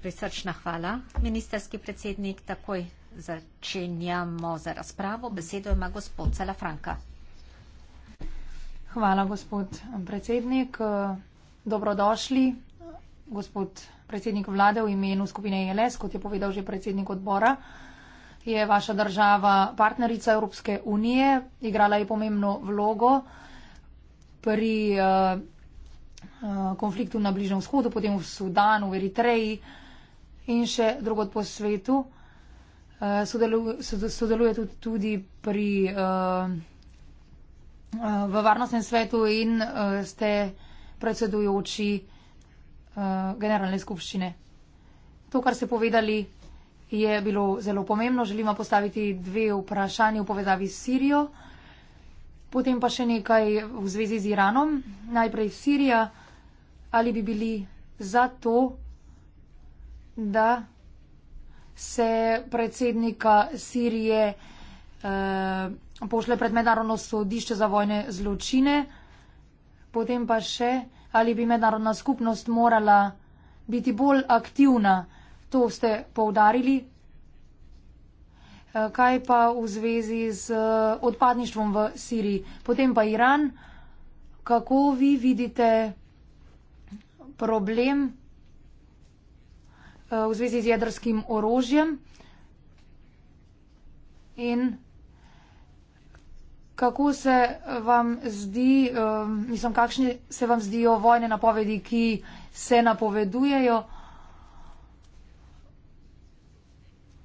Prisrčna hvala, ministerski predsednik. Takoj začenjamo za razpravo. Besedo ima gospod Salafranka. Hvala, gospod predsednik. Dobrodošli, gospod predsednik vlade v imenu skupine ELS. Kot je povedal že predsednik odbora, je vaša država partnerica Evropske unije, igrala je pomembno vlogo pri uh, uh, konfliktu na Bližnem vzhodu, potem v Sudanu, v Eritreji in še drugod po svetu. Uh, sodeluje, sodeluje tudi, tudi pri, uh, uh, v varnostnem svetu in uh, ste predsedujoči uh, generalne skupščine. To, kar ste povedali, je bilo zelo pomembno. Želimo postaviti dve vprašanje v povezavi s Sirijo. Uh, Potem pa še nekaj v zvezi z Iranom. Najprej Sirija. Ali bi bili za to, da se predsednika Sirije eh, pošle pred mednarodno sodišče za vojne zločine? Potem pa še, ali bi mednarodna skupnost morala biti bolj aktivna? To ste poudarili, Eh, kaj pa v zvezi z eh, odpadništvom v Siriji, potem pa Iran, kako vi vidite problem eh, v zvezi z jedrskim orožjem in kako se vam zdi, mislim, kakšne se vam zdijo vojne napovedi, ki se napovedujejo.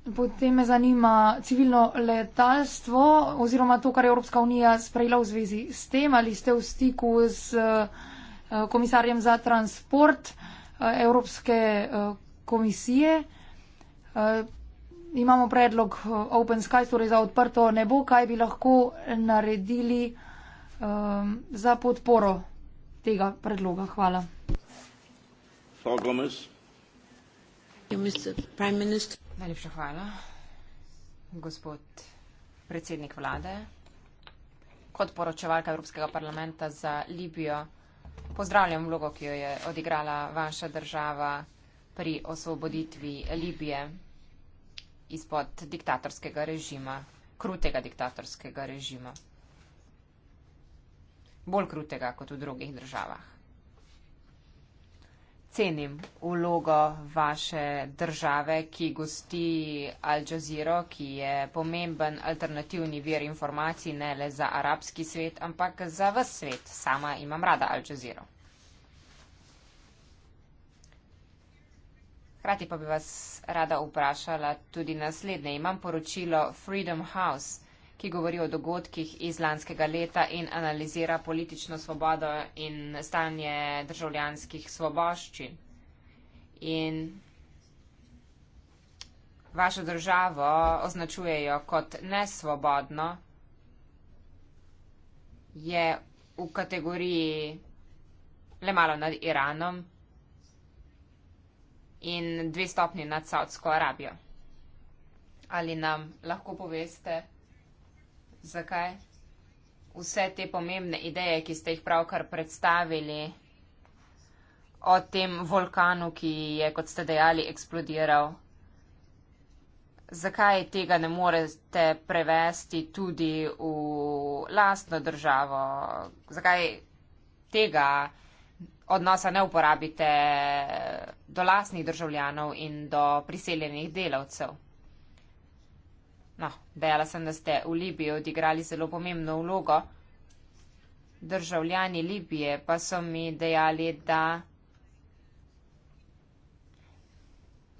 Potem me zanima civilno letalstvo oziroma to, kar je Evropska unija sprejela v zvezi s tem. Ali ste v stiku z eh, komisarjem za transport eh, Evropske eh, komisije? Imamo predlog Open Sky, torej za odprto nebo. Kaj bi lahko naredili za podporo tega predloga? Hvala. Thank you, Mr. Prime Minister. Najlepša hvala. Gospod predsednik vlade, kot poročevalka Evropskega parlamenta za Libijo, pozdravljam vlogo, ki jo je odigrala vaša država pri osvoboditvi Libije izpod diktatorskega režima, krutega diktatorskega režima. Bolj krutega kot v drugih državah cenim vlogo vaše države, ki gosti Al Jazeera, ki je pomemben alternativni vir informacij ne le za arabski svet, ampak za vse svet. Sama imam rada Al Jazeera. Hrati pa bi vas rada vprašala tudi naslednje. Imam poročilo Freedom House ki govori o dogodkih iz lanskega leta in analizira politično svobodo in stanje državljanskih svoboščin. In vašo državo označujejo kot nesvobodno, je v kategoriji le malo nad Iranom in dve stopni nad Saudsko Arabijo. Ali nam lahko poveste? Zakaj? Vse te pomembne ideje, ki ste jih pravkar predstavili o tem vulkanu, ki je, kot ste dejali, eksplodiral. Zakaj tega ne morete prevesti tudi v lastno državo? Zakaj tega odnosa ne uporabite do lastnih državljanov in do priseljenih delavcev? No, dejala sem, da ste v Libiji odigrali zelo pomembno vlogo. Državljani Libije pa so mi dejali, da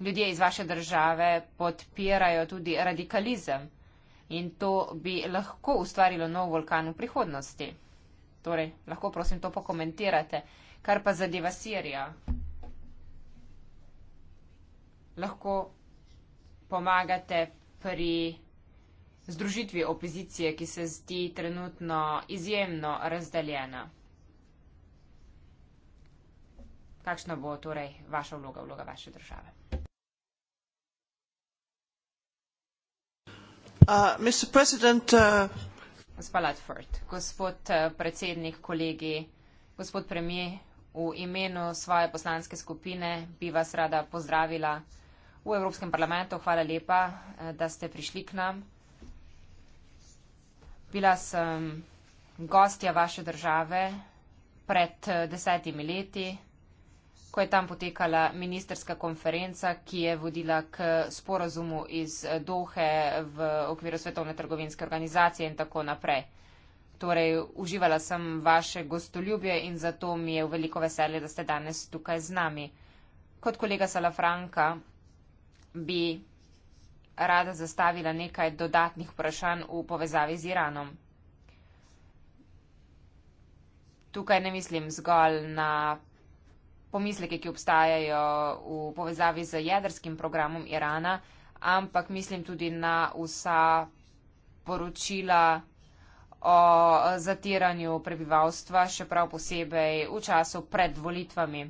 ljudje iz vaše države podpirajo tudi radikalizem in to bi lahko ustvarilo nov vulkan v prihodnosti. Torej, lahko prosim to pokomentirate. Kar pa zadeva Sirija, lahko pomagate pri združitvi opozicije, ki se zdi trenutno izjemno razdaljena. Kakšna bo torej vaša vloga, vloga vaše države? Uh, uh, gospod uh, predsednik, kolegi, gospod premijer, v imenu svoje poslanske skupine bi vas rada pozdravila v Evropskem parlamentu. Hvala lepa, da ste prišli k nam. Bila sem gostja vaše države pred eh, desetimi leti, ko je tam potekala ministerska konferenca, ki je vodila k sporazumu iz eh, Dohe v okviru Svetovne trgovinske organizacije in tako naprej. Torej, uživala sem vaše gostoljubje in zato mi je v veliko veselje, da ste danes tukaj z nami. Kot kolega Salafranka bi rada zastavila nekaj dodatnih vprašanj v povezavi z Iranom. Tukaj ne mislim zgolj na pomisleke, ki obstajajo v povezavi z jedrskim programom Irana, ampak mislim tudi na vsa poročila o zatiranju prebivalstva, še prav posebej v času pred volitvami.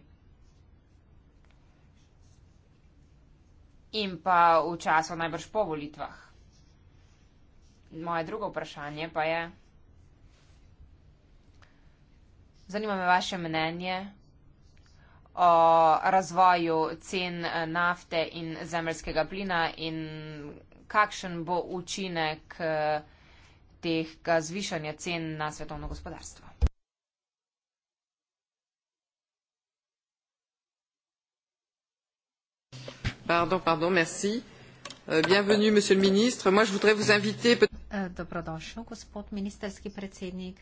in pa v času najbrž po volitvah. Moje drugo vprašanje pa je, zanima me vaše mnenje o razvoju cen eh, nafte in zemljskega plina in kakšen bo učinek eh, tega zvišanja cen na svetovno gospodarstvo. Pardon, pardon, merci. Euh, bienvenue, monsieur le ministre. Moi, je voudrais vous inviter. Eh, dobrodošel, gospod ministerski predsednik.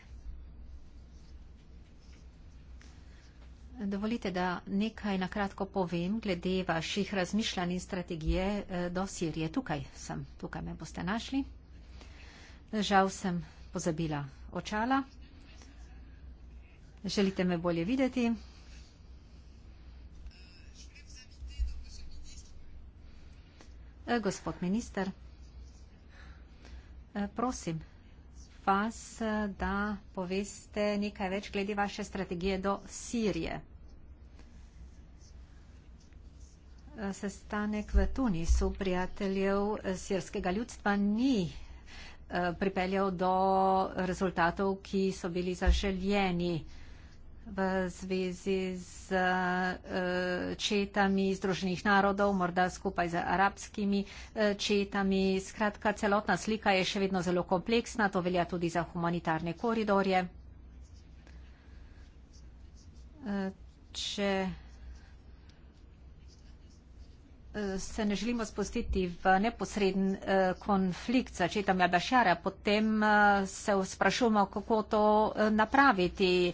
Dovolite, da nekaj na kratko povem glede vaših razmišljanj in strategije eh, do Sirije. Tukaj sem, tukaj me boste našli. Žal sem pozabila očala. Želite me bolje videti? Eh, gospod minister, eh, prosim vas, eh, da poveste nekaj več glede vaše strategije do Sirije. Sestanek v Tunisu prijateljev sirskega ljudstva ni pripeljal do rezultatov, ki so bili zaželjeni v zvezi z eh, četami Združenih narodov, morda skupaj z arabskimi eh, četami. Skratka, celotna slika je še vedno zelo kompleksna, to velja tudi za humanitarne koridorje. Eh, če se ne želimo spustiti v neposreden eh, konflikt začetom Jadašara, potem eh, se sprašujemo, kako to eh, napraviti.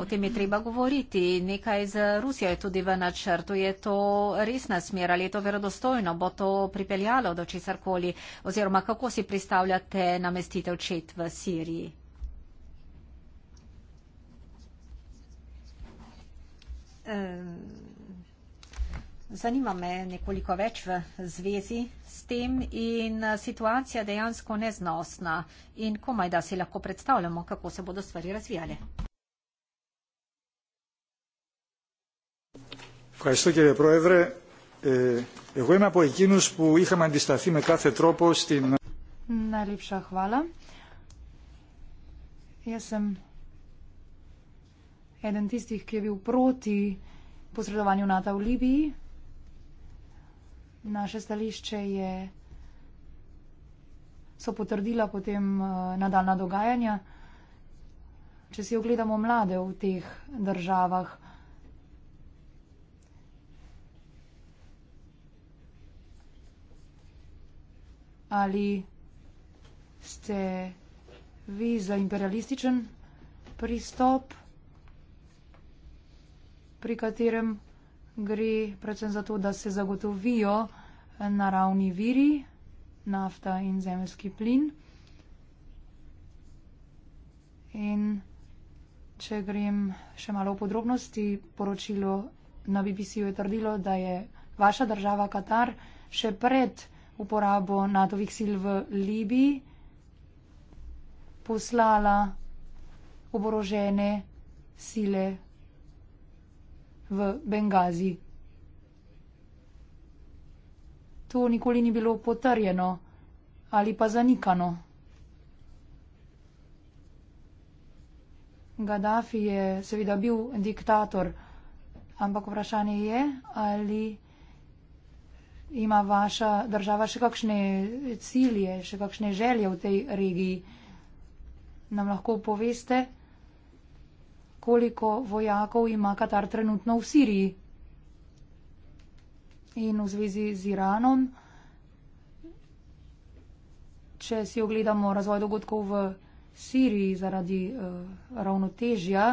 O tem je treba govoriti. Nekaj z Rusijo je tudi v načrtu. Je to resna smer ali je to verodostojno? Bo to pripeljalo do česarkoli? Oziroma, kako si predstavljate namestitev čet v Siriji? Um. Zanima me nekoliko več v zvezi s tem in eh, situacija dejansko neznosna in komaj da si lahko predstavljamo, kako se bodo stvari razvijale. Hvala, kjer je projevre. Jego ima po ekinu spu iha mandistafi me kafe tropo s tim... Najlepša hvala. Jaz sem eden tistih, ki je bil proti posredovanju NATO v Libiji, naše stališče je, so potrdila potem eh, nadaljna dogajanja. Če si ogledamo mlade v teh državah, ali ste vi za imperialističen pristop, pri katerem gre predvsem za to, da se zagotovijo naravni viri, nafta in zemljski plin. In če grem še malo v podrobnosti, poročilo na BBC-ju je trdilo, da je vaša država Katar še pred uporabo NATO-vih sil v Libiji poslala oborožene sile v Bengazi. To nikoli ni bilo potrjeno ali pa zanikano. Gaddafi je seveda bil diktator, ampak vprašanje je, ali ima vaša država še kakšne cilje, še kakšne želje v tej regiji. Nam lahko poveste? koliko vojakov ima Katar trenutno v Siriji. In v zvezi z Iranom, če si ogledamo razvoj dogodkov v Siriji zaradi eh, ravnotežja,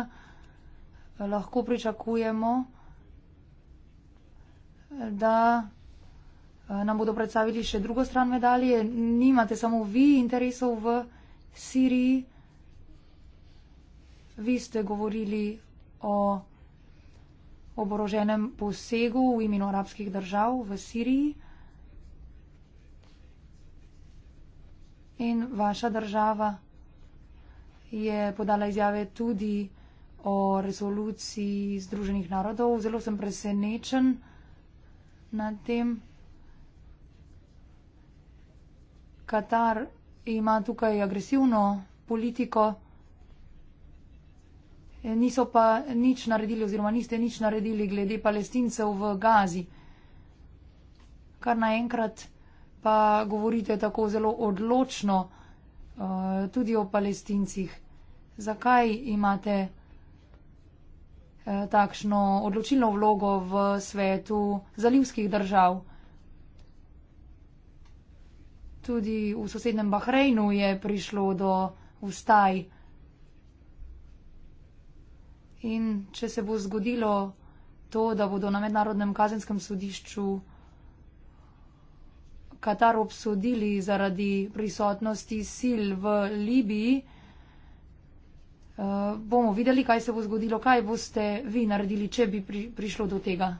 lahko pričakujemo, da eh, nam bodo predstavili še drugo stran medalje. Nimate samo vi interesov v Siriji. Vi ste govorili o oboroženem posegu v imenu arabskih držav v Siriji. In vaša država je podala izjave tudi o resoluciji Združenih narodov. Zelo sem presenečen nad tem. Katar ima tukaj agresivno politiko. Eh, niso pa nič naredili oziroma niste nič naredili glede palestincev v Gazi. Kar naenkrat pa govorite tako zelo odločno uh, tudi o palestincih. Zakaj imate uh, takšno odločilno vlogo v svetu zalivskih držav? Tudi v sosednem Bahrejnu je prišlo do vstaj. In če se bo zgodilo to, da bodo na mednarodnem kazenskem sodišču Katar obsodili zaradi prisotnosti sil v Libiji, eh, bomo videli, kaj se bo zgodilo, kaj boste vi naredili, če bi prišlo do tega.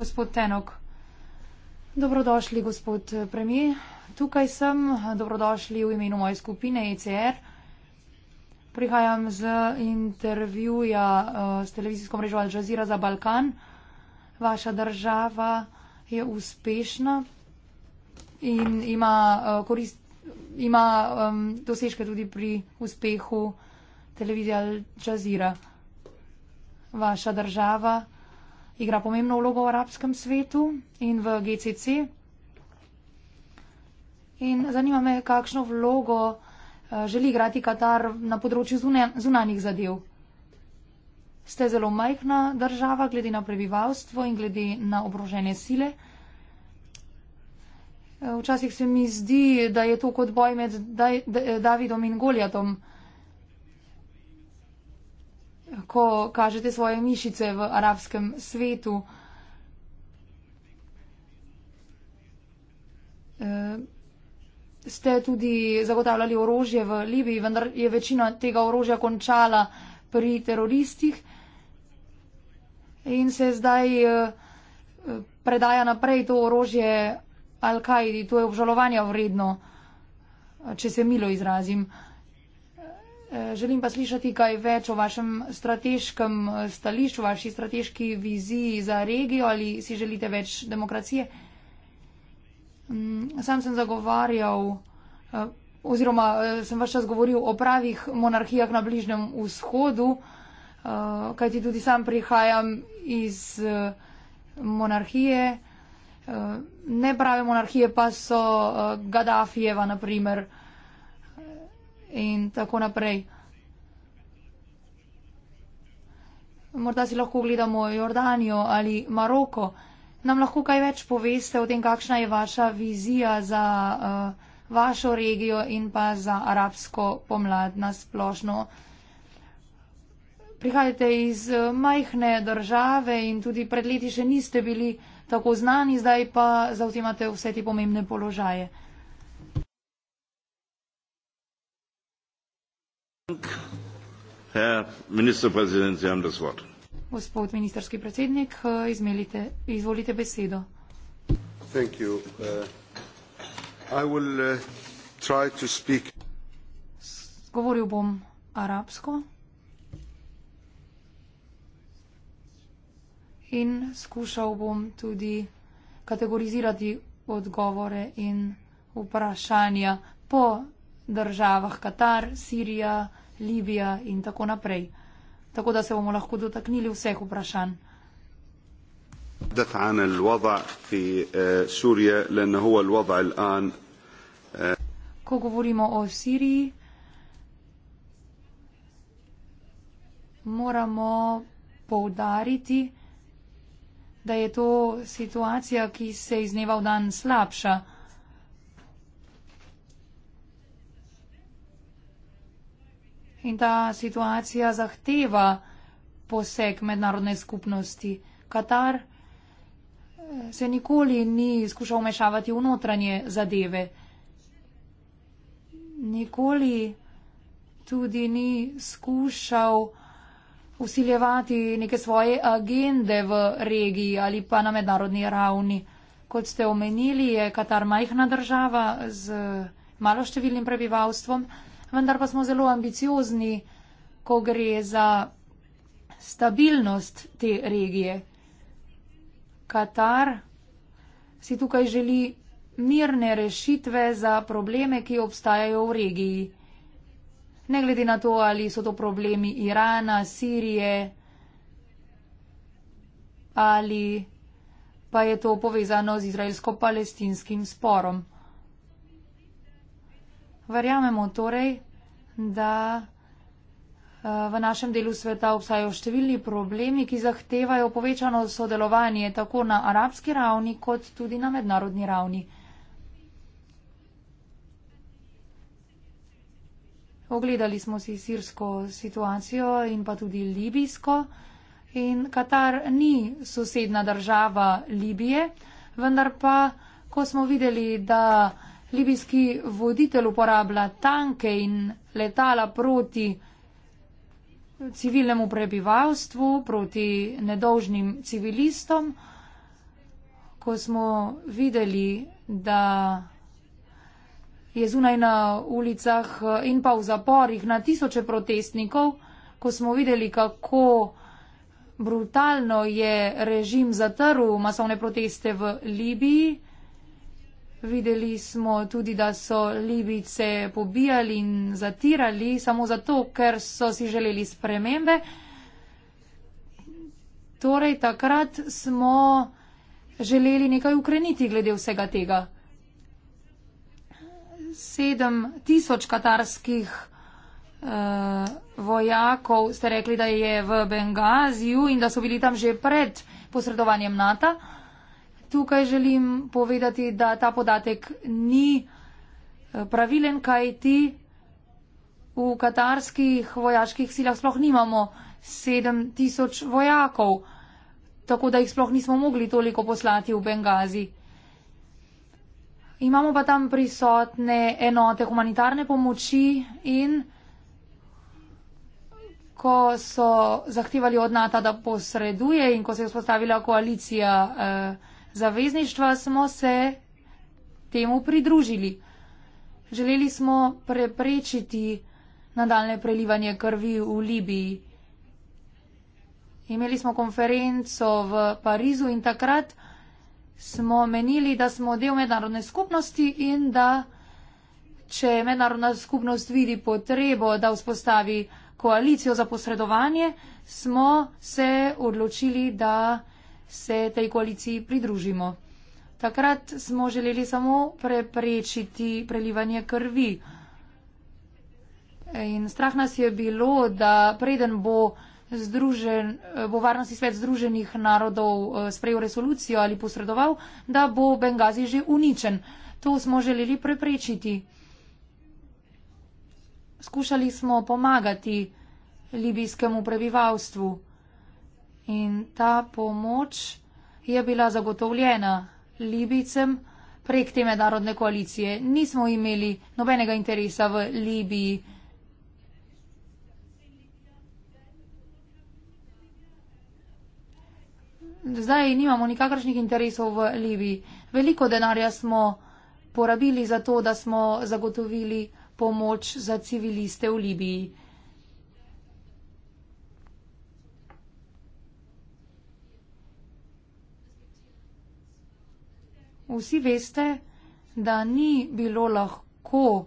Gospod Tenok, dobrodošli, gospod eh, premijer tukaj sem, dobrodošli v imenu moje skupine ECR. Prihajam z intervjuja eh, s televizijsko mrežo Al Jazeera za Balkan. Vaša država je uspešna in ima, eh, korist, ima um, dosežke tudi pri uspehu televizije Al Jazeera. Vaša država igra pomembno vlogo v arabskem svetu in v GCC. In zanima me, kakšno vlogo eh, želi igrati Katar na področju zunanjih zadev. Ste zelo majhna država, glede na prebivalstvo in glede na obrožene sile. Eh, včasih se mi zdi, da je to kot boj med Davidom in Goljatom, ko kažete svoje mišice v arabskem svetu. Eh, ste tudi zagotavljali orožje v Libiji, vendar je večina tega orožja končala pri teroristih in se zdaj eh, predaja naprej to orožje Al-Kaidi. To je obžalovanja vredno, eh, če se milo izrazim. Eh, želim pa slišati kaj več o vašem strateškem stališču, vaši strateški viziji za regijo ali si želite več demokracije. Mm, sam sem zagovarjal, eh, oziroma eh, sem vaš čas govoril o pravih monarhijah na Bližnjem vzhodu, eh, kajti tudi sam prihajam iz monarhije. Ne prave monarhije pa so Gaddafijeva, naprimer, in tako naprej. Morda si lahko gledamo Jordanijo ali Maroko. Nam lahko kaj več poveste o tem, kakšna je vaša vizija za uh, vašo regijo in pa za arabsko pomlad na splošno? Prihajate iz eh, majhne države in tudi pred leti še niste bili tako znani, zdaj pa zauzimate vse te pomembne položaje. Minister, predsednik, imam besedo. Gospod ministerski predsednik, eh, izmelite, izvolite besedo. Thank you. Uh, I will uh, try to speak. Govoril bom arabsko in skušal bom tudi kategorizirati odgovore in vprašanja po državah Katar, Sirija, Libija in tako naprej tako da se bomo lahko dotaknili vseh vprašanj. Ko govorimo o Siriji, moramo poudariti, da je to situacija, ki se iz dneva v dan slabša. in ta situacija zahteva poseg mednarodne skupnosti. Katar eh, se nikoli ni skušal mešavati v notranje zadeve. Nikoli tudi ni skušal usiljevati neke svoje agende v regiji ali pa na mednarodni ravni. Kot ste omenili, je Katar majhna država z maloštevilnim prebivalstvom vendar pa smo zelo ambiciozni, ko gre za stabilnost te regije. Katar si tukaj želi mirne rešitve za probleme, ki obstajajo v regiji. Ne glede na to, ali so to problemi Irana, Sirije ali pa je to povezano z izraelsko-palestinskim sporom. Verjamemo torej, da eh, v našem delu sveta obstajajo številni problemi, ki zahtevajo povečano sodelovanje tako na arabski ravni kot tudi na mednarodni ravni. Ogledali smo si sirsko situacijo in pa tudi libijsko. In Katar ni sosedna država Libije, vendar pa, ko smo videli, da libijski voditelj uporablja tanke in letala proti civilnemu prebivalstvu, proti nedolžnim civilistom. Ko smo videli, da je zunaj na ulicah in pa v zaporih na tisoče protestnikov, ko smo videli, kako brutalno je režim zatrl masovne proteste v Libiji, Videli smo tudi, da so Libice pobijali in zatirali samo zato, ker so si želeli spremembe. Torej, takrat smo želeli nekaj ukreniti glede vsega tega. Sedem tisoč katarskih uh, vojakov ste rekli, da je v Bengaziju in da so bili tam že pred posredovanjem NATO tukaj želim povedati, da ta podatek ni eh, pravilen, kaj ti v katarskih vojaških silah sploh nimamo 7000 vojakov, tako da jih sploh nismo mogli toliko poslati v Bengazi. Imamo pa tam prisotne enote humanitarne pomoči in ko so zahtevali od NATO, da posreduje in ko se je vzpostavila koalicija eh, zavezništva smo se temu pridružili. Želeli smo preprečiti nadaljne prelivanje krvi v Libiji. Imeli smo konferenco v Parizu in takrat smo menili, da smo del mednarodne skupnosti in da če mednarodna skupnost vidi potrebo, da vzpostavi koalicijo za posredovanje, smo se odločili, da se tej koaliciji pridružimo. Takrat smo želeli samo preprečiti prelivanje krvi. In strah nas je bilo, da preden bo, združen, bo Varnostni svet Združenih narodov eh, sprejel resolucijo ali posredoval, da bo Bengazi že uničen. To smo želeli preprečiti. Skušali smo pomagati libijskemu prebivalstvu in ta pomoč je bila zagotovljena Libicem prek te mednarodne koalicije. Nismo imeli nobenega interesa v Libiji. Zdaj nimamo nikakršnih interesov v Libiji. Veliko denarja smo porabili za to, da smo zagotovili pomoč za civiliste v Libiji. Vsi veste, da ni bilo lahko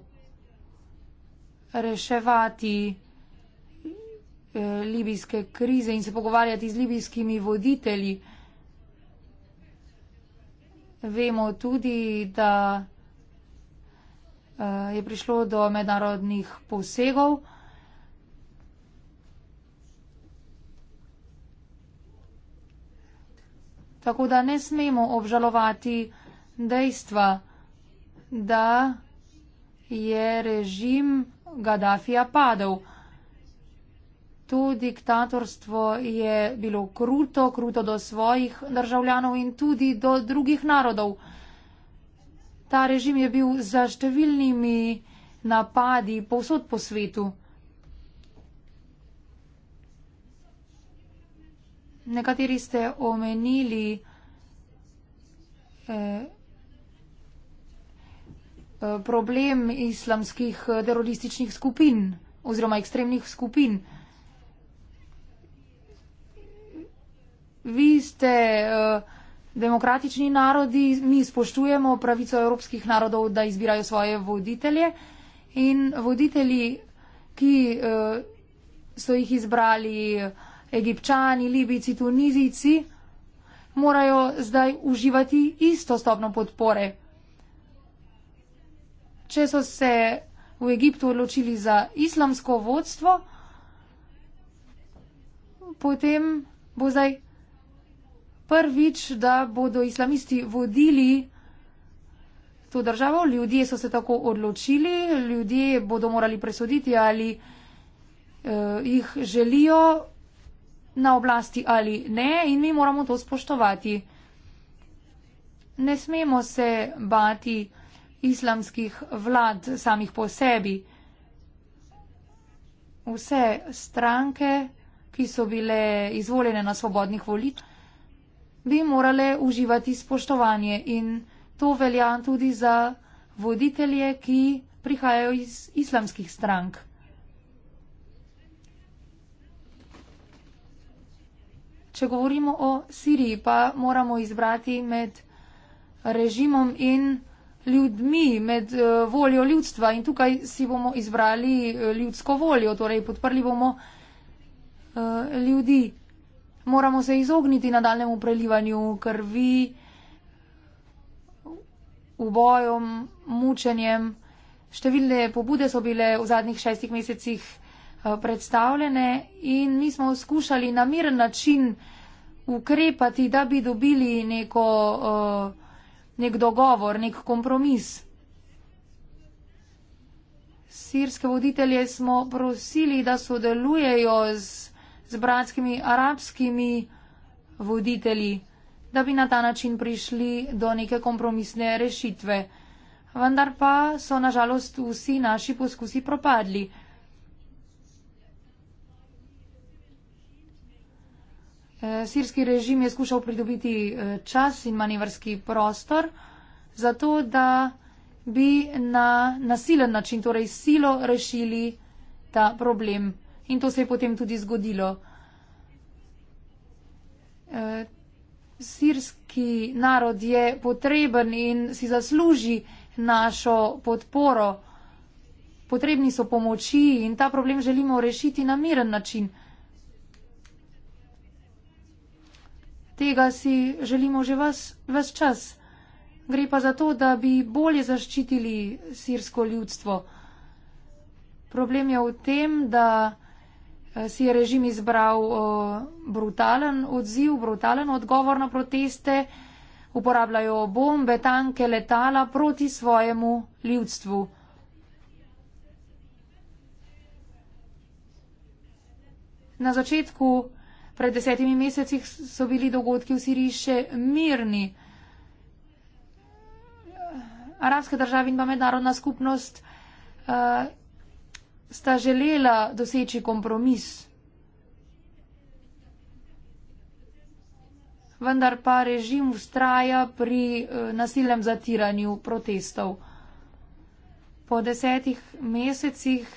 reševati eh, libijske krize in se pogovarjati z libijskimi voditelji. Vemo tudi, da eh, je prišlo do mednarodnih posegov. Tako da ne smemo obžalovati dejstva, da je režim Gaddafija padel. To diktatorstvo je bilo kruto, kruto do svojih državljanov in tudi do drugih narodov. Ta režim je bil za številnimi napadi povsod po svetu. Nekateri ste omenili eh, Eh, problem islamskih eh, terorističnih skupin oziroma ekstremnih skupin. Vi ste eh, demokratični narodi, mi spoštujemo pravico evropskih narodov, da izbirajo svoje voditelje in voditelji, ki so jih izbrali egipčani, libijci, tunizijci, morajo zdaj uživati isto stopno podpore če so se v Egiptu odločili za islamsko vodstvo, potem bo zdaj prvič, da bodo islamisti vodili to državo. Ljudje so se tako odločili, ljudje bodo morali presoditi, ali eh, jih želijo na oblasti ali ne in mi moramo to spoštovati. Ne smemo se bati, islamskih vlad samih po sebi. Vse stranke, ki so bile izvoljene na svobodnih volitvah, bi morale uživati spoštovanje in to velja tudi za voditelje, ki prihajajo iz islamskih strank. Če govorimo o Siriji, pa moramo izbrati med režimom in ljudmi, med eh, voljo ljudstva in tukaj si bomo izbrali eh, ljudsko voljo, torej podprli bomo eh, ljudi. Moramo se izogniti nadaljemu prelivanju krvi, ubojom, mučenjem. Številne pobude so bile v zadnjih šestih mesecih predstavljene in mi smo skušali na miren način ukrepati, da bi dobili neko uh, nek dogovor, nek kompromis. Sirske voditelje smo prosili, da sodelujejo z, z bratskimi arabskimi voditelji, da bi na ta način prišli do neke kompromisne rešitve. Vendar pa so nažalost vsi naši poskusi propadli. Eh, sirski režim je skušal pridobiti eh, čas in manevrski prostor za to, da bi na nasilen način, torej silo, rešili ta problem. In to se je potem tudi zgodilo. Eh, sirski narod je potreben in si zasluži našo podporo. Potrebni so pomoči in ta problem želimo rešiti na miren način. Tega si želimo že ves čas. Gre pa za to, da bi bolje zaščitili sirsko ljudstvo. Problem je v tem, da eh, si je režim izbral eh, brutalen odziv, brutalen odgovor na proteste, uporabljajo bombe, tanke, letala proti svojemu ljudstvu. Na začetku Pred desetimi meseci so bili dogodki v Siriji še mirni. Arabske države in pa mednarodna skupnost uh, sta želela doseči kompromis. Vendar pa režim ustraja pri uh, nasilnem zatiranju protestov. Po desetih mesecih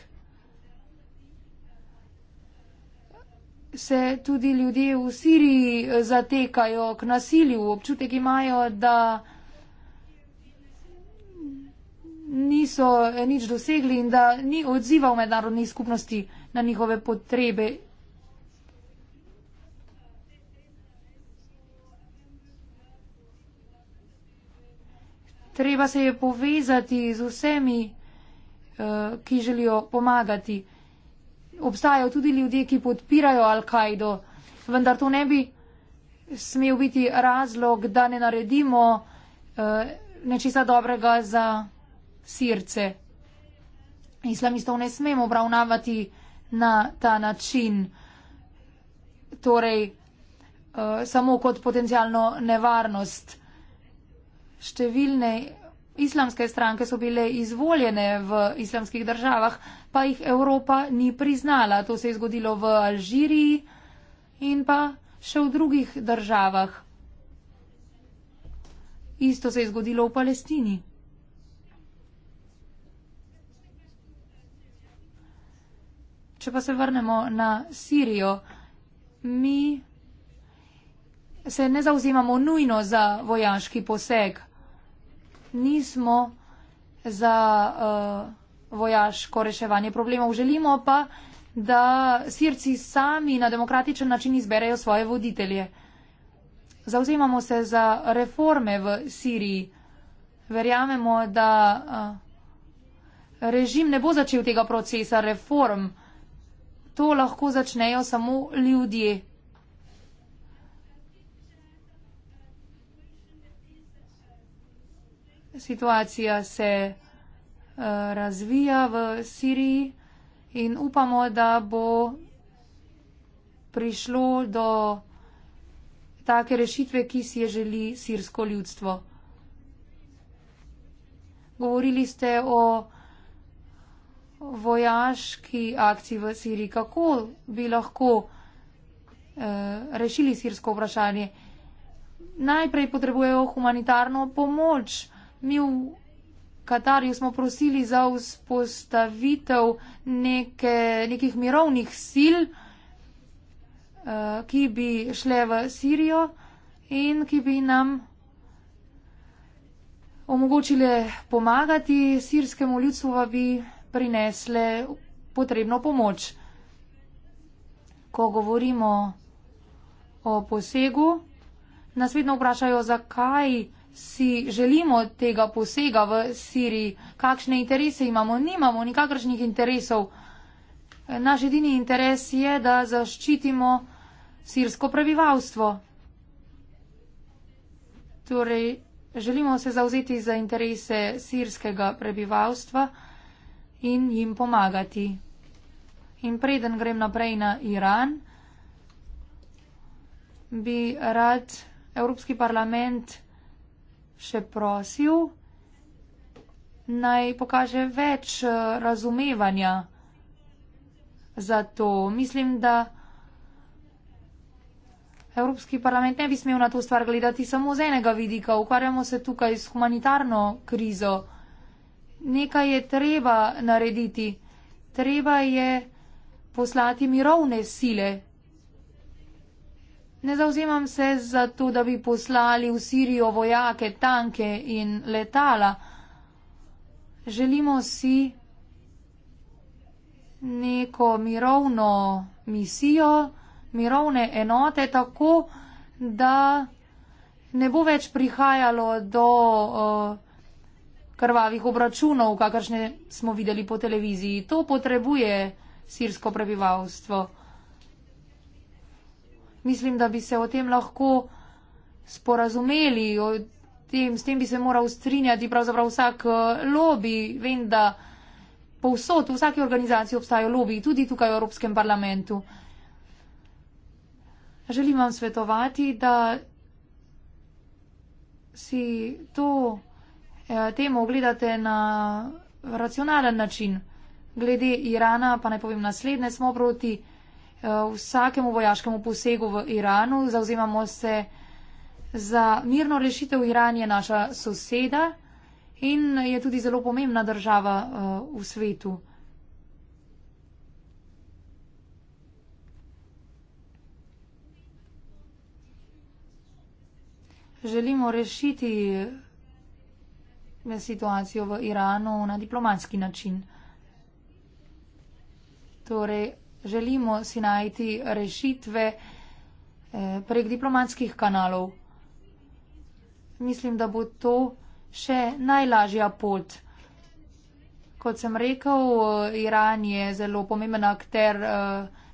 se tudi ljudje v Siriji eh, zatekajo k nasilju, občutek imajo, da niso eh, nič dosegli in da ni odziva v mednarodni skupnosti na njihove potrebe. Treba se je povezati z vsemi, eh, ki želijo pomagati obstajajo tudi ljudje, ki podpirajo Al-Kaido, vendar to ne bi smel biti razlog, da ne naredimo uh, nečesa dobrega za sirce. Islamistov ne smemo obravnavati na ta način, torej uh, samo kot potencijalno nevarnost. Številne islamske stranke so bile izvoljene v islamskih državah, pa jih Evropa ni priznala. To se je zgodilo v Alžiriji in pa še v drugih državah. Isto se je zgodilo v Palestini. Če pa se vrnemo na Sirijo, mi se ne zauzemamo nujno za vojaški poseg. Nismo za. Uh, vojaško reševanje problemov. Želimo pa, da sirci sami na demokratičen način izberejo svoje voditelje. Zauzemamo se za reforme v Siriji. Verjamemo, da eh, režim ne bo začel tega procesa reform. To lahko začnejo samo ljudje. Situacija se razvija v Siriji in upamo, da bo prišlo do take rešitve, ki si je želi sirsko ljudstvo. Govorili ste o vojaški akciji v Siriji. Kako bi lahko eh, rešili sirsko vprašanje? Najprej potrebujejo humanitarno pomoč. Mi v Katarju smo prosili za vzpostavitev neke, nekih mirovnih sil, eh, ki bi šle v Sirijo in ki bi nam omogočile pomagati sirskemu ljudstvu, da bi prinesle potrebno pomoč. Ko govorimo o posegu, nas vedno vprašajo, zakaj si želimo tega posega v Siriji, kakšne interese imamo. Nimamo nikakršnih interesov. Naš edini interes je, da zaščitimo sirsko prebivalstvo. Torej, želimo se zauzeti za interese sirskega prebivalstva in jim pomagati. In preden grem naprej na Iran, bi rad Evropski parlament še prosil, naj pokaže več eh, razumevanja za to. Mislim, da Evropski parlament ne bi smel na to stvar gledati samo z enega vidika. Ukvarjamo se tukaj s humanitarno krizo. Nekaj je treba narediti. Treba je poslati mirovne sile Ne zauzemam se za to, da bi poslali v Sirijo vojake, tanke in letala. Želimo si neko mirovno misijo, mirovne enote, tako da ne bo več prihajalo do uh, krvavih obračunov, kakršne smo videli po televiziji. To potrebuje sirsko prebivalstvo. Mislim, da bi se o tem lahko sporazumeli, tem, s tem bi se moral strinjati pravzaprav vsak eh, lobby. Vem, da povsod, v vsaki organizaciji obstajajo lobby, tudi tukaj v Evropskem parlamentu. Želim vam svetovati, da si to eh, temo ogledate na racionalen način. Glede Irana pa naj povem naslednje, smo proti. Eh, vsakemu vojaškemu posegu v Iranu. Zauzemamo se za mirno rešitev. Iran je naša soseda in je tudi zelo pomembna država eh, v svetu. Želimo rešiti eh, situacijo v Iranu na diplomatski način. Torej, želimo si najti rešitve eh, prek diplomatskih kanalov. Mislim, da bo to še najlažja pot. Kot sem rekel, eh, Iran je zelo pomemben akter eh,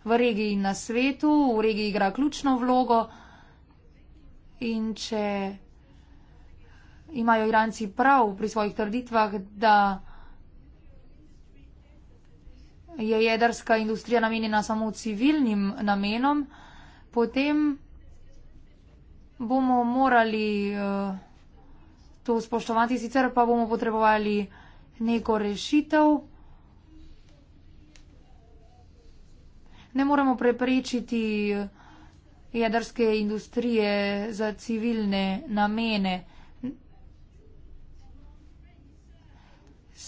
v regiji in na svetu, v regiji igra ključno vlogo in če imajo Iranci prav pri svojih trditvah, da je jedrska industrija namenjena samo civilnim namenom, potem bomo morali eh, to spoštovati, sicer pa bomo potrebovali neko rešitev. Ne moremo preprečiti jedrske industrije za civilne namene.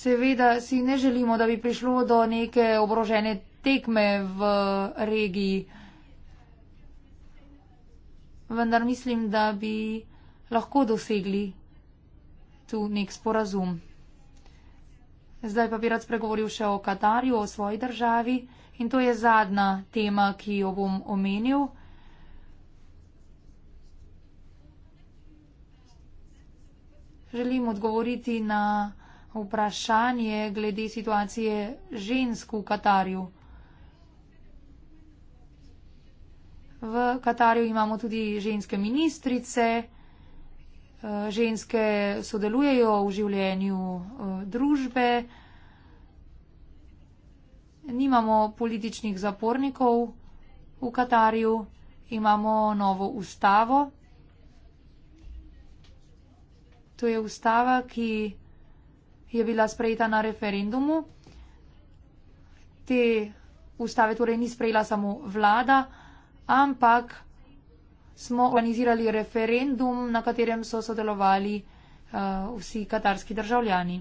seveda si ne želimo, da bi prišlo do neke obrožene tekme v regiji. Vendar mislim, da bi lahko dosegli tu nek sporazum. Zdaj pa bi rad spregovoril še o Katarju, o svoji državi in to je zadnja tema, ki jo bom omenil. Želim odgovoriti na vprašanje glede situacije žensk v Katarju. V Katarju imamo tudi ženske ministrice, eh, ženske sodelujejo v življenju eh, družbe, nimamo političnih zapornikov v Katarju, imamo novo ustavo. To je ustava, ki je bila sprejeta na referendumu. Te ustave torej ni sprejela samo vlada, ampak smo organizirali referendum, na katerem so sodelovali uh, vsi katarski državljani.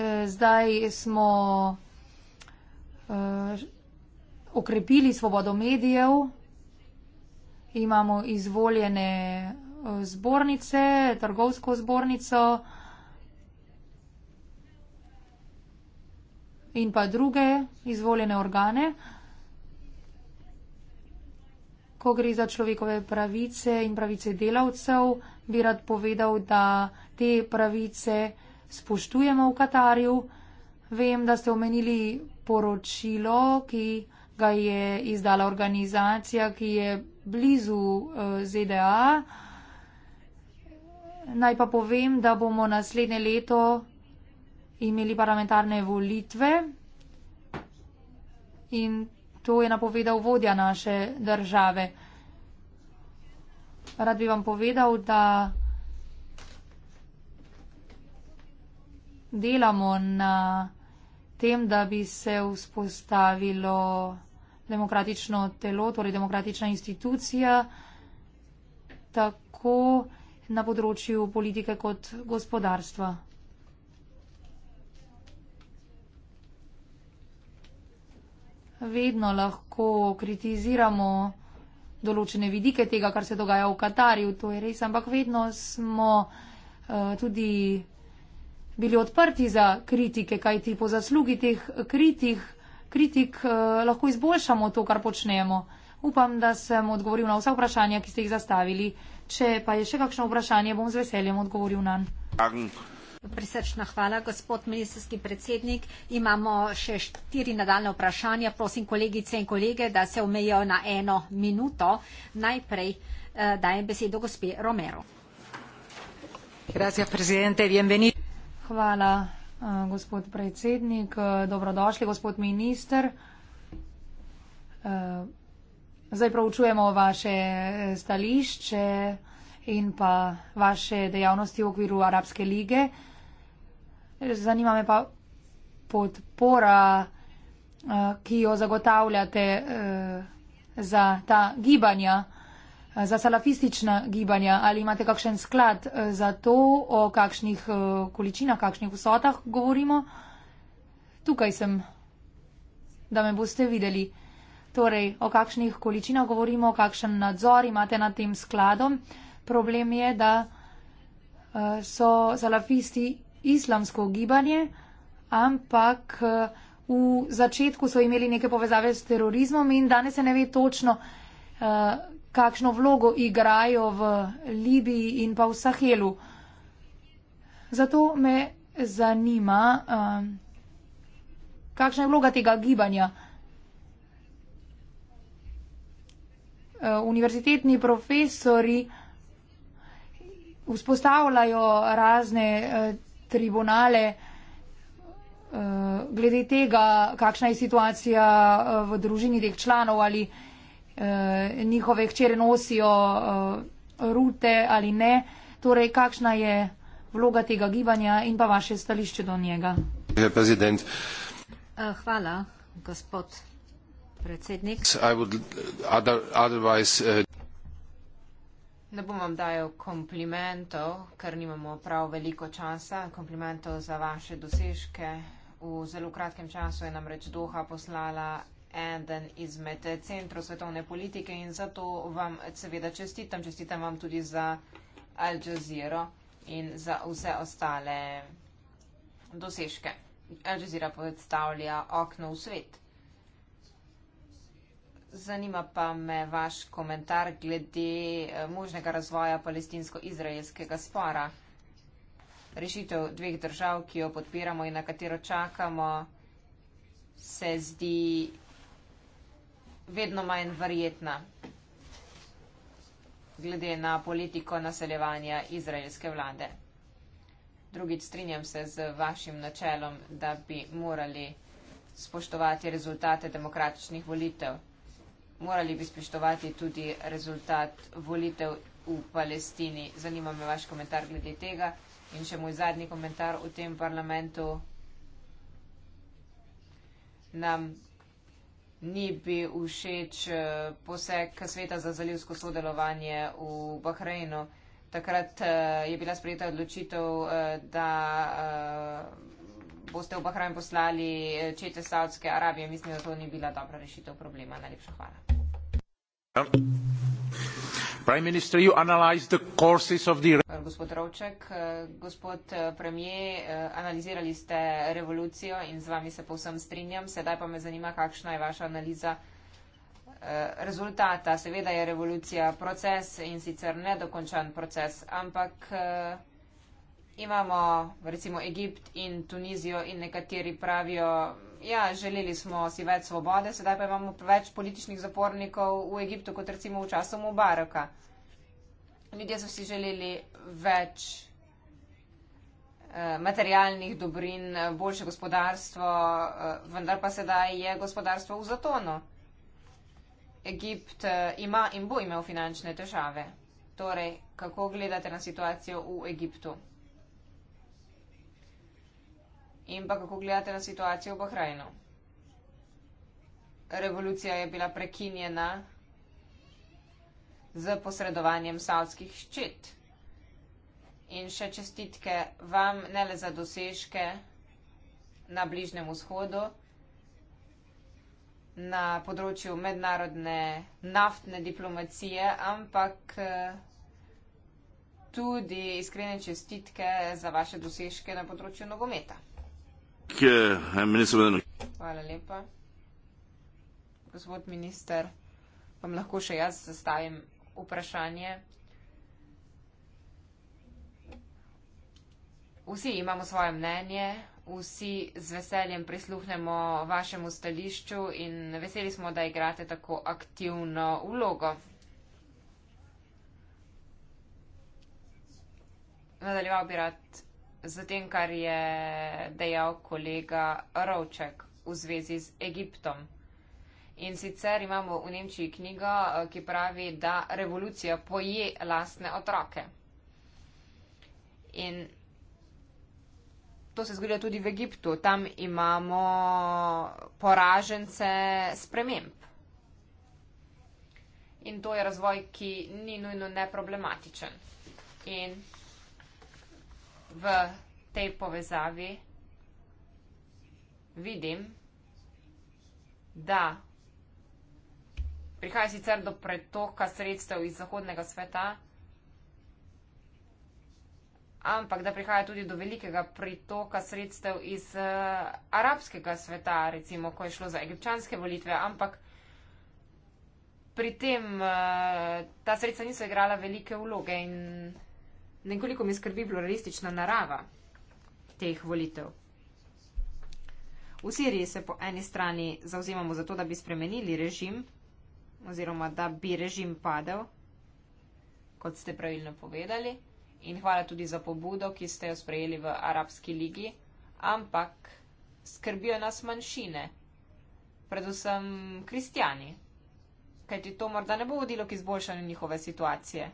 E, zdaj smo uh, okrepili svobodo medijev, imamo izvoljene eh, zbornice, trgovsko zbornico in pa druge izvoljene organe. Ko gre za človekove pravice in pravice delavcev, bi rad povedal, da te pravice spoštujemo v Katarju. Vem, da ste omenili poročilo, ki ga je izdala organizacija, ki je blizu eh, ZDA. Naj pa povem, da bomo naslednje leto imeli parlamentarne volitve in to je napovedal vodja naše države. Rad bi vam povedal, da delamo na tem, da bi se vzpostavilo demokratično telo, torej demokratična institucija, tako na področju politike kot gospodarstva. Vedno lahko kritiziramo določene vidike tega, kar se dogaja v Katarju, to je res, ampak vedno smo uh, tudi bili odprti za kritike, kajti po zaslugi teh kritik kritik, eh, lahko izboljšamo to, kar počnemo. Upam, da sem odgovoril na vsa vprašanja, ki ste jih zastavili. Če pa je še kakšno vprašanje, bom z veseljem odgovoril na njega. Prisrčna hvala, gospod ministerski predsednik. Imamo še štiri nadaljne vprašanja. Prosim kolegice in kolege, da se omejijo na eno minuto. Najprej eh, dajem besedo gospe Romero. Hvala, Eh, gospod predsednik. Eh, dobrodošli, gospod minister. Eh, zdaj pravčujemo vaše stališče in pa vaše dejavnosti v okviru Arabske lige. Zanima me pa podpora, ki jo zagotavljate za ta gibanja za salafistična gibanja, ali imate kakšen sklad eh, za to, o kakšnih eh, količinah, kakšnih vsotah govorimo. Tukaj sem, da me boste videli. Torej, o kakšnih količinah govorimo, o kakšen nadzor imate nad tem skladom. Problem je, da eh, so salafisti islamsko gibanje, ampak v začetku so imeli neke povezave s terorizmom in danes se ne ve točno, kakšno vlogo igrajo v Libiji in pa v Sahelu. Zato me zanima, um, kakšna je vloga tega gibanja. Uh, univerzitetni profesori vzpostavljajo razne uh, tribunale uh, glede tega, kakšna je situacija v družini teh članov ali Eh, njihove hčere nosijo uh, rute ali ne. Torej, kakšna je vloga tega gibanja in pa vaše stališče do njega? Uh, hvala, gospod predsednik. Ne bom vam dajal komplimentov, ker nimamo prav veliko časa. Komplimentov za vaše dosežke. V zelo kratkem času je namreč Doha poslala eden izmed centrov svetovne politike in zato vam seveda čestitam. Čestitam vam tudi za Al Jazeera in za vse ostale dosežke. Al Jazeera predstavlja okno v svet. Zanima pa me vaš komentar glede eh, možnega razvoja palestinsko-izraelskega spora. Rešitev dveh držav, ki jo podpiramo in na katero čakamo, se zdi vedno manj verjetna glede na politiko naseljevanja izraelske vlade. Drugič, strinjam se z vašim načelom, da bi morali spoštovati rezultate demokratičnih volitev. Morali bi spoštovati tudi rezultat volitev v Palestini. Zanima me vaš komentar glede tega in še moj zadnji komentar v tem parlamentu. Nam ni bil všeč eh, poseg sveta za zalivsko sodelovanje v Bahreinu. Takrat eh, je bila sprejeta odločitev, eh, da boste v Bahrajn poslali čete Saudske Arabije. Mislim, da to ni bila dobra rešitev problema. Najlepša hvala. Ja prime minister you analyze the courses of the eh, Gospod Rovček, eh, gospod eh, premier, analizirali ste revolucijo in z vami se povsem strinjam. Sedaj pa me zanima, kakšna je vaša analiza rezultata. Seveda je revolucija proces in sicer nedokončan proces, ampak imamo recimo Egipt in Tunizijo in nekateri pravijo, ja, želeli smo si več svobode, sedaj pa imamo več političnih zapornikov v Egiptu kot recimo v času Mubaraka. Ljudje so si želeli več eh, materialnih dobrin, boljše gospodarstvo, eh, vendar pa sedaj je gospodarstvo v zatonu. Egipt eh, ima in bo imel finančne težave. Torej, kako gledate na situacijo v Egiptu? In pa kako gledate na situacijo v Bahrajnu? Revolucija je bila prekinjena z posredovanjem savskih ščit. In še čestitke vam ne le za dosežke na Bližnem vzhodu, na področju mednarodne naftne diplomacije, ampak eh, tudi iskrene čestitke za vaše dosežke na področju nogometa. Hvala lepa. Gospod minister, vam lahko še jaz zastavim vprašanje. Vsi imamo svoje mnenje, vsi z veseljem prisluhnemo vašemu stališču in veseli smo, da igrate tako aktivno vlogo. Nadaljeval bi rad zatem, kar je dejal kolega Rovček v zvezi z Egiptom. In sicer imamo v Nemčiji knjigo, eh, ki pravi, da revolucija poje lastne otroke. In to se zgodi tudi v Egiptu. Tam imamo poražence sprememb. In to je razvoj, ki ni nujno neproblematičen. In v tej povezavi vidim, da prihaja sicer do pretoka sredstev iz zahodnega sveta, ampak da prihaja tudi do velikega pritoka sredstev iz uh, arabskega sveta, recimo, ko je šlo za egipčanske volitve, ampak pri tem uh, ta sredstva niso igrala velike vloge in nekoliko me skrbi pluralistična narava teh volitev. V Siriji se po eni strani zauzemamo za to, da bi spremenili režim oziroma da bi režim padel, kot ste pravilno povedali. In hvala tudi za pobudo, ki ste jo sprejeli v Arabski ligi. Ampak skrbijo nas manjšine, predvsem kristijani, kajti to morda ne bo vodilo k izboljšanju njihove situacije.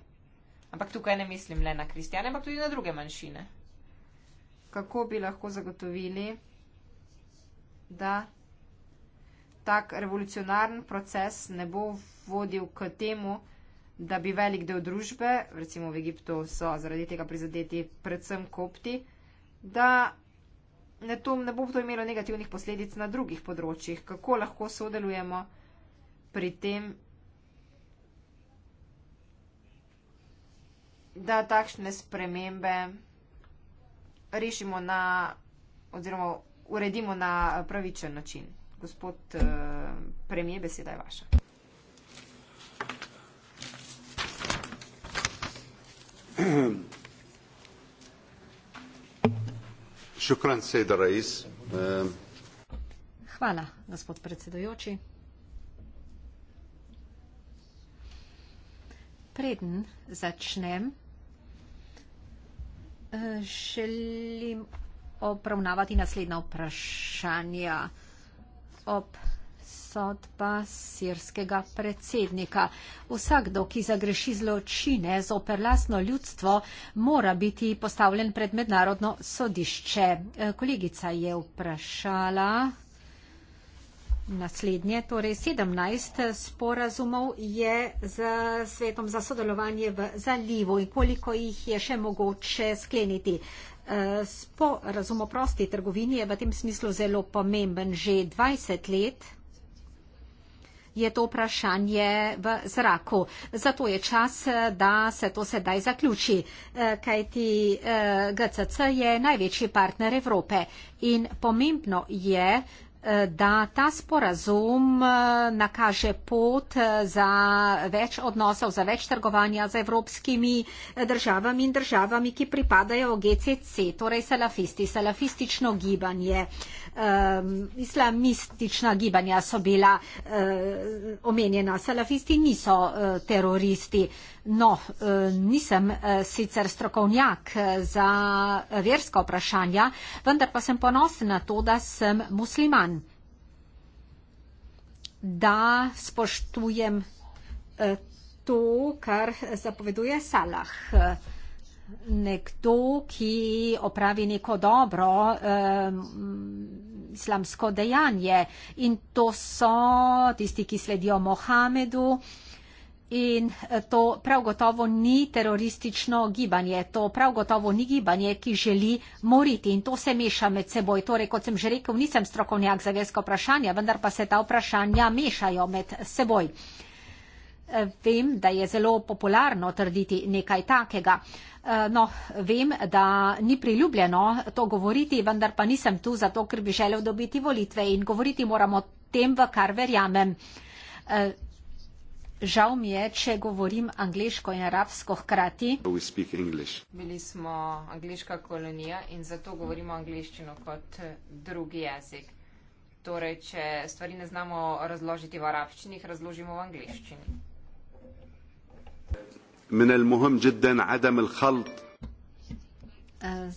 Ampak tukaj ne mislim le na kristjane, ampak tudi na druge manjšine. Kako bi lahko zagotovili, da tak revolucionarni proces ne bo vodil k temu, da bi velik del družbe, recimo v Egiptu so zaradi tega prizadeti predvsem kopti, da ne, to, ne bo to imelo negativnih posledic na drugih področjih. Kako lahko sodelujemo pri tem da takšne spremembe rešimo na oziroma uredimo na pravičen način. Gospod eh, premije, beseda je vaša. Šukran Seda Raiz. Eh. Hvala, gospod predsedujoči. Preden začnem, Želim opravnavati naslednja vprašanja ob sodba sirskega predsednika. Vsakdo, ki zagreši zločine z operlasno ljudstvo, mora biti postavljen pred mednarodno sodišče. Kolegica je vprašala naslednje, torej 17 sporazumov je z svetom za sodelovanje v zalivu in koliko jih je še mogoče skleniti. Eh, sporazum o prosti trgovini je v tem smislu zelo pomemben. Že 20 let je to vprašanje v zraku. Zato je čas, da se to sedaj zaključi, eh, kajti eh, GCC je največji partner Evrope in pomembno je, da ta sporazum eh, nakaže pot eh, za več odnosov, za več trgovanja z evropskimi eh, državami in državami, ki pripadajo GCC, torej salafisti, salafistično gibanje, ehm, islamistična gibanja so bila omenjena, salafisti niso teroristi. No, e, nisem e, sicer strokovnjak e, za verska vprašanja, vendar pa sem ponosen na to, da sem musliman, da spoštujem to, kar zapoveduje Salah. Nekdo, ki opravi neko dobro islamsko dejanje in to so tisti, ki sledijo Mohamedu. In eh, to prav gotovo ni teroristično gibanje, to prav gotovo ni gibanje, ki želi moriti in to se meša med seboj. Torej, kot sem že rekel, nisem strokovnjak za verska vprašanja, vendar pa se ta vprašanja mešajo med seboj. Eh, vem, da je zelo popularno trditi nekaj takega. Eh, no, vem, da ni priljubljeno to govoriti, vendar pa nisem tu zato, ker bi želel dobiti volitve in govoriti moramo tem, v kar verjamem. Žal mi je, če govorim angliško in arabsko hkrati. Bili smo angliška kolonija in zato govorimo angliščino kot drugi jezik. Torej, če stvari ne znamo razložiti v arabščini, jih razložimo v angliščini. Uh,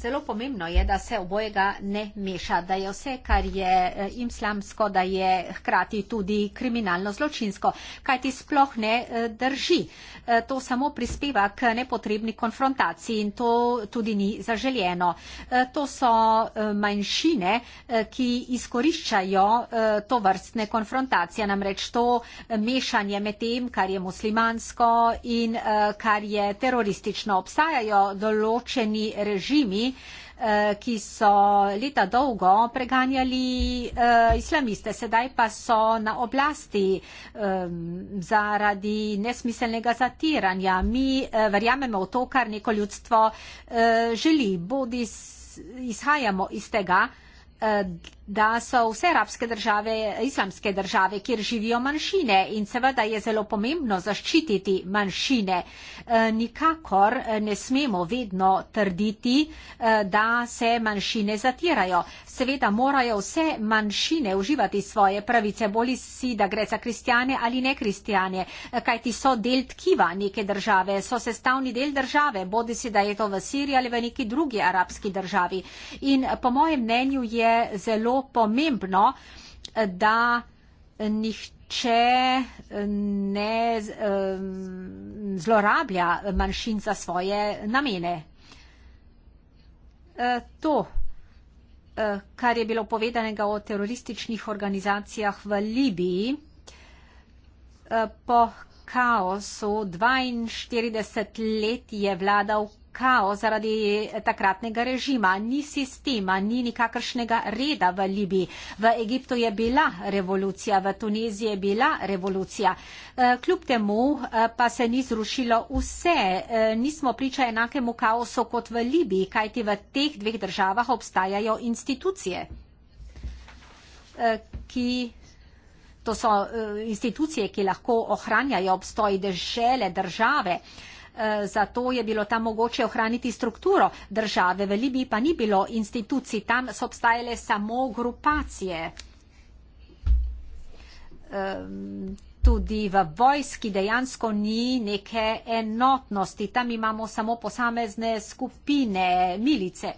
Zelo pomembno je, da se obojega ne meša, da je vse, kar je eh, islamsko, da je hkrati tudi kriminalno zločinsko, kaj ti sploh ne eh, drži. Eh, to samo prispeva k nepotrebni konfrontaciji in to tudi ni zaželjeno. To so manjšine, ki izkoriščajo to vrstne konfrontacije, namreč to mešanje med tem, kar je muslimansko in kar je teroristično. Obstajajo določeni režimi, tistimi, eh, ki so leta dolgo preganjali eh, islamiste. Sedaj pa so na oblasti ehm, zaradi nesmiselnega zatiranja. Mi eh, verjamemo v to, kar neko ljudstvo želi. Bodi izhajamo iz tega, da so vse arabske države islamske države, kjer živijo manjšine in seveda je zelo pomembno zaščititi manjšine. E, nikakor e, ne smemo vedno trditi, e, da se manjšine zatirajo. Seveda morajo vse manjšine uživati svoje pravice, boli si, da gre za kristijane ali ne kristijane, kajti so del tkiva neke države, so sestavni del države, bodi si, da je to v Siriji ali v neki drugi arabski državi. In po mojem mnenju je zelo pomembno, da nihče ne zlorablja manjšin za svoje namene. E, to, e, kar je bilo povedanega o terorističnih organizacijah v Libiji, e, po kaosu 42 let je vladal kaos zaradi takratnega režima. Ni sistema, ni nikakršnega reda v Libiji. V Egiptu je bila revolucija, v Tuniziji je bila revolucija. E, kljub temu e, pa se ni zrušilo vse. E, nismo priča enakemu kaosu kot v Libiji, kajti v teh dveh državah obstajajo institucije, ki. To so institucije, ki lahko ohranjajo obstoj dežele, države. Eh, zato je bilo tam mogoče ohraniti strukturo države, v Libiji pa ni bilo institucij, tam so obstajale samo grupacije. Ehm, tudi v vojski dejansko ni neke enotnosti, tam imamo samo posamezne skupine, milice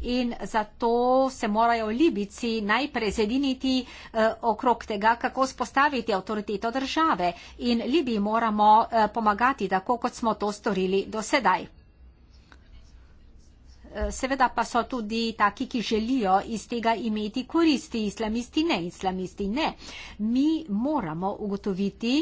in zato se morajo Libici najprej zediniti eh, okrog tega, kako spostaviti avtoriteto države in Libiji moramo eh, pomagati, tako kot smo to storili do sedaj. Eh, seveda pa so tudi taki, ki želijo iz tega imeti koristi, islamisti ne, islamisti ne. Mi moramo ugotoviti,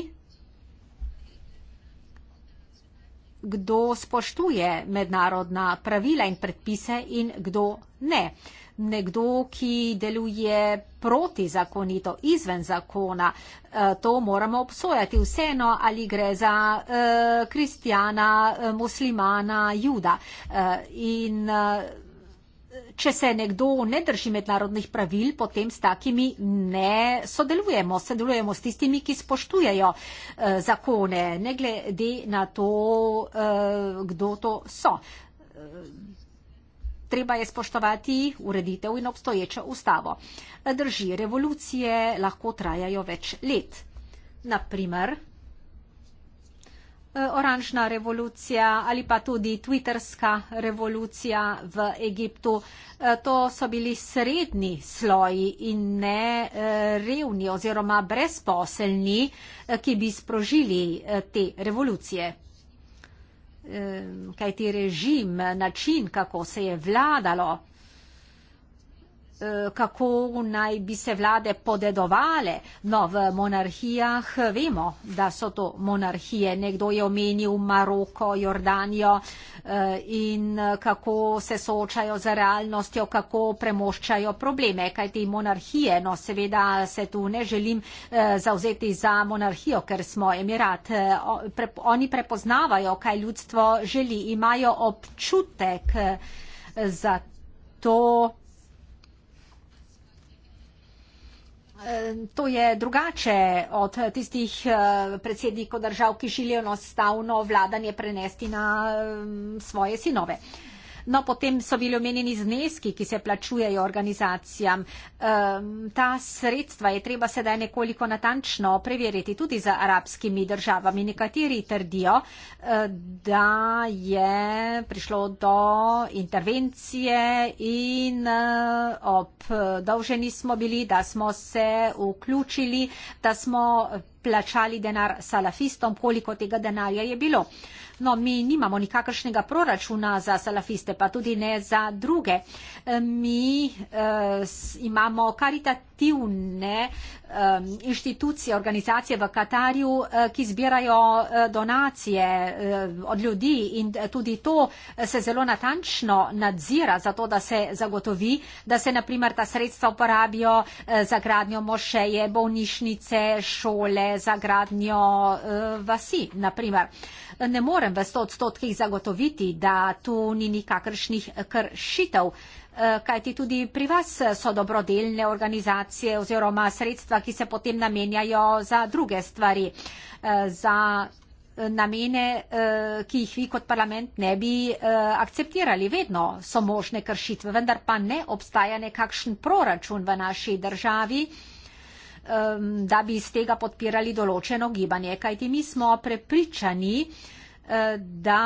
kdo spoštuje mednarodna pravila in predpise in kdo ne. Nekdo, ki deluje protizakonito, izven zakona, eh, to moramo obsojati vseeno, ali gre za eh, kristjana, eh, muslimana, juda. In, če se nekdo ne drži mednarodnih pravil, potem s takimi ne sodelujemo. Sodelujemo s tistimi, ki spoštujejo uh, zakone, ne glede na to, uh, kdo to so. Eh, treba je spoštovati ureditev in obstoječo ustavo. Drži, revolucije lahko trajajo več let. Naprimer, Eh, oranžna revolucija ali pa tudi twitterska revolucija v Egiptu. Eh, to so bili srednji sloji in ne eh, revni oziroma brezposelni, ki bi sprožili te revolucije. Kaj ti režim, način, kako se je vladalo Eh, kako naj bi se vlade podedovale. No, v monarhijah vemo, da so to monarhije. Nekdo je omenil Maroko, Jordanijo eh, in kako se soočajo z realnostjo, kako premoščajo probleme. Kaj te monarhije, no seveda se tu ne želim eh, zauzeti za monarhijo, ker smo emirat. Oni prepoznavajo, kaj ljudstvo želi, imajo občutek za to. To je drugače od tistih eh, predsednikov držav, ki želijo enostavno vladanje prenesti na svoje sinove. No, potem so bili omenjeni zneski, ki se plačujejo organizacijam. Um, ta sredstva je treba sedaj nekoliko natančno preveriti tudi za arabskimi državami. Nekateri trdijo, eh, da je prišlo do intervencije in eh, obdolženi smo bili, da smo se vključili, da smo plačali denar salafistom, koliko tega denarja je bilo. No, mi nimamo nikakršnega proračuna za salafiste, pa tudi ne za druge. Mi eh, imamo karitativne karitativne um, inštitucije, organizacije v Katarju, eh, ki zbirajo eh, donacije eh, od ljudi in tudi to se zelo natančno nadzira za to, da se zagotovi, da se naprimer ta sredstva uporabijo za gradnjo mošeje, bolnišnice, šole, za gradnjo vasi. Naprimer. Ne morem v 100 odstotkih zagotoviti, da tu ni nikakršnih kršitev. Eh, kajti tudi pri vas eh, so dobrodelne organizacije oziroma sredstva, ki se potem namenjajo za druge stvari, eh, za namene, ki jih vi kot parlament ne bi akceptirali. Vedno so možne kršitve, vendar pa ne obstaja nekakšen proračun v naši državi da bi iz tega podpirali določeno gibanje, kajti mi smo prepričani, da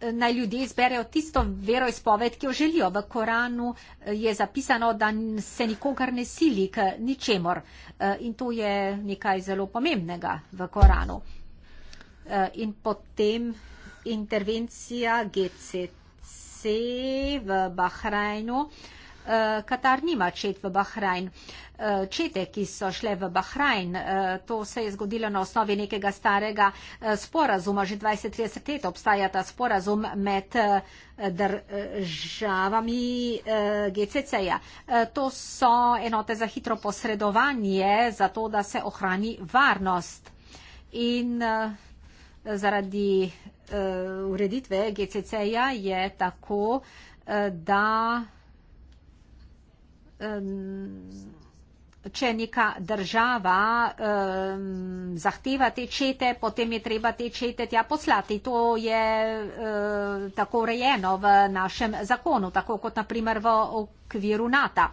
naj ljudje izberejo tisto veroizpoved, ki jo želijo. V Koranu eh, je zapisano, da se nikogar ne sili k ničemor eh, in to je nekaj zelo pomembnega v Koranu. Eh, in potem intervencija GCC v Bahrajnu. Katar nima čet v Bahrajn čete, ki so šle v Bahrajn. Eh, to se je zgodilo na osnovi nekega starega eh, sporazuma. Že 20-30 let obstaja ta sporazum med eh, državami GCC-ja. To so enote za hitro posredovanje, zato da se ohrani varnost. In zaradi ureditve GCC-ja je tako, da če neka država um, zahteva te čete, potem je treba te čete tja poslati. To je um, tako rejeno v našem zakonu, tako kot naprimer v okviru NATO.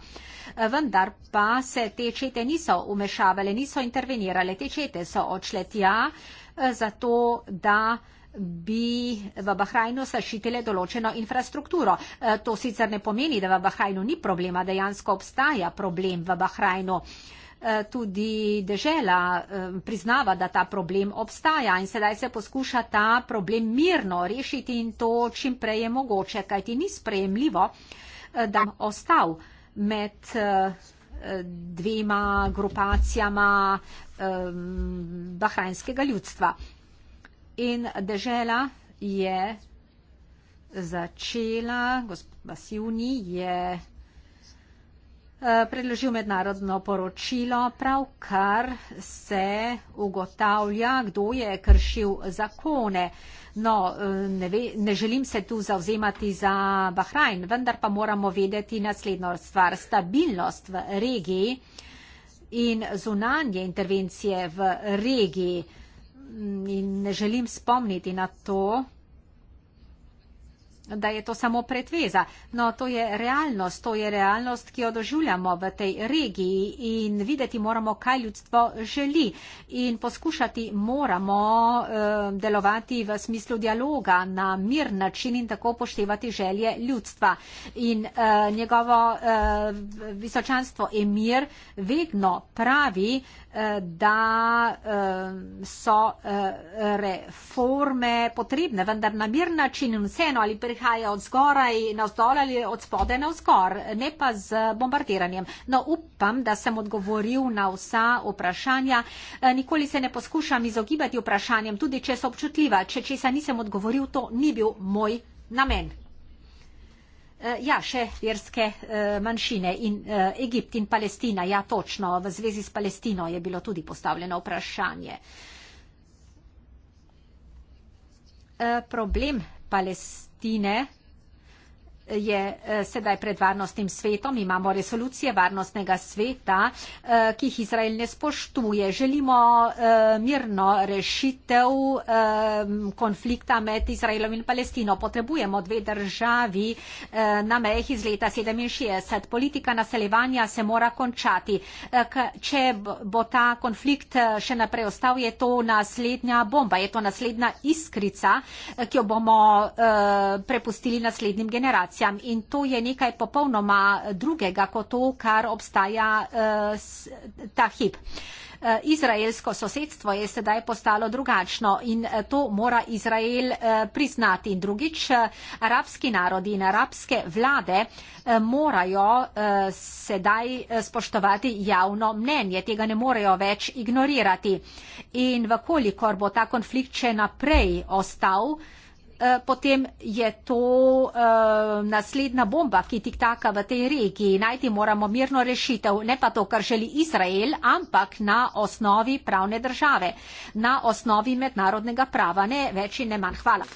Vendar pa se te čete niso umešavale, niso intervenirale. Te čete so odšle tja eh, zato, da bi v Bahrajnu zašitile določeno infrastrukturo. E, to sicer ne pomeni, da v Bahrajnu ni problema, dejansko obstaja problem v Bahrajnu. E, tudi dežela e, priznava, da ta problem obstaja in sedaj se poskuša ta problem mirno rešiti in to čim prej je mogoče, kajti ni sprejemljivo, da bi ostal med dvema grupacijama bahrajnskega ljudstva. In dežela je začela, gospod Basivni je eh, predložil mednarodno poročilo, prav kar se ugotavlja, kdo je kršil zakone. No, eh, ne, ve, ne želim se tu zauzemati za Bahrajn, vendar pa moramo vedeti naslednjo stvar. Stabilnost v regiji in zunanje intervencije v regiji in ne želim spomniti na to, da je to samo pretveza. No, to je realnost, to je realnost, ki jo doživljamo v tej regiji in videti moramo, kaj ljudstvo želi in poskušati moramo eh, delovati v smislu dialoga na mir način in tako poštevati želje ljudstva. In eh, njegovo eh, visočanstvo Emir vedno pravi, da eh, so eh, reforme potrebne, vendar na mir način in vseeno ali prihaja od zgoraj na vzdol ali od spode na vzgor, ne pa z bombardiranjem. No, upam, da sem odgovoril na vsa vprašanja. Eh, nikoli se ne poskušam izogibati vprašanjem, tudi če so občutljiva. Če česa nisem odgovoril, to ni bil moj namen. Eh, ja, še verske eh, manjšine in eh, Egipt in Palestina, ja točno, v zvezi s Palestino je bilo tudi postavljeno vprašanje. Problem Palestine je eh, sedaj pred varnostnim svetom. Imamo resolucije varnostnega sveta, eh, ki jih Izrael ne spoštuje. Želimo eh, mirno rešitev konflikta med Izraelom in Palestino. Potrebujemo dve državi na mejih iz leta 67. Politika naseljevanja se mora končati. Če bo ta konflikt še naprej ostal, je to naslednja bomba, je to naslednja iskrica, ki jo bomo prepustili naslednjim generacijam organizacijam in to je nekaj popolnoma drugega kot to, kar obstaja uh, ta hip. Eh, izraelsko sosedstvo je sedaj postalo drugačno in eh, to mora Izrael priznati. In drugič, arabski narodi in arabske vlade morajo sedaj spoštovati javno mnenje, tega ne morejo več ignorirati. In vkolikor bo ta konflikt še naprej ostal, Eh, potem je to eh, naslednja bomba, ki tik taka v tej regiji. Najti moramo mirno rešitev, ne pa to, kar želi Izrael, ampak na osnovi pravne države, na osnovi mednarodnega prava. Ne več in ne manj. Hvala.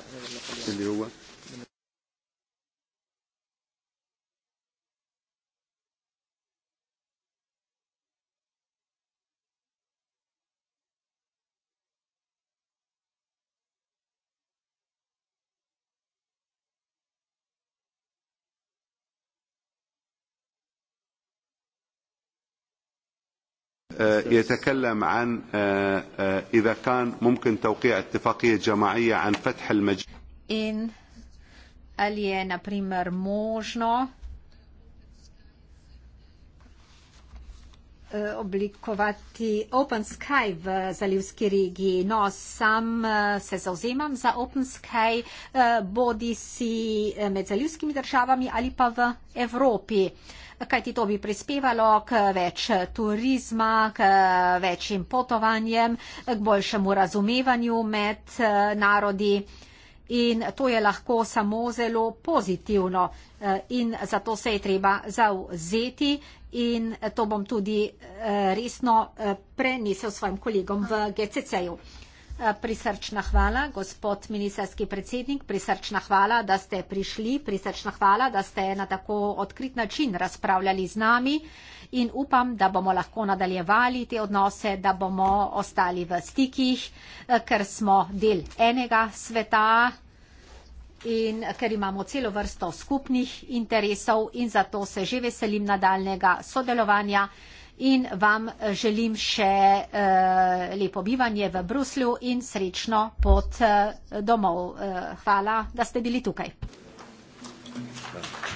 يتكلم عن إذا كان ممكن توقيع اتفاقية جماعية عن فتح المجال. إن ali je na primer možno Eh, oblikovati Open Sky v zalivski regiji. No, sam eh, se zauzemam za Open Sky, eh, bodi si med zalivskimi državami ali pa v Evropi. Kaj ti to bi prispevalo k več turizma, k večjim potovanjem, k boljšemu razumevanju med narodi? in to je lahko samo zelo pozitivno eh, in zato se je treba zauzeti in to bom tudi eh, resno eh, prenesel svojim kolegom v GCC-ju. Prisrčna hvala, gospod ministerski predsednik, prisrčna hvala, da ste prišli, prisrčna hvala, da ste na tako odkrit način razpravljali z nami in upam, da bomo lahko nadaljevali te odnose, da bomo ostali v stikih, eh, ker smo del enega sveta in ker imamo celo vrsto skupnih interesov in zato se že veselim nadaljnega sodelovanja. In vam eh, želim še uh, lepo bivanje v Bruslju in srečno pot uh, domov. Uh, hvala, da ste bili tukaj. Hvala.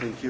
Thank you.